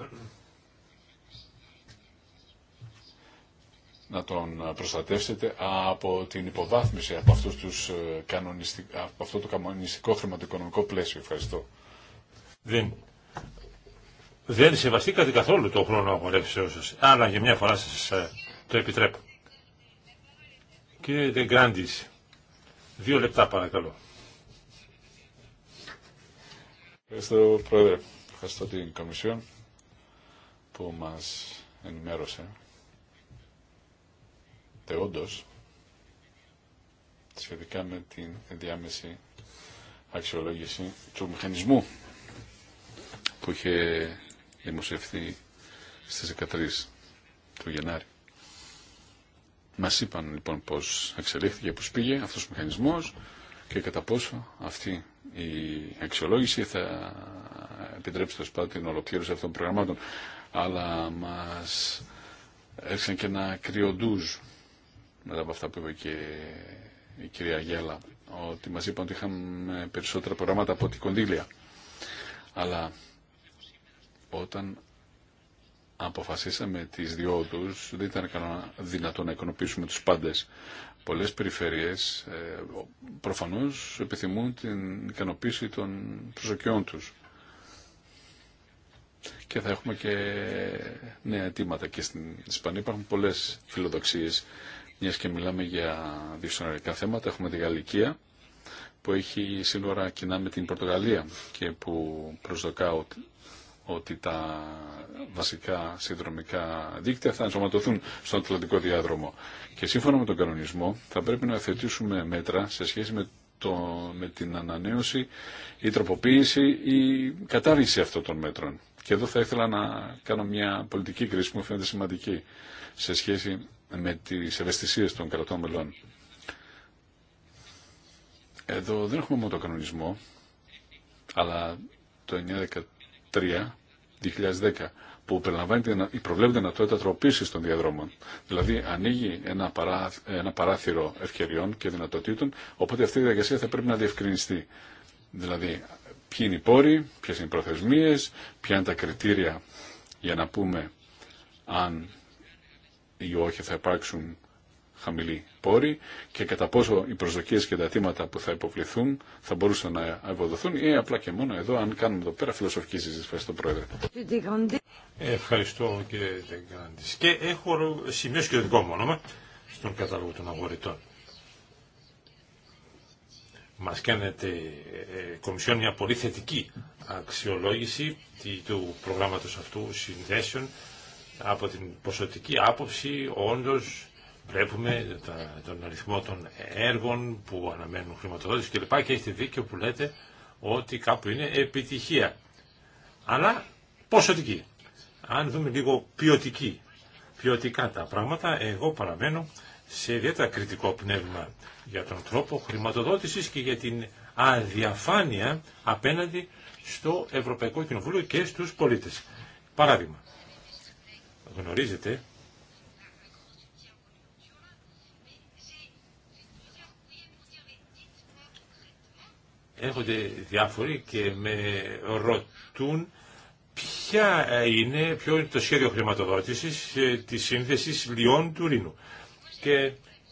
να τον προστατεύσετε από την υποβάθμιση από, αυτούς τους ε, κανονιστικ... από αυτό το κανονιστικό χρηματοοικονομικό πλαίσιο. Ευχαριστώ.
Δεν, δεν σεβαστήκατε καθόλου το χρόνο αγορεύσεώς σας, αλλά για μια φορά σας ε, το επιτρέπω. Κύριε Δεγκράντης, δύο λεπτά παρακαλώ. Ευχαριστώ, Πρόεδρε.
Ευχαριστώ την Κομισιόν που μας ενημέρωσε. Δεόντως, σχετικά με την ενδιάμεση αξιολόγηση του μηχανισμού που είχε δημοσιευθεί στις 13 του Γενάρη. Μας είπαν λοιπόν πώς εξελίχθηκε, πώς πήγε αυτός ο μηχανισμός και κατά πόσο αυτή η αξιολόγηση θα επιτρέψει το σπάτι την ολοκλήρωση αυτών των προγραμμάτων. Αλλά μας έρχεσαν και ένα κρύο ντουζ μετά από αυτά που είπε και η κυρία Γέλα ότι μας είπαν ότι είχαμε περισσότερα προγράμματα από την κονδύλια. Αλλά όταν αποφασίσαμε τις τους δεν ήταν δυνατόν να ικανοποιήσουμε τους πάντες πολλές περιφερειές ε, προφανώς επιθυμούν την ικανοποίηση των προσοκιών τους. Και θα έχουμε και νέα αιτήματα. Και στην Ισπανία υπάρχουν πολλές φιλοδοξίες, μιας και μιλάμε για διευθυνωρικά θέματα. Έχουμε τη Γαλλικία, που έχει σύνορα κοινά με την Πορτογαλία και που προσδοκά ότι τα βασικά συνδρομικά δίκτυα θα ενσωματωθούν στον Ατλαντικό διάδρομο. Και σύμφωνα με τον κανονισμό θα πρέπει να θετήσουμε μέτρα σε σχέση με, το, με την ανανέωση ή τροποποίηση ή κατάργηση αυτών των μέτρων. Και εδώ θα ήθελα να κάνω μια πολιτική κρίση που μου φαίνεται σημαντική σε σχέση με τις ευαισθησίες των κρατών μελών. Εδώ δεν έχουμε μόνο το κανονισμό, αλλά το 9 3 2010 που περιλαμβάνει η προβλέπεται δυνατότητα τροποποίηση των διαδρόμων. Δηλαδή ανοίγει ένα, παρά, ένα παράθυρο ευκαιριών και δυνατοτήτων, οπότε αυτή η διαδικασία θα πρέπει να διευκρινιστεί. Δηλαδή, ποιοι είναι οι πόροι, ποιε είναι οι προθεσμίε, ποια είναι τα κριτήρια για να πούμε αν ή όχι θα υπάρξουν χαμηλή πόρη και κατά πόσο οι προσδοκίες και τα αιτήματα που θα υποβληθούν θα μπορούσαν να ευοδοθούν ή απλά και μόνο εδώ αν κάνουμε εδώ πέρα φιλοσοφική
συζήτηση. Ευχαριστώ Πρόεδρε. Ευχαριστώ κύριε Τεγκράντης. Και έχω σημειώσει και το δικό μου όνομα στον κατάλογο των αγορητών. Μας κάνετε ε, ε Κομισιόν μια πολύ θετική αξιολόγηση του προγράμματος αυτού συνδέσεων από την ποσοτική άποψη όντως βλέπουμε τα, τον αριθμό των έργων που αναμένουν χρηματοδότηση κλπ. Και έχετε δίκιο που λέτε ότι κάπου είναι επιτυχία. Αλλά ποσοτική. Αν δούμε λίγο ποιοτική, ποιοτικά τα πράγματα, εγώ παραμένω σε ιδιαίτερα κριτικό πνεύμα για τον τρόπο χρηματοδότησης και για την αδιαφάνεια απέναντι στο Ευρωπαϊκό Κοινοβούλιο και στους πολίτες. Παράδειγμα, γνωρίζετε έρχονται διάφοροι και με ρωτούν ποια είναι, ποιο είναι το σχέδιο χρηματοδότησης ε, της σύνδεσης Λιών-Τουρίνου. Και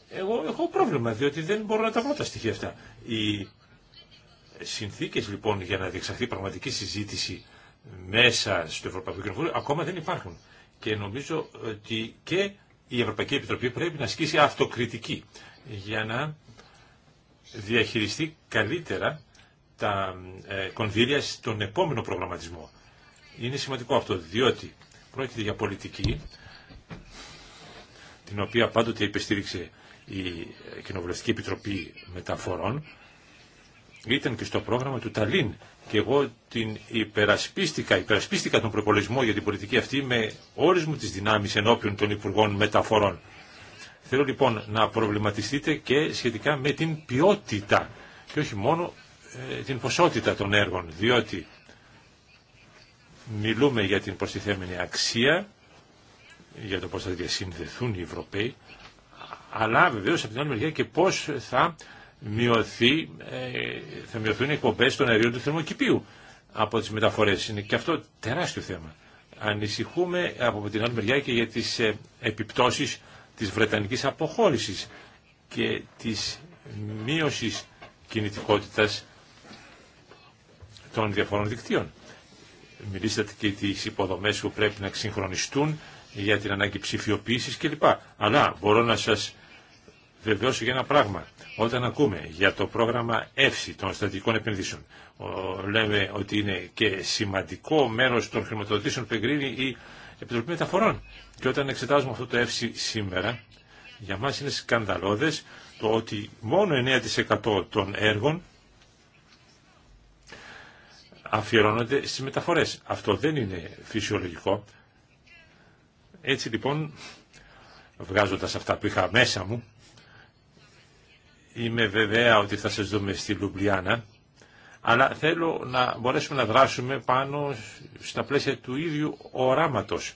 εγώ έχω πρόβλημα, διότι δεν μπορώ να τα βρω τα στοιχεία αυτά. Οι συνθήκες λοιπόν για να διεξαχθεί πραγματική συζήτηση μέσα στο Ευρωπαϊκό Κοινοβούλιο ακόμα δεν υπάρχουν. Και νομίζω ότι και η Ευρωπαϊκή Επιτροπή πρέπει να ασκήσει αυτοκριτική για να διαχειριστεί καλύτερα τα ε, κονδύλια στον επόμενο προγραμματισμό. Είναι σημαντικό αυτό, διότι πρόκειται για πολιτική, την οποία πάντοτε υπεστήριξε η Κοινοβουλευτική Επιτροπή Μεταφορών, ήταν και στο πρόγραμμα του Ταλίν και εγώ την υπερασπίστηκα, υπερασπίστηκα τον προπολογισμό για την πολιτική αυτή με όρις μου τις δυνάμεις ενώπιον των Υπουργών Μεταφορών. Θέλω λοιπόν να προβληματιστείτε και σχετικά με την ποιότητα και όχι μόνο ε, την ποσότητα των έργων, διότι μιλούμε για την προστιθέμενη αξία, για το πώς θα διασυνδεθούν οι Ευρωπαίοι, αλλά βεβαίως από την άλλη μεριά και πώς θα, μειωθεί, ε, θα μειωθούν οι εκπομπές των αερίων του θερμοκηπίου από τις μεταφορές. Είναι και αυτό τεράστιο θέμα. Ανησυχούμε από την άλλη μεριά και για τις ε, επιπτώσεις της Βρετανικής αποχώρησης και της μείωσης κινητικότητας των διαφορών δικτύων. Μιλήσατε και τι υποδομέ που πρέπει να συγχρονιστούν για την ανάγκη ψηφιοποίηση κλπ. Αλλά μπορώ να σα βεβαιώσω για ένα πράγμα. Όταν ακούμε για το πρόγραμμα ΕΦΣΙ των στρατηγικών επενδύσεων, λέμε ότι είναι και σημαντικό μέρο των χρηματοδοτήσεων που εγκρίνει η Επιτροπή Μεταφορών. Και όταν εξετάζουμε αυτό το ΕΦΣΙ σήμερα, για μας είναι σκανδαλώδε το ότι μόνο 9% των έργων αφιερώνονται στις μεταφορές. Αυτό δεν είναι φυσιολογικό. Έτσι λοιπόν, βγάζοντας αυτά που είχα μέσα μου, είμαι βεβαία ότι θα σας δούμε στη Λουμπλιάνα, αλλά θέλω να μπορέσουμε να δράσουμε πάνω στα πλαίσια του ίδιου οράματος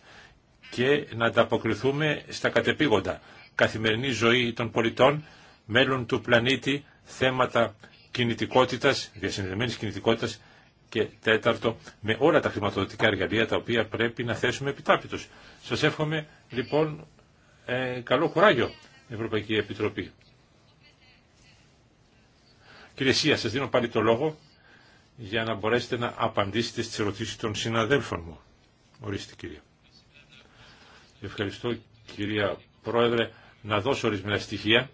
και να ανταποκριθούμε στα κατεπήγοντα. Καθημερινή ζωή των πολιτών, μέλλον του πλανήτη, θέματα κινητικότητας, διασυνδεμένης κινητικότητας, και τέταρτο με όλα τα χρηματοδοτικά εργαλεία τα οποία πρέπει να θέσουμε επιτάπητος. Σας εύχομαι λοιπόν ε, καλό κουράγιο Ευρωπαϊκή Επιτροπή. Κύριε Σία, σας δίνω πάλι το λόγο για να μπορέσετε να απαντήσετε στις ερωτήσεις των συναδέλφων μου. Ορίστε κύριε. Ευχαριστώ κυρία Πρόεδρε να δώσω ορισμένα στοιχεία.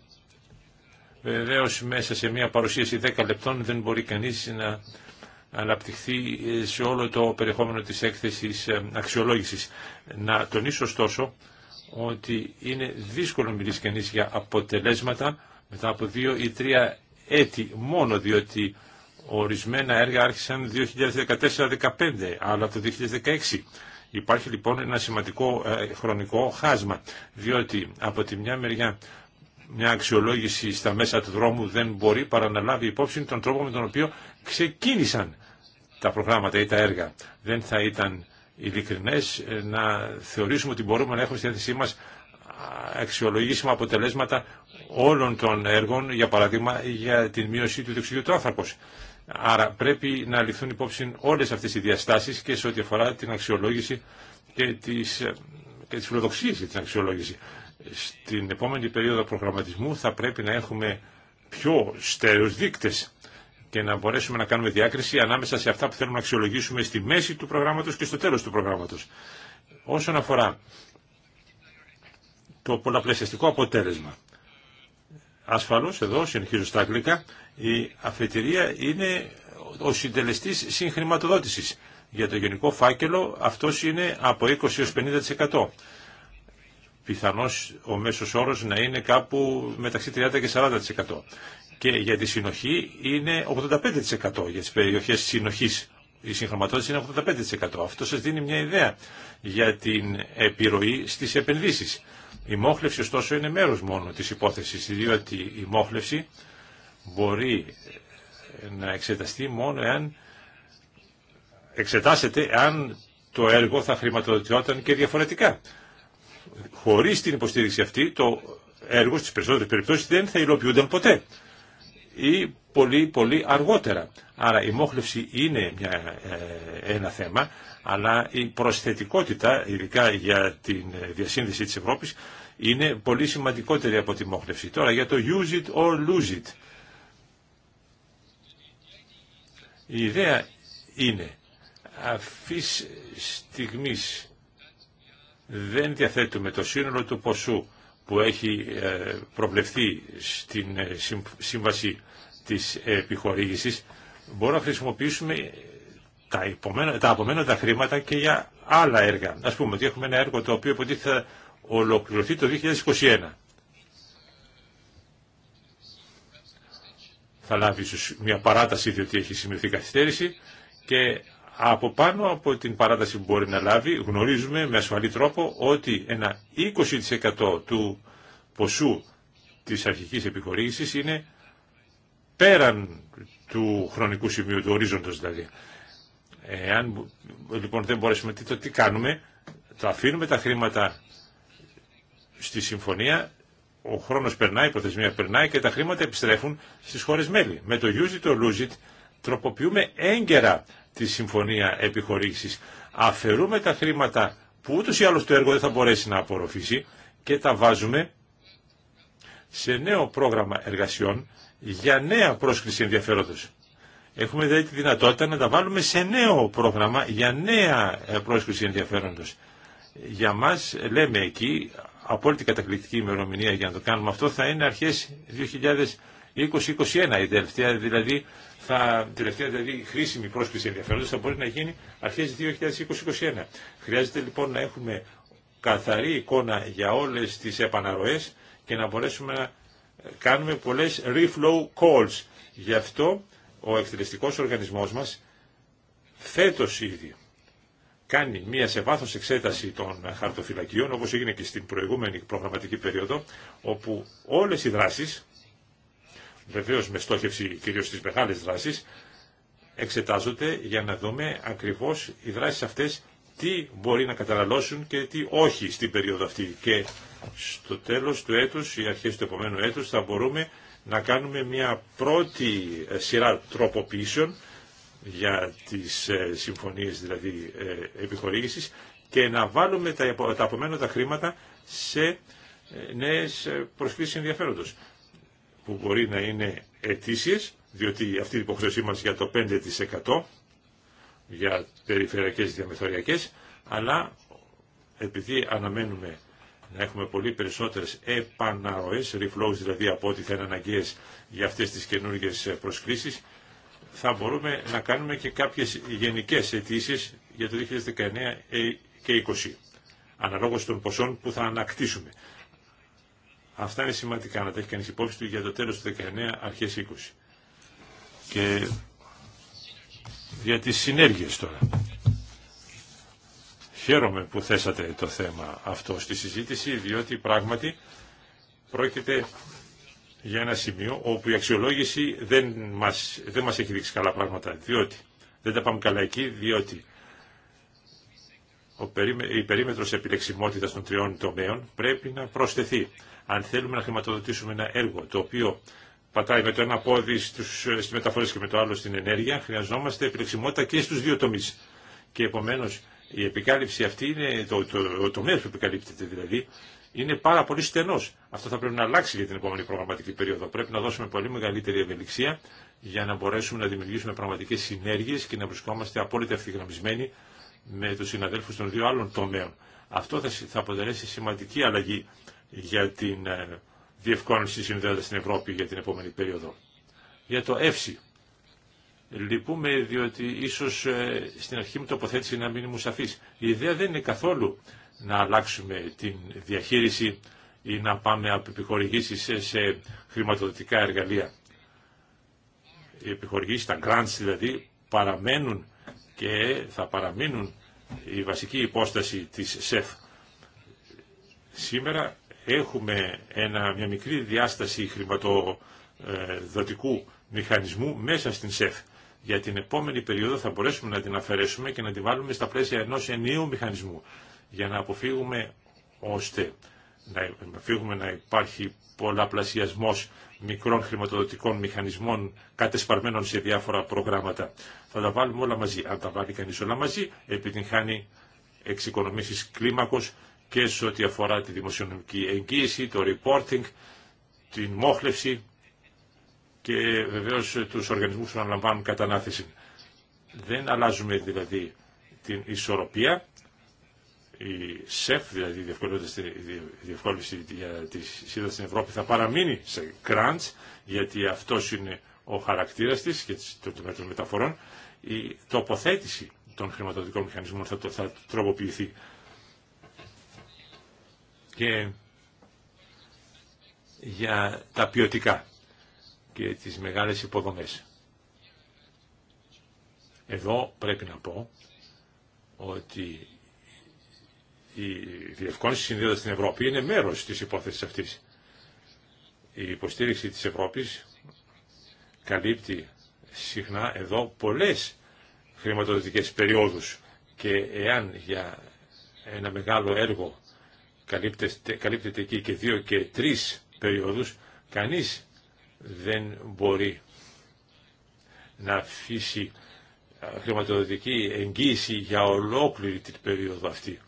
Βεβαίω μέσα σε μια παρουσίαση 10 λεπτών δεν μπορεί κανείς να αναπτυχθεί σε όλο το περιεχόμενο της έκθεσης ε, αξιολόγησης. Να τονίσω ωστόσο ότι είναι δύσκολο να μιλήσει κανείς για αποτελέσματα μετά από δύο ή τρία έτη μόνο, διότι ορισμένα έργα άρχισαν 2014-2015, αλλά το 2016. Υπάρχει λοιπόν ένα σημαντικό ε, χρονικό χάσμα, διότι από τη μια μεριά μια αξιολόγηση στα μέσα του δρόμου δεν μπορεί παρά να λάβει υπόψη τον τρόπο με τον οποίο ξεκίνησαν τα προγράμματα ή τα έργα. Δεν θα ήταν ειλικρινές ε, να θεωρήσουμε ότι μπορούμε να έχουμε στη θέση μας αξιολογήσιμα αποτελέσματα όλων των έργων, για παράδειγμα για την μείωση του διοξιδίου του άνθρακος. Άρα πρέπει να ληφθούν υπόψη όλες αυτές οι διαστάσεις και σε ό,τι αφορά την αξιολόγηση και τις, ε, και για την αξιολόγηση στην επόμενη περίοδο προγραμματισμού θα πρέπει να έχουμε πιο στέρεους δείκτες και να μπορέσουμε να κάνουμε διάκριση ανάμεσα σε αυτά που θέλουμε να αξιολογήσουμε στη μέση του προγράμματος και στο τέλος του προγράμματος. Όσον αφορά το πολλαπλασιαστικό αποτέλεσμα, ασφαλώς εδώ, συνεχίζω στα αγγλικά, η αφετηρία είναι ο συντελεστής συγχρηματοδότησης. Για το γενικό φάκελο αυτός είναι από 20 έως 50% πιθανώς ο μέσος όρος να είναι κάπου μεταξύ 30 και 40%. Και για τη συνοχή είναι 85% για τις περιοχές συνοχής. Η συγχρωματότητα είναι 85%. Αυτό σας δίνει μια ιδέα για την επιρροή στις επενδύσεις. Η μόχλευση ωστόσο είναι μέρος μόνο της υπόθεσης, διότι η μόχλευση μπορεί να εξεταστεί μόνο εάν εξετάσετε αν το έργο θα χρηματοδοτιόταν και διαφορετικά χωρίς την υποστήριξη αυτή το έργο στις περισσότερες περιπτώσεις δεν θα υλοποιούνταν ποτέ ή πολύ πολύ αργότερα. Άρα η μόχλευση είναι μια, ε, ένα θέμα, αλλά η προσθετικότητα, ειδικά για τη διασύνδεση της Ευρώπης, είναι πολύ σημαντικότερη από τη μόχλευση. Τώρα για το use it or lose it. Η ιδέα είναι αφής στιγμής δεν διαθέτουμε το σύνολο του ποσού που έχει ε, προβλεφθεί στην ε, σύμβαση της επιχορήγησης, μπορούμε να χρησιμοποιήσουμε τα, υπομένα, τα απομένοντα χρήματα και για άλλα έργα. Ας πούμε ότι έχουμε ένα έργο το οποίο υποτίθεται θα ολοκληρωθεί το 2021. Θα λάβει μια παράταση διότι έχει σημειωθεί καθυστέρηση και από πάνω από την παράταση που μπορεί να λάβει γνωρίζουμε με ασφαλή τρόπο ότι ένα 20% του ποσού της αρχικής επιχορήγησης είναι πέραν του χρονικού σημείου, του ορίζοντος δηλαδή. Εάν λοιπόν δεν μπορέσουμε τι, το, τι κάνουμε, το αφήνουμε τα χρήματα στη συμφωνία, ο χρόνος περνάει, η προθεσμία περνάει και τα χρήματα επιστρέφουν στις χώρες μέλη. Με το use it or lose it τροποποιούμε έγκαιρα τη συμφωνία επιχορήγησης. Αφαιρούμε τα χρήματα που ούτως ή άλλως το έργο δεν θα μπορέσει να απορροφήσει και τα βάζουμε σε νέο πρόγραμμα εργασιών για νέα πρόσκληση ενδιαφέροντος. Έχουμε δηλαδή τη δυνατότητα να τα βάλουμε σε νέο πρόγραμμα για νέα ε, πρόσκληση ενδιαφέροντος. Για μας λέμε εκεί, απόλυτη κατακλητική ημερομηνία για να το κάνουμε αυτό θα είναι αρχές 2021. Η τελευταία δηλαδή, θα, τελευταία δηλαδή χρήσιμη πρόσκληση ενδιαφέροντος θα μπορεί να γίνει αρχές 2021. Χρειάζεται λοιπόν να έχουμε καθαρή εικόνα για όλες τις επαναρροές και να μπορέσουμε να κάνουμε πολλές reflow calls. Γι' αυτό ο εκτελεστικός οργανισμός μας φέτος ήδη κάνει μία σε βάθος εξέταση των χαρτοφυλακίων, όπως έγινε και στην προηγούμενη προγραμματική περίοδο, όπου όλες οι δράσεις βεβαίως με στόχευση κυρίως στις μεγάλες δράσεις, εξετάζονται για να δούμε ακριβώς οι δράσεις αυτές τι μπορεί να καταναλώσουν και τι όχι στην περίοδο αυτή. Και στο τέλος του έτους ή αρχές του επόμενου έτους θα μπορούμε να κάνουμε μια πρώτη ε, σειρά τροποποιήσεων για τις ε, συμφωνίες δηλαδή ε, επιχορήγησης και να βάλουμε τα απομένοντα χρήματα σε νέες προσκλήσεις ενδιαφέροντος που μπορεί να είναι ετήσιες, διότι αυτή η υποχρέωσή μας για το 5% για περιφερειακές διαμεθοριακές, αλλά επειδή αναμένουμε να έχουμε πολύ περισσότερες επαναρροές, reflows δηλαδή από ό,τι θα είναι αναγκαίες για αυτές τις καινούργιες προσκλήσεις, θα μπορούμε να κάνουμε και κάποιες γενικές αιτήσει για το 2019 και 2020, αναλόγως των ποσών που θα ανακτήσουμε. Αυτά είναι σημαντικά να τα έχει κανείς υπόψη του για το τέλος του 19, αρχέ. 20. Και για τις συνέργειες τώρα. Χαίρομαι που θέσατε το θέμα αυτό στη συζήτηση, διότι πράγματι πρόκειται για ένα σημείο όπου η αξιολόγηση δεν μας, δεν μας έχει δείξει καλά πράγματα, διότι δεν τα πάμε καλά εκεί, διότι η περίμετρος επιλεξιμότητας των τριών τομέων πρέπει να προσθεθεί. Αν θέλουμε να χρηματοδοτήσουμε ένα έργο το οποίο πατάει με το ένα πόδι στι στις και με το άλλο στην ενέργεια, χρειαζόμαστε επιλεξιμότητα και στους δύο τομείς. Και επομένως η επικάλυψη αυτή, είναι, το, το, το, που επικαλύπτεται δηλαδή, είναι πάρα πολύ στενό. Αυτό θα πρέπει να αλλάξει για την επόμενη προγραμματική περίοδο. Πρέπει να δώσουμε πολύ μεγαλύτερη ευελιξία για να μπορέσουμε να δημιουργήσουμε πραγματικέ συνέργειε και να βρισκόμαστε απόλυτα ευθυγραμμισμένοι με τους συναδέλφους των δύο άλλων τομέων. Αυτό θα αποτελέσει σημαντική αλλαγή για την ε, της συνδέοντας στην Ευρώπη για την επόμενη περίοδο. Για το ΕΦΣΙ. Λυπούμε διότι ίσως ε, στην αρχή μου τοποθέτηση να μην μου σαφής. Η ιδέα δεν είναι καθόλου να αλλάξουμε την διαχείριση ή να πάμε από επιχορηγήσεις σε χρηματοδοτικά εργαλεία. Οι επιχορηγήσεις, τα grants δηλαδή, παραμένουν και θα παραμείνουν η βασική υπόσταση της ΣΕΦ. Σήμερα έχουμε ένα, μια μικρή διάσταση χρηματοδοτικού μηχανισμού μέσα στην ΣΕΦ. Για την επόμενη περίοδο θα μπορέσουμε να την αφαιρέσουμε και να την βάλουμε στα πλαίσια ενός ενίου μηχανισμού για να αποφύγουμε ώστε να αποφύγουμε να υπάρχει πολλαπλασιασμός μικρών χρηματοδοτικών μηχανισμών κατεσπαρμένων σε διάφορα προγράμματα. Θα τα βάλουμε όλα μαζί. Αν τα βάλει κανείς όλα μαζί, επιτυγχάνει εξοικονομήσεις κλίμακος και σε ό,τι αφορά τη δημοσιονομική εγγύηση, το reporting, την μόχλευση και βεβαίως τους οργανισμούς που αναλαμβάνουν κατανάθεση. Δεν αλλάζουμε δηλαδή την ισορροπία, η ΣΕΦ, δηλαδή η διευκόλυνση για τη σύνδεση στην Ευρώπη, θα παραμείνει σε κράντς γιατί αυτό είναι ο χαρακτήρα τη και το το, των μεταφορών. Η τοποθέτηση των χρηματοδοτικών μηχανισμών θα, θα τροποποιηθεί. Και για τα ποιοτικά και τις μεγάλες υποδομές. Εδώ πρέπει να πω ότι η διευκόνηση συνδέοντας στην Ευρώπη είναι μέρος της υπόθεσης αυτής. Η υποστήριξη της Ευρώπης καλύπτει συχνά εδώ πολλές χρηματοδοτικές περιόδους και εάν για ένα μεγάλο έργο καλύπτεται, καλύπτεται εκεί και δύο και τρεις περιόδους, κανείς δεν μπορεί να αφήσει χρηματοδοτική εγγύηση για ολόκληρη την περίοδο αυτή.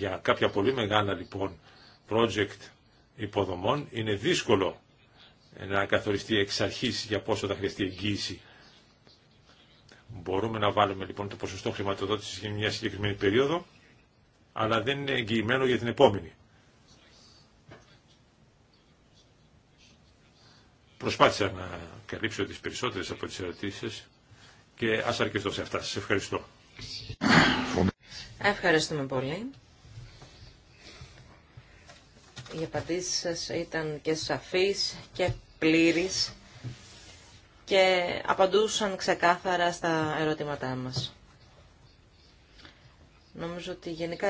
Για κάποια πολύ μεγάλα λοιπόν project υποδομών είναι δύσκολο να καθοριστεί εξ αρχής για πόσο θα χρειαστεί εγγύηση. Μπορούμε να βάλουμε λοιπόν το ποσοστό χρηματοδότησης για μια συγκεκριμένη περίοδο, αλλά δεν είναι εγγυημένο για την επόμενη. Προσπάθησα να καλύψω τις περισσότερες από τις ερωτήσεις και ας αρκεστώ σε αυτά. Σας ευχαριστώ.
Ευχαριστούμε πολύ. Οι απαντήσεις σας ήταν και σαφείς και πλήρης και απαντούσαν ξεκάθαρα στα ερωτήματά μας. Νομίζω ότι γενικά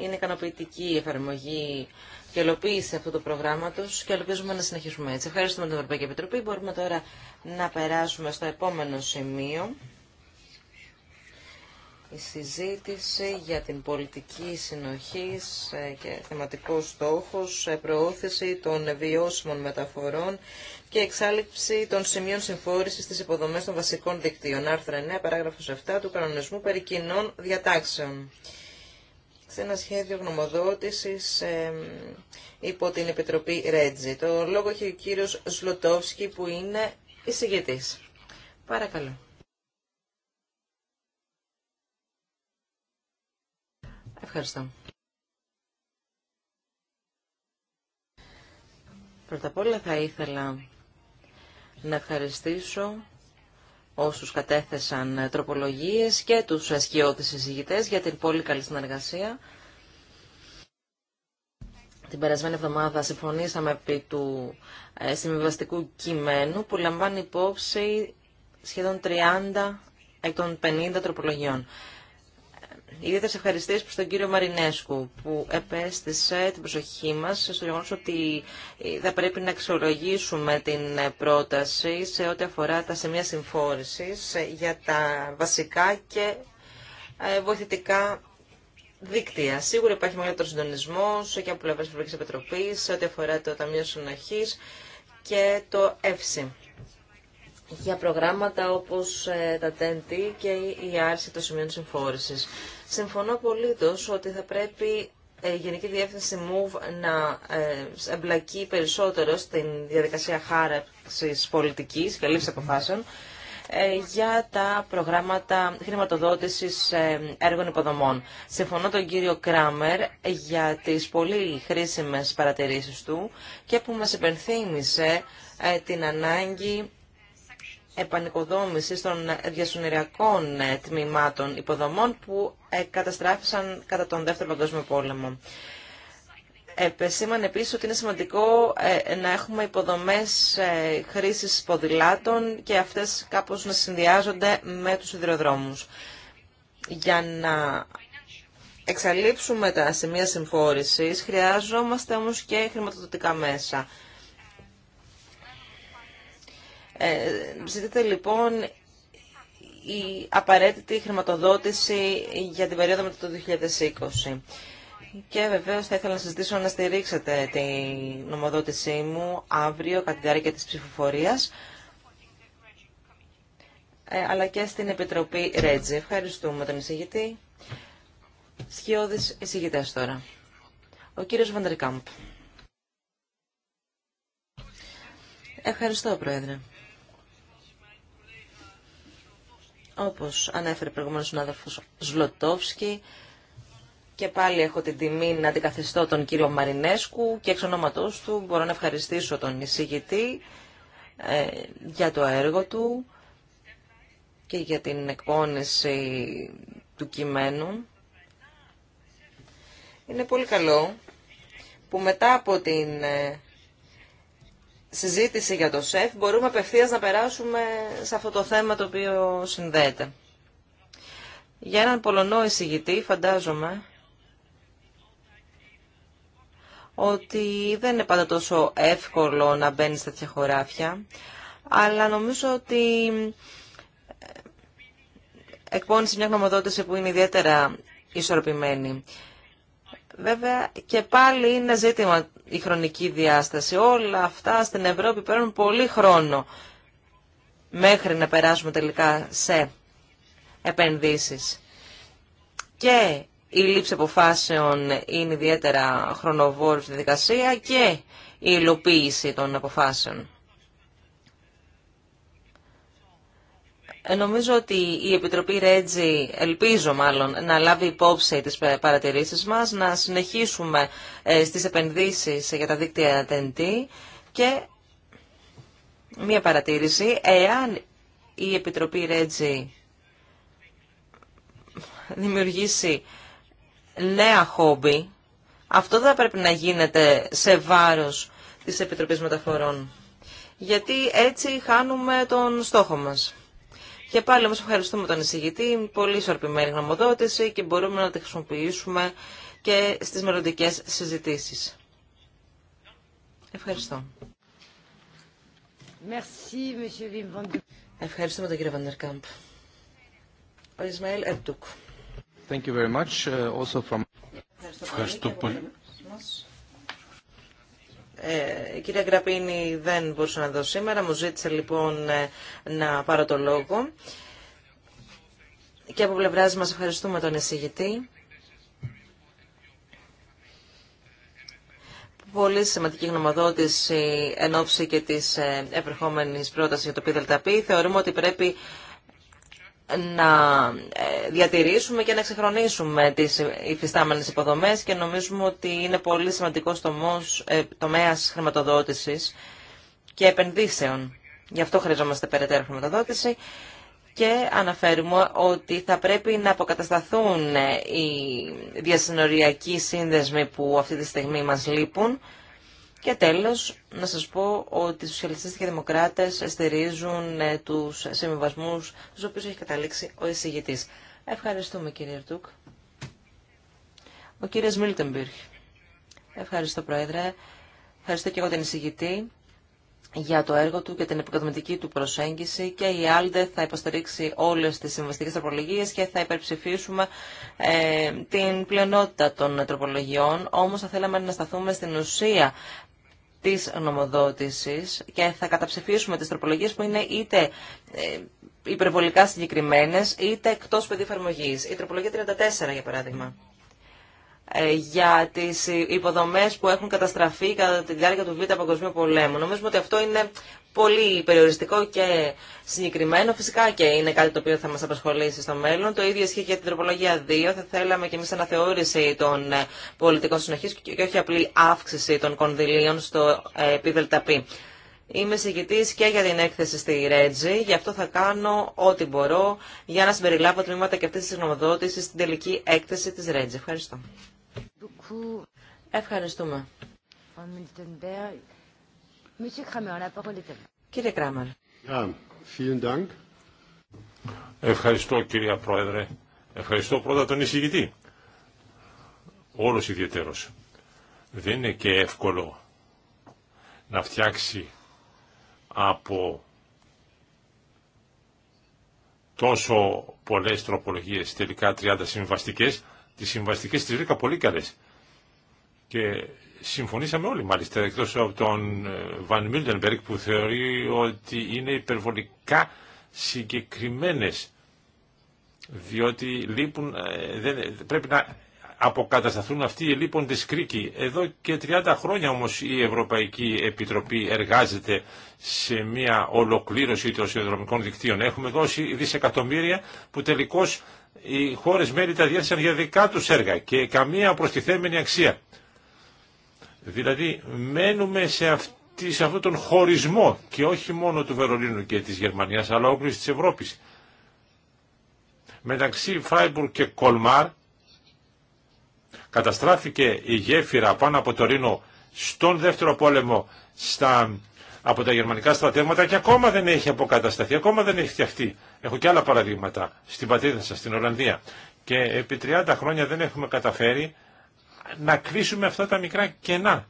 είναι ικανοποιητική η εφαρμογή και ελοποίηση αυτού του προγράμματο και ελπίζουμε να συνεχίσουμε έτσι. Ευχαριστούμε την Ευρωπαϊκή Επιτροπή. Μπορούμε τώρα να περάσουμε στο επόμενο σημείο η συζήτηση για την πολιτική συνοχής ε, και θεματικός στόχος, ε, προώθηση των βιώσιμων μεταφορών και εξάλληψη των σημείων συμφόρησης στις υποδομές των βασικών δικτύων. Άρθρα 9, παράγραφος 7 του κανονισμού περί κοινών διατάξεων. Σε ένα σχέδιο γνωμοδότησης υπό την Επιτροπή Ρέτζη. Το λόγο έχει ο κύριος Σλοτόφσκι που είναι εισηγητής. Παρακαλώ. Ευχαριστώ. Πρώτα απ' όλα θα ήθελα να ευχαριστήσω όσους κατέθεσαν τροπολογίες και τους ασκιώτες συζητητές για την πολύ καλή συνεργασία. Την περασμένη εβδομάδα συμφωνήσαμε επί του ε, συμβιβαστικού κειμένου που λαμβάνει υπόψη σχεδόν 30 εκ των 50 τροπολογιών ιδιαίτερε ευχαριστίε προ τον κύριο Μαρινέσκου που επέστησε την προσοχή μα στο γεγονό ότι ε, θα πρέπει να αξιολογήσουμε την ε, πρόταση σε ό,τι αφορά τα σημεία συμφόρηση ε, για τα βασικά και βοηθητικά δίκτυα. Σίγουρα υπάρχει μεγαλύτερο συντονισμό και από πλευρά τη Ευρωπαϊκή Επιτροπή σε ό,τι αφορά το Ταμείο Συνοχή και το ΕΦΣΥ για προγράμματα όπως τα TNT και η άρση των σημείων συμφόρησης. Συμφωνώ απολύτως ότι θα πρέπει ε, η Γενική Διεύθυνση MOVE να ε, εμπλακεί περισσότερο στην διαδικασία χάραξης πολιτικής και λήψη αποφάσεων ε, για τα προγράμματα χρηματοδότησης έργων υποδομών. Συμφωνώ τον κύριο Κράμερ για τις πολύ χρήσιμες παρατηρήσεις του και που μας υπενθύμησε την ανάγκη επανοικοδόμησης των διασυνεριακών ε, τμήματων υποδομών που ε, καταστράφησαν κατά τον Δεύτερο Παγκόσμιο Πόλεμο. Επεσήμανε επίση ότι είναι σημαντικό ε, να έχουμε υποδομές χρήσης ποδηλάτων και αυτές κάπως να συνδυάζονται με τους σιδηροδρόμους. Για να εξαλείψουμε τα σημεία συμφόρησης χρειάζομαστε όμως και χρηματοδοτικά μέσα. Ε, ζητείτε λοιπόν η απαραίτητη χρηματοδότηση για την περίοδο μετά το 2020. Και βεβαίω θα ήθελα να συζητήσω να στηρίξετε την νομοδότησή μου αύριο κατά τη διάρκεια τη ψηφοφορία ε, αλλά και στην Επιτροπή ΡΕΤΖΗ. Ευχαριστούμε τον εισηγητή. Σχιώδης εισηγητές τώρα. Ο κύριος Βαντερκάμπ. Ευχαριστώ, Πρόεδρε. όπως ανέφερε προηγουμένως ο συνάδελφος Σλοτόφσκι, και πάλι έχω την τιμή να αντικαθιστώ τον κύριο Μαρινέσκου και εξ ονόματός του μπορώ να ευχαριστήσω τον εισηγητή ε, για το έργο του και για την εκπόνηση του κειμένου. Είναι πολύ καλό που μετά από την ε, συζήτηση για το ΣΕΦ μπορούμε απευθείας να περάσουμε σε αυτό το θέμα το οποίο συνδέεται. Για έναν Πολωνό εισηγητή φαντάζομαι ότι δεν είναι πάντα τόσο εύκολο να μπαίνει σε τέτοια χωράφια, αλλά νομίζω ότι ε, εκπώνησε μια γνωμοδότηση που είναι ιδιαίτερα ισορροπημένη. Βέβαια και πάλι είναι ζήτημα η χρονική διάσταση. Όλα αυτά στην Ευρώπη παίρνουν πολύ χρόνο μέχρι να περάσουμε τελικά σε επενδύσεις. Και η λήψη αποφάσεων είναι ιδιαίτερα χρονοβόρη στη δικασία και η υλοποίηση των αποφάσεων. Ε, νομίζω ότι η Επιτροπή Ρέτζι, ελπίζω μάλλον, να λάβει υπόψη τις παρατηρήσεις μας, να συνεχίσουμε ε, στις επενδύσεις για τα δίκτυα TNT και μία παρατήρηση, εάν η Επιτροπή Ρέτζι δημιουργήσει νέα χόμπι, αυτό δεν θα πρέπει να γίνεται σε βάρος της Επιτροπής Μεταφορών. Γιατί έτσι χάνουμε τον στόχο μας. Και πάλι όμως ευχαριστούμε τον εισηγητή, πολύ ισορροπημένη γνωμοδότηση και μπορούμε να τη χρησιμοποιήσουμε και στις μελλοντικέ συζητήσεις. Ευχαριστώ. Merci, Ευχαριστούμε τον κύριο Βαντερκάμπ. Ο Ισμαήλ Ερτούκ. Uh, Ευχαριστώ πολύ η ε, κυρία Γκραπίνη δεν μπορούσε να δώσει σήμερα, μου ζήτησε λοιπόν ε, να πάρω το λόγο. Και από πλευρά μας ευχαριστούμε τον εισηγητή. Πολύ σημαντική γνωμοδότηση εν ώψη και της ε, επερχόμενης πρότασης για το ΠΙΔΑΛΤΑΠΗ. Θεωρούμε ότι πρέπει να ε, διατηρήσουμε και να εξυγχρονίσουμε τις υφιστάμενες υποδομές και νομίζουμε ότι είναι πολύ σημαντικός τομός, ε, τομέας χρηματοδότησης και επενδύσεων. Γι' αυτό χρειαζόμαστε περαιτέρω χρηματοδότηση και αναφέρουμε ότι θα πρέπει να αποκατασταθούν ε, οι διασυνοριακοί σύνδεσμοι που αυτή τη στιγμή μας λείπουν και τέλος, να σας πω ότι οι σοσιαλιστές και οι δημοκράτες στηρίζουν ε, τους συμβιβασμού στους οποίους έχει καταλήξει ο εισηγητής. Ευχαριστούμε κύριε Ρτούκ. Ο κύριος Μίλτεμπιρχ. Ευχαριστώ Πρόεδρε. Ευχαριστώ και εγώ την εισηγητή για το έργο του και την επικοδομητική του προσέγγιση και η ΆλΔε θα υποστηρίξει όλες τις συμβαστικές τροπολογίες και θα υπερψηφίσουμε ε, την πλειονότητα των τροπολογιών. Όμως θα θέλαμε να σταθούμε στην ουσία Τη νομοδότησης και θα καταψηφίσουμε τις τροπολογίες που είναι είτε ε, υπερβολικά συγκεκριμένε, είτε εκτός πεδίου εφαρμογή. Η τροπολογία 34 για παράδειγμα. Ε, για τι υποδομέ που έχουν καταστραφεί κατά τη διάρκεια του Β' Παγκοσμίου Πολέμου. Νομίζουμε ότι αυτό είναι πολύ περιοριστικό και συγκεκριμένο. Φυσικά και είναι κάτι το οποίο θα μα απασχολήσει στο μέλλον. Το ίδιο ισχύει και για την τροπολογία 2. Θα θέλαμε και εμεί αναθεώρηση των ε, πολιτικών συνοχή και όχι απλή αύξηση των κονδυλίων στο ε, ΠΔΠ. Είμαι συγκητή και για την έκθεση στη Ρέτζη, γι' αυτό θα κάνω ό,τι μπορώ για να συμπεριλάβω τμήματα και αυτή τη γνωμοδότηση στην τελική έκθεση τη Ρέτζη. Ευχαριστώ. Ευχαριστούμε. Κύριε Κράμαρ.
Ευχαριστώ κυρία Πρόεδρε. Ευχαριστώ πρώτα τον εισηγητή. Όλος ιδιαίτερος. Δεν είναι και εύκολο να φτιάξει από τόσο πολλές τροπολογίες, τελικά 30 συμβαστικές, τις συμβαστικές τις βρήκα πολύ καλές. Και συμφωνήσαμε όλοι μάλιστα, εκτός από τον ε, Βαν Μίλτενμπερκ που θεωρεί ότι είναι υπερβολικά συγκεκριμένες διότι λείπουν, ε, δεν, πρέπει να αποκατασταθούν αυτοί οι λείποντες κρίκοι. Εδώ και 30 χρόνια όμως η Ευρωπαϊκή Επιτροπή εργάζεται σε μια ολοκλήρωση των σιδηροδρομικών δικτύων. Έχουμε δώσει δισεκατομμύρια που τελικώς οι χώρες μέλη τα διέθεσαν για δικά τους έργα και καμία προστιθέμενη αξία. Δηλαδή μένουμε σε, αυτή, σε αυτόν τον χωρισμό και όχι μόνο του Βερολίνου και της Γερμανίας αλλά όπλης της Ευρώπης. Μεταξύ Φράιμπουργκ και Κολμάρ καταστράφηκε η γέφυρα πάνω από το Ρήνο στον δεύτερο πόλεμο στα, από τα γερμανικά στρατεύματα και ακόμα δεν έχει αποκατασταθεί, ακόμα δεν έχει φτιαχτεί. Έχω και άλλα παραδείγματα στην πατρίδα σας, στην Ολλανδία. Και επί 30 χρόνια δεν έχουμε καταφέρει να κλείσουμε αυτά τα μικρά κενά.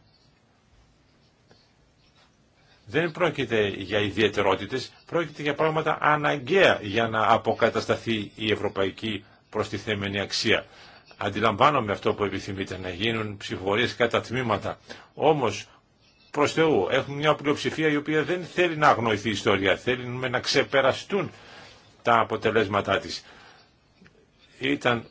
Δεν πρόκειται για ιδιαιτερότητες, πρόκειται για πράγματα αναγκαία για να αποκατασταθεί η ευρωπαϊκή προστιθέμενη αξία. Αντιλαμβάνομαι αυτό που επιθυμείτε, να γίνουν ψηφοφορίε κατά τμήματα. Όμω, προ Θεού, έχουμε μια πλειοψηφία η οποία δεν θέλει να αγνοηθεί η ιστορία. Θέλουμε να ξεπεραστούν τα αποτελέσματά τη. Ήταν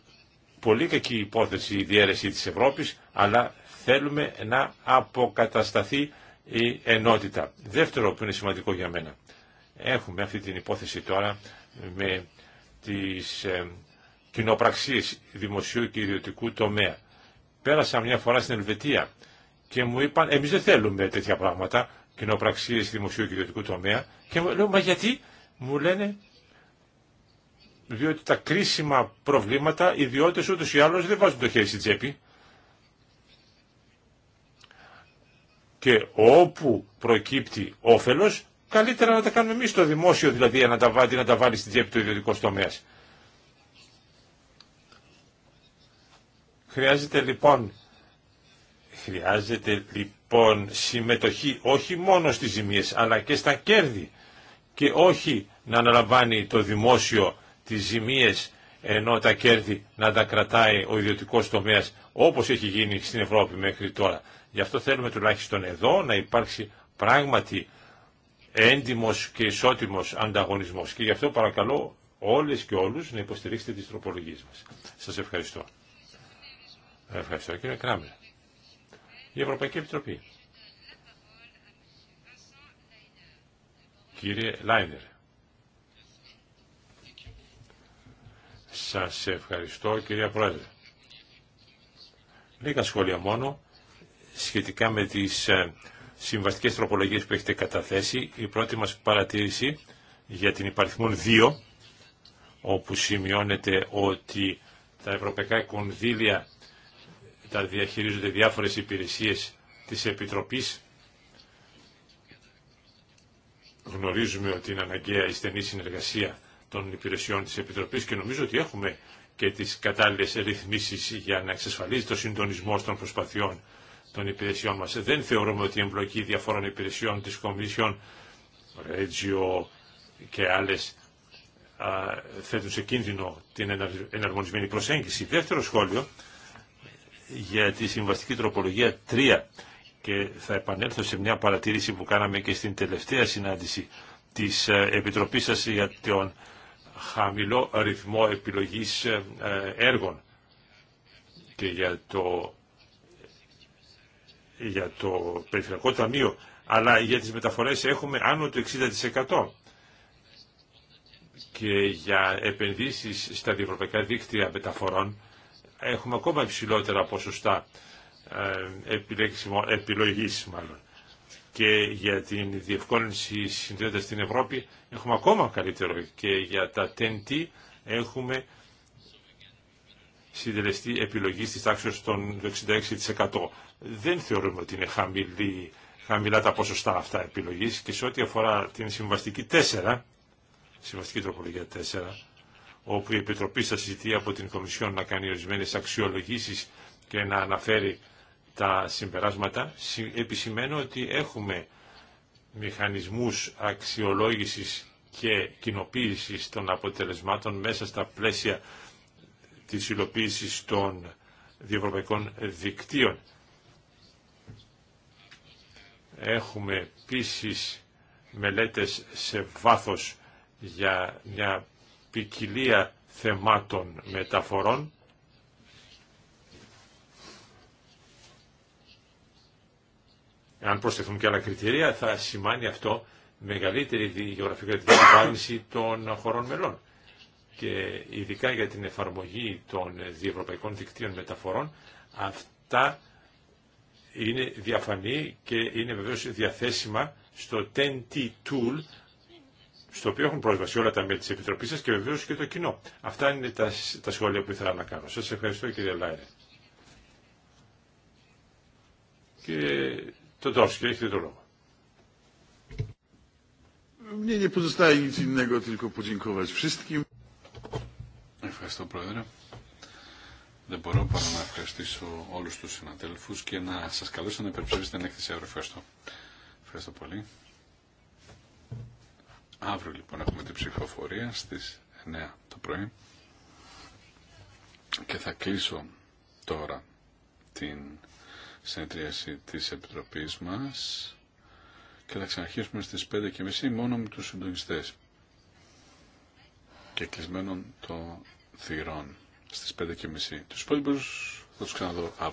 πολύ κακή υπόθεση η διαίρεση της Ευρώπης, αλλά θέλουμε να αποκατασταθεί η ενότητα. Δεύτερο που είναι σημαντικό για μένα. Έχουμε αυτή την υπόθεση τώρα με τις ε, κοινοπραξίες δημοσίου και ιδιωτικού τομέα. Πέρασα μια φορά στην Ελβετία και μου είπαν εμείς δεν θέλουμε τέτοια πράγματα, κοινοπραξίες δημοσίου και ιδιωτικού τομέα και μου λέω μα γιατί μου λένε διότι τα κρίσιμα προβλήματα, οι ιδιώτες ούτως ή άλλως δεν βάζουν το χέρι στη τσέπη. Και όπου προκύπτει όφελος, καλύτερα να τα κάνουμε εμείς στο δημόσιο, δηλαδή να τα βάλει, να τα βάλει στη τσέπη του ιδιωτικού τομέα. Χρειάζεται λοιπόν, χρειάζεται λοιπόν συμμετοχή όχι μόνο στις ζημίες αλλά και στα κέρδη και όχι να αναλαμβάνει το δημόσιο τις ζημίες ενώ τα κέρδη να τα κρατάει ο ιδιωτικός τομέας όπως έχει γίνει στην Ευρώπη μέχρι τώρα. Γι' αυτό θέλουμε τουλάχιστον εδώ να υπάρξει πράγματι έντιμος και ισότιμος ανταγωνισμός και γι' αυτό παρακαλώ όλες και όλους να υποστηρίξετε τις τροπολογίες μας. Σας ευχαριστώ. Ευχαριστώ κύριε Κράμερ. Η Ευρωπαϊκή Επιτροπή. Κύριε Λάινερ. Σας ευχαριστώ κυρία Πρόεδρε. Λίγα σχόλια μόνο σχετικά με τις ε, συμβαστικές τροπολογίες που έχετε καταθέσει. Η πρώτη μας παρατήρηση για την υπαριθμόν 2, όπου σημειώνεται ότι τα ευρωπαϊκά κονδύλια τα διαχειρίζονται διάφορες υπηρεσίες της Επιτροπής. Γνωρίζουμε ότι είναι αναγκαία η στενή συνεργασία των υπηρεσιών της Επιτροπής και νομίζω ότι έχουμε και τις κατάλληλες ρυθμίσεις για να εξασφαλίζει το συντονισμό των προσπαθειών των υπηρεσιών μας. Δεν θεωρούμε ότι η εμπλοκή διαφόρων υπηρεσιών της Κομισιόν, Regio και άλλε θέτουν σε κίνδυνο την εναρμονισμένη προσέγγιση. Δεύτερο σχόλιο για τη συμβαστική τροπολογία 3 και θα επανέλθω σε μια παρατήρηση που κάναμε και στην τελευταία συνάντηση της ε, Επιτροπής σας για τον χαμηλό ρυθμό επιλογής ε, έργων και για το, για το Περιφερειακό Ταμείο, αλλά για τις μεταφορές έχουμε άνω του 60% και για επενδύσεις στα διευρωπαϊκά δίκτυα μεταφορών έχουμε ακόμα υψηλότερα ποσοστά ε, επιλογής μάλλον. Και για την διευκόλυνση συνδέοντας την Ευρώπη έχουμε ακόμα καλύτερο και για τα TNT έχουμε συντελεστή επιλογή στις τάξεις των 66%. Δεν θεωρούμε ότι είναι χαμηλή, χαμηλά τα ποσοστά αυτά επιλογής και σε ό,τι αφορά την συμβαστική 4, συμβαστική τροπολογία 4, όπου η Επιτροπή στα ζητεί από την Κομισιόν να κάνει ορισμένε αξιολογήσεις και να αναφέρει τα συμπεράσματα, επισημαίνω ότι έχουμε μηχανισμούς αξιολόγησης και κοινοποίηση των αποτελεσμάτων μέσα στα πλαίσια της υλοποίησης των διευρωπαϊκών δικτύων. Έχουμε επίση μελέτες σε βάθος για μια ποικιλία θεμάτων μεταφορών αν προσθεθούν και άλλα κριτήρια, θα σημάνει αυτό μεγαλύτερη γεωγραφική επιβάρυνση των χωρών μελών. Και ειδικά για την εφαρμογή των διευρωπαϊκών δικτύων μεταφορών, αυτά είναι διαφανή και είναι βεβαίως διαθέσιμα στο 10T Tool, στο οποίο έχουν πρόσβαση όλα τα μέλη της Επιτροπής σας και βεβαίως και το κοινό. Αυτά είναι τα, τα σχόλια που ήθελα να κάνω. Σας ευχαριστώ κύριε Λάιρε innego, έχετε το λόγο.
Ευχαριστώ, Πρόεδρε. Δεν μπορώ παρά να ευχαριστήσω όλους τους συναδέλφους και να σας καλέσω να υπερψηφίσετε την έκθεση αύριο. Ευχαριστώ. Ευχαριστώ πολύ. Αύριο λοιπόν έχουμε την ψηφοφορία στις 9 το πρωί και θα κλείσω τώρα την συνεδρίαση της Επιτροπής μας και θα ξαναρχίσουμε στις 5.30 μόνο με τους συντονιστέ και κλεισμένων των θυρών στις 5.30. Τους υπόλοιπους θα τους ξαναδώ αύριο.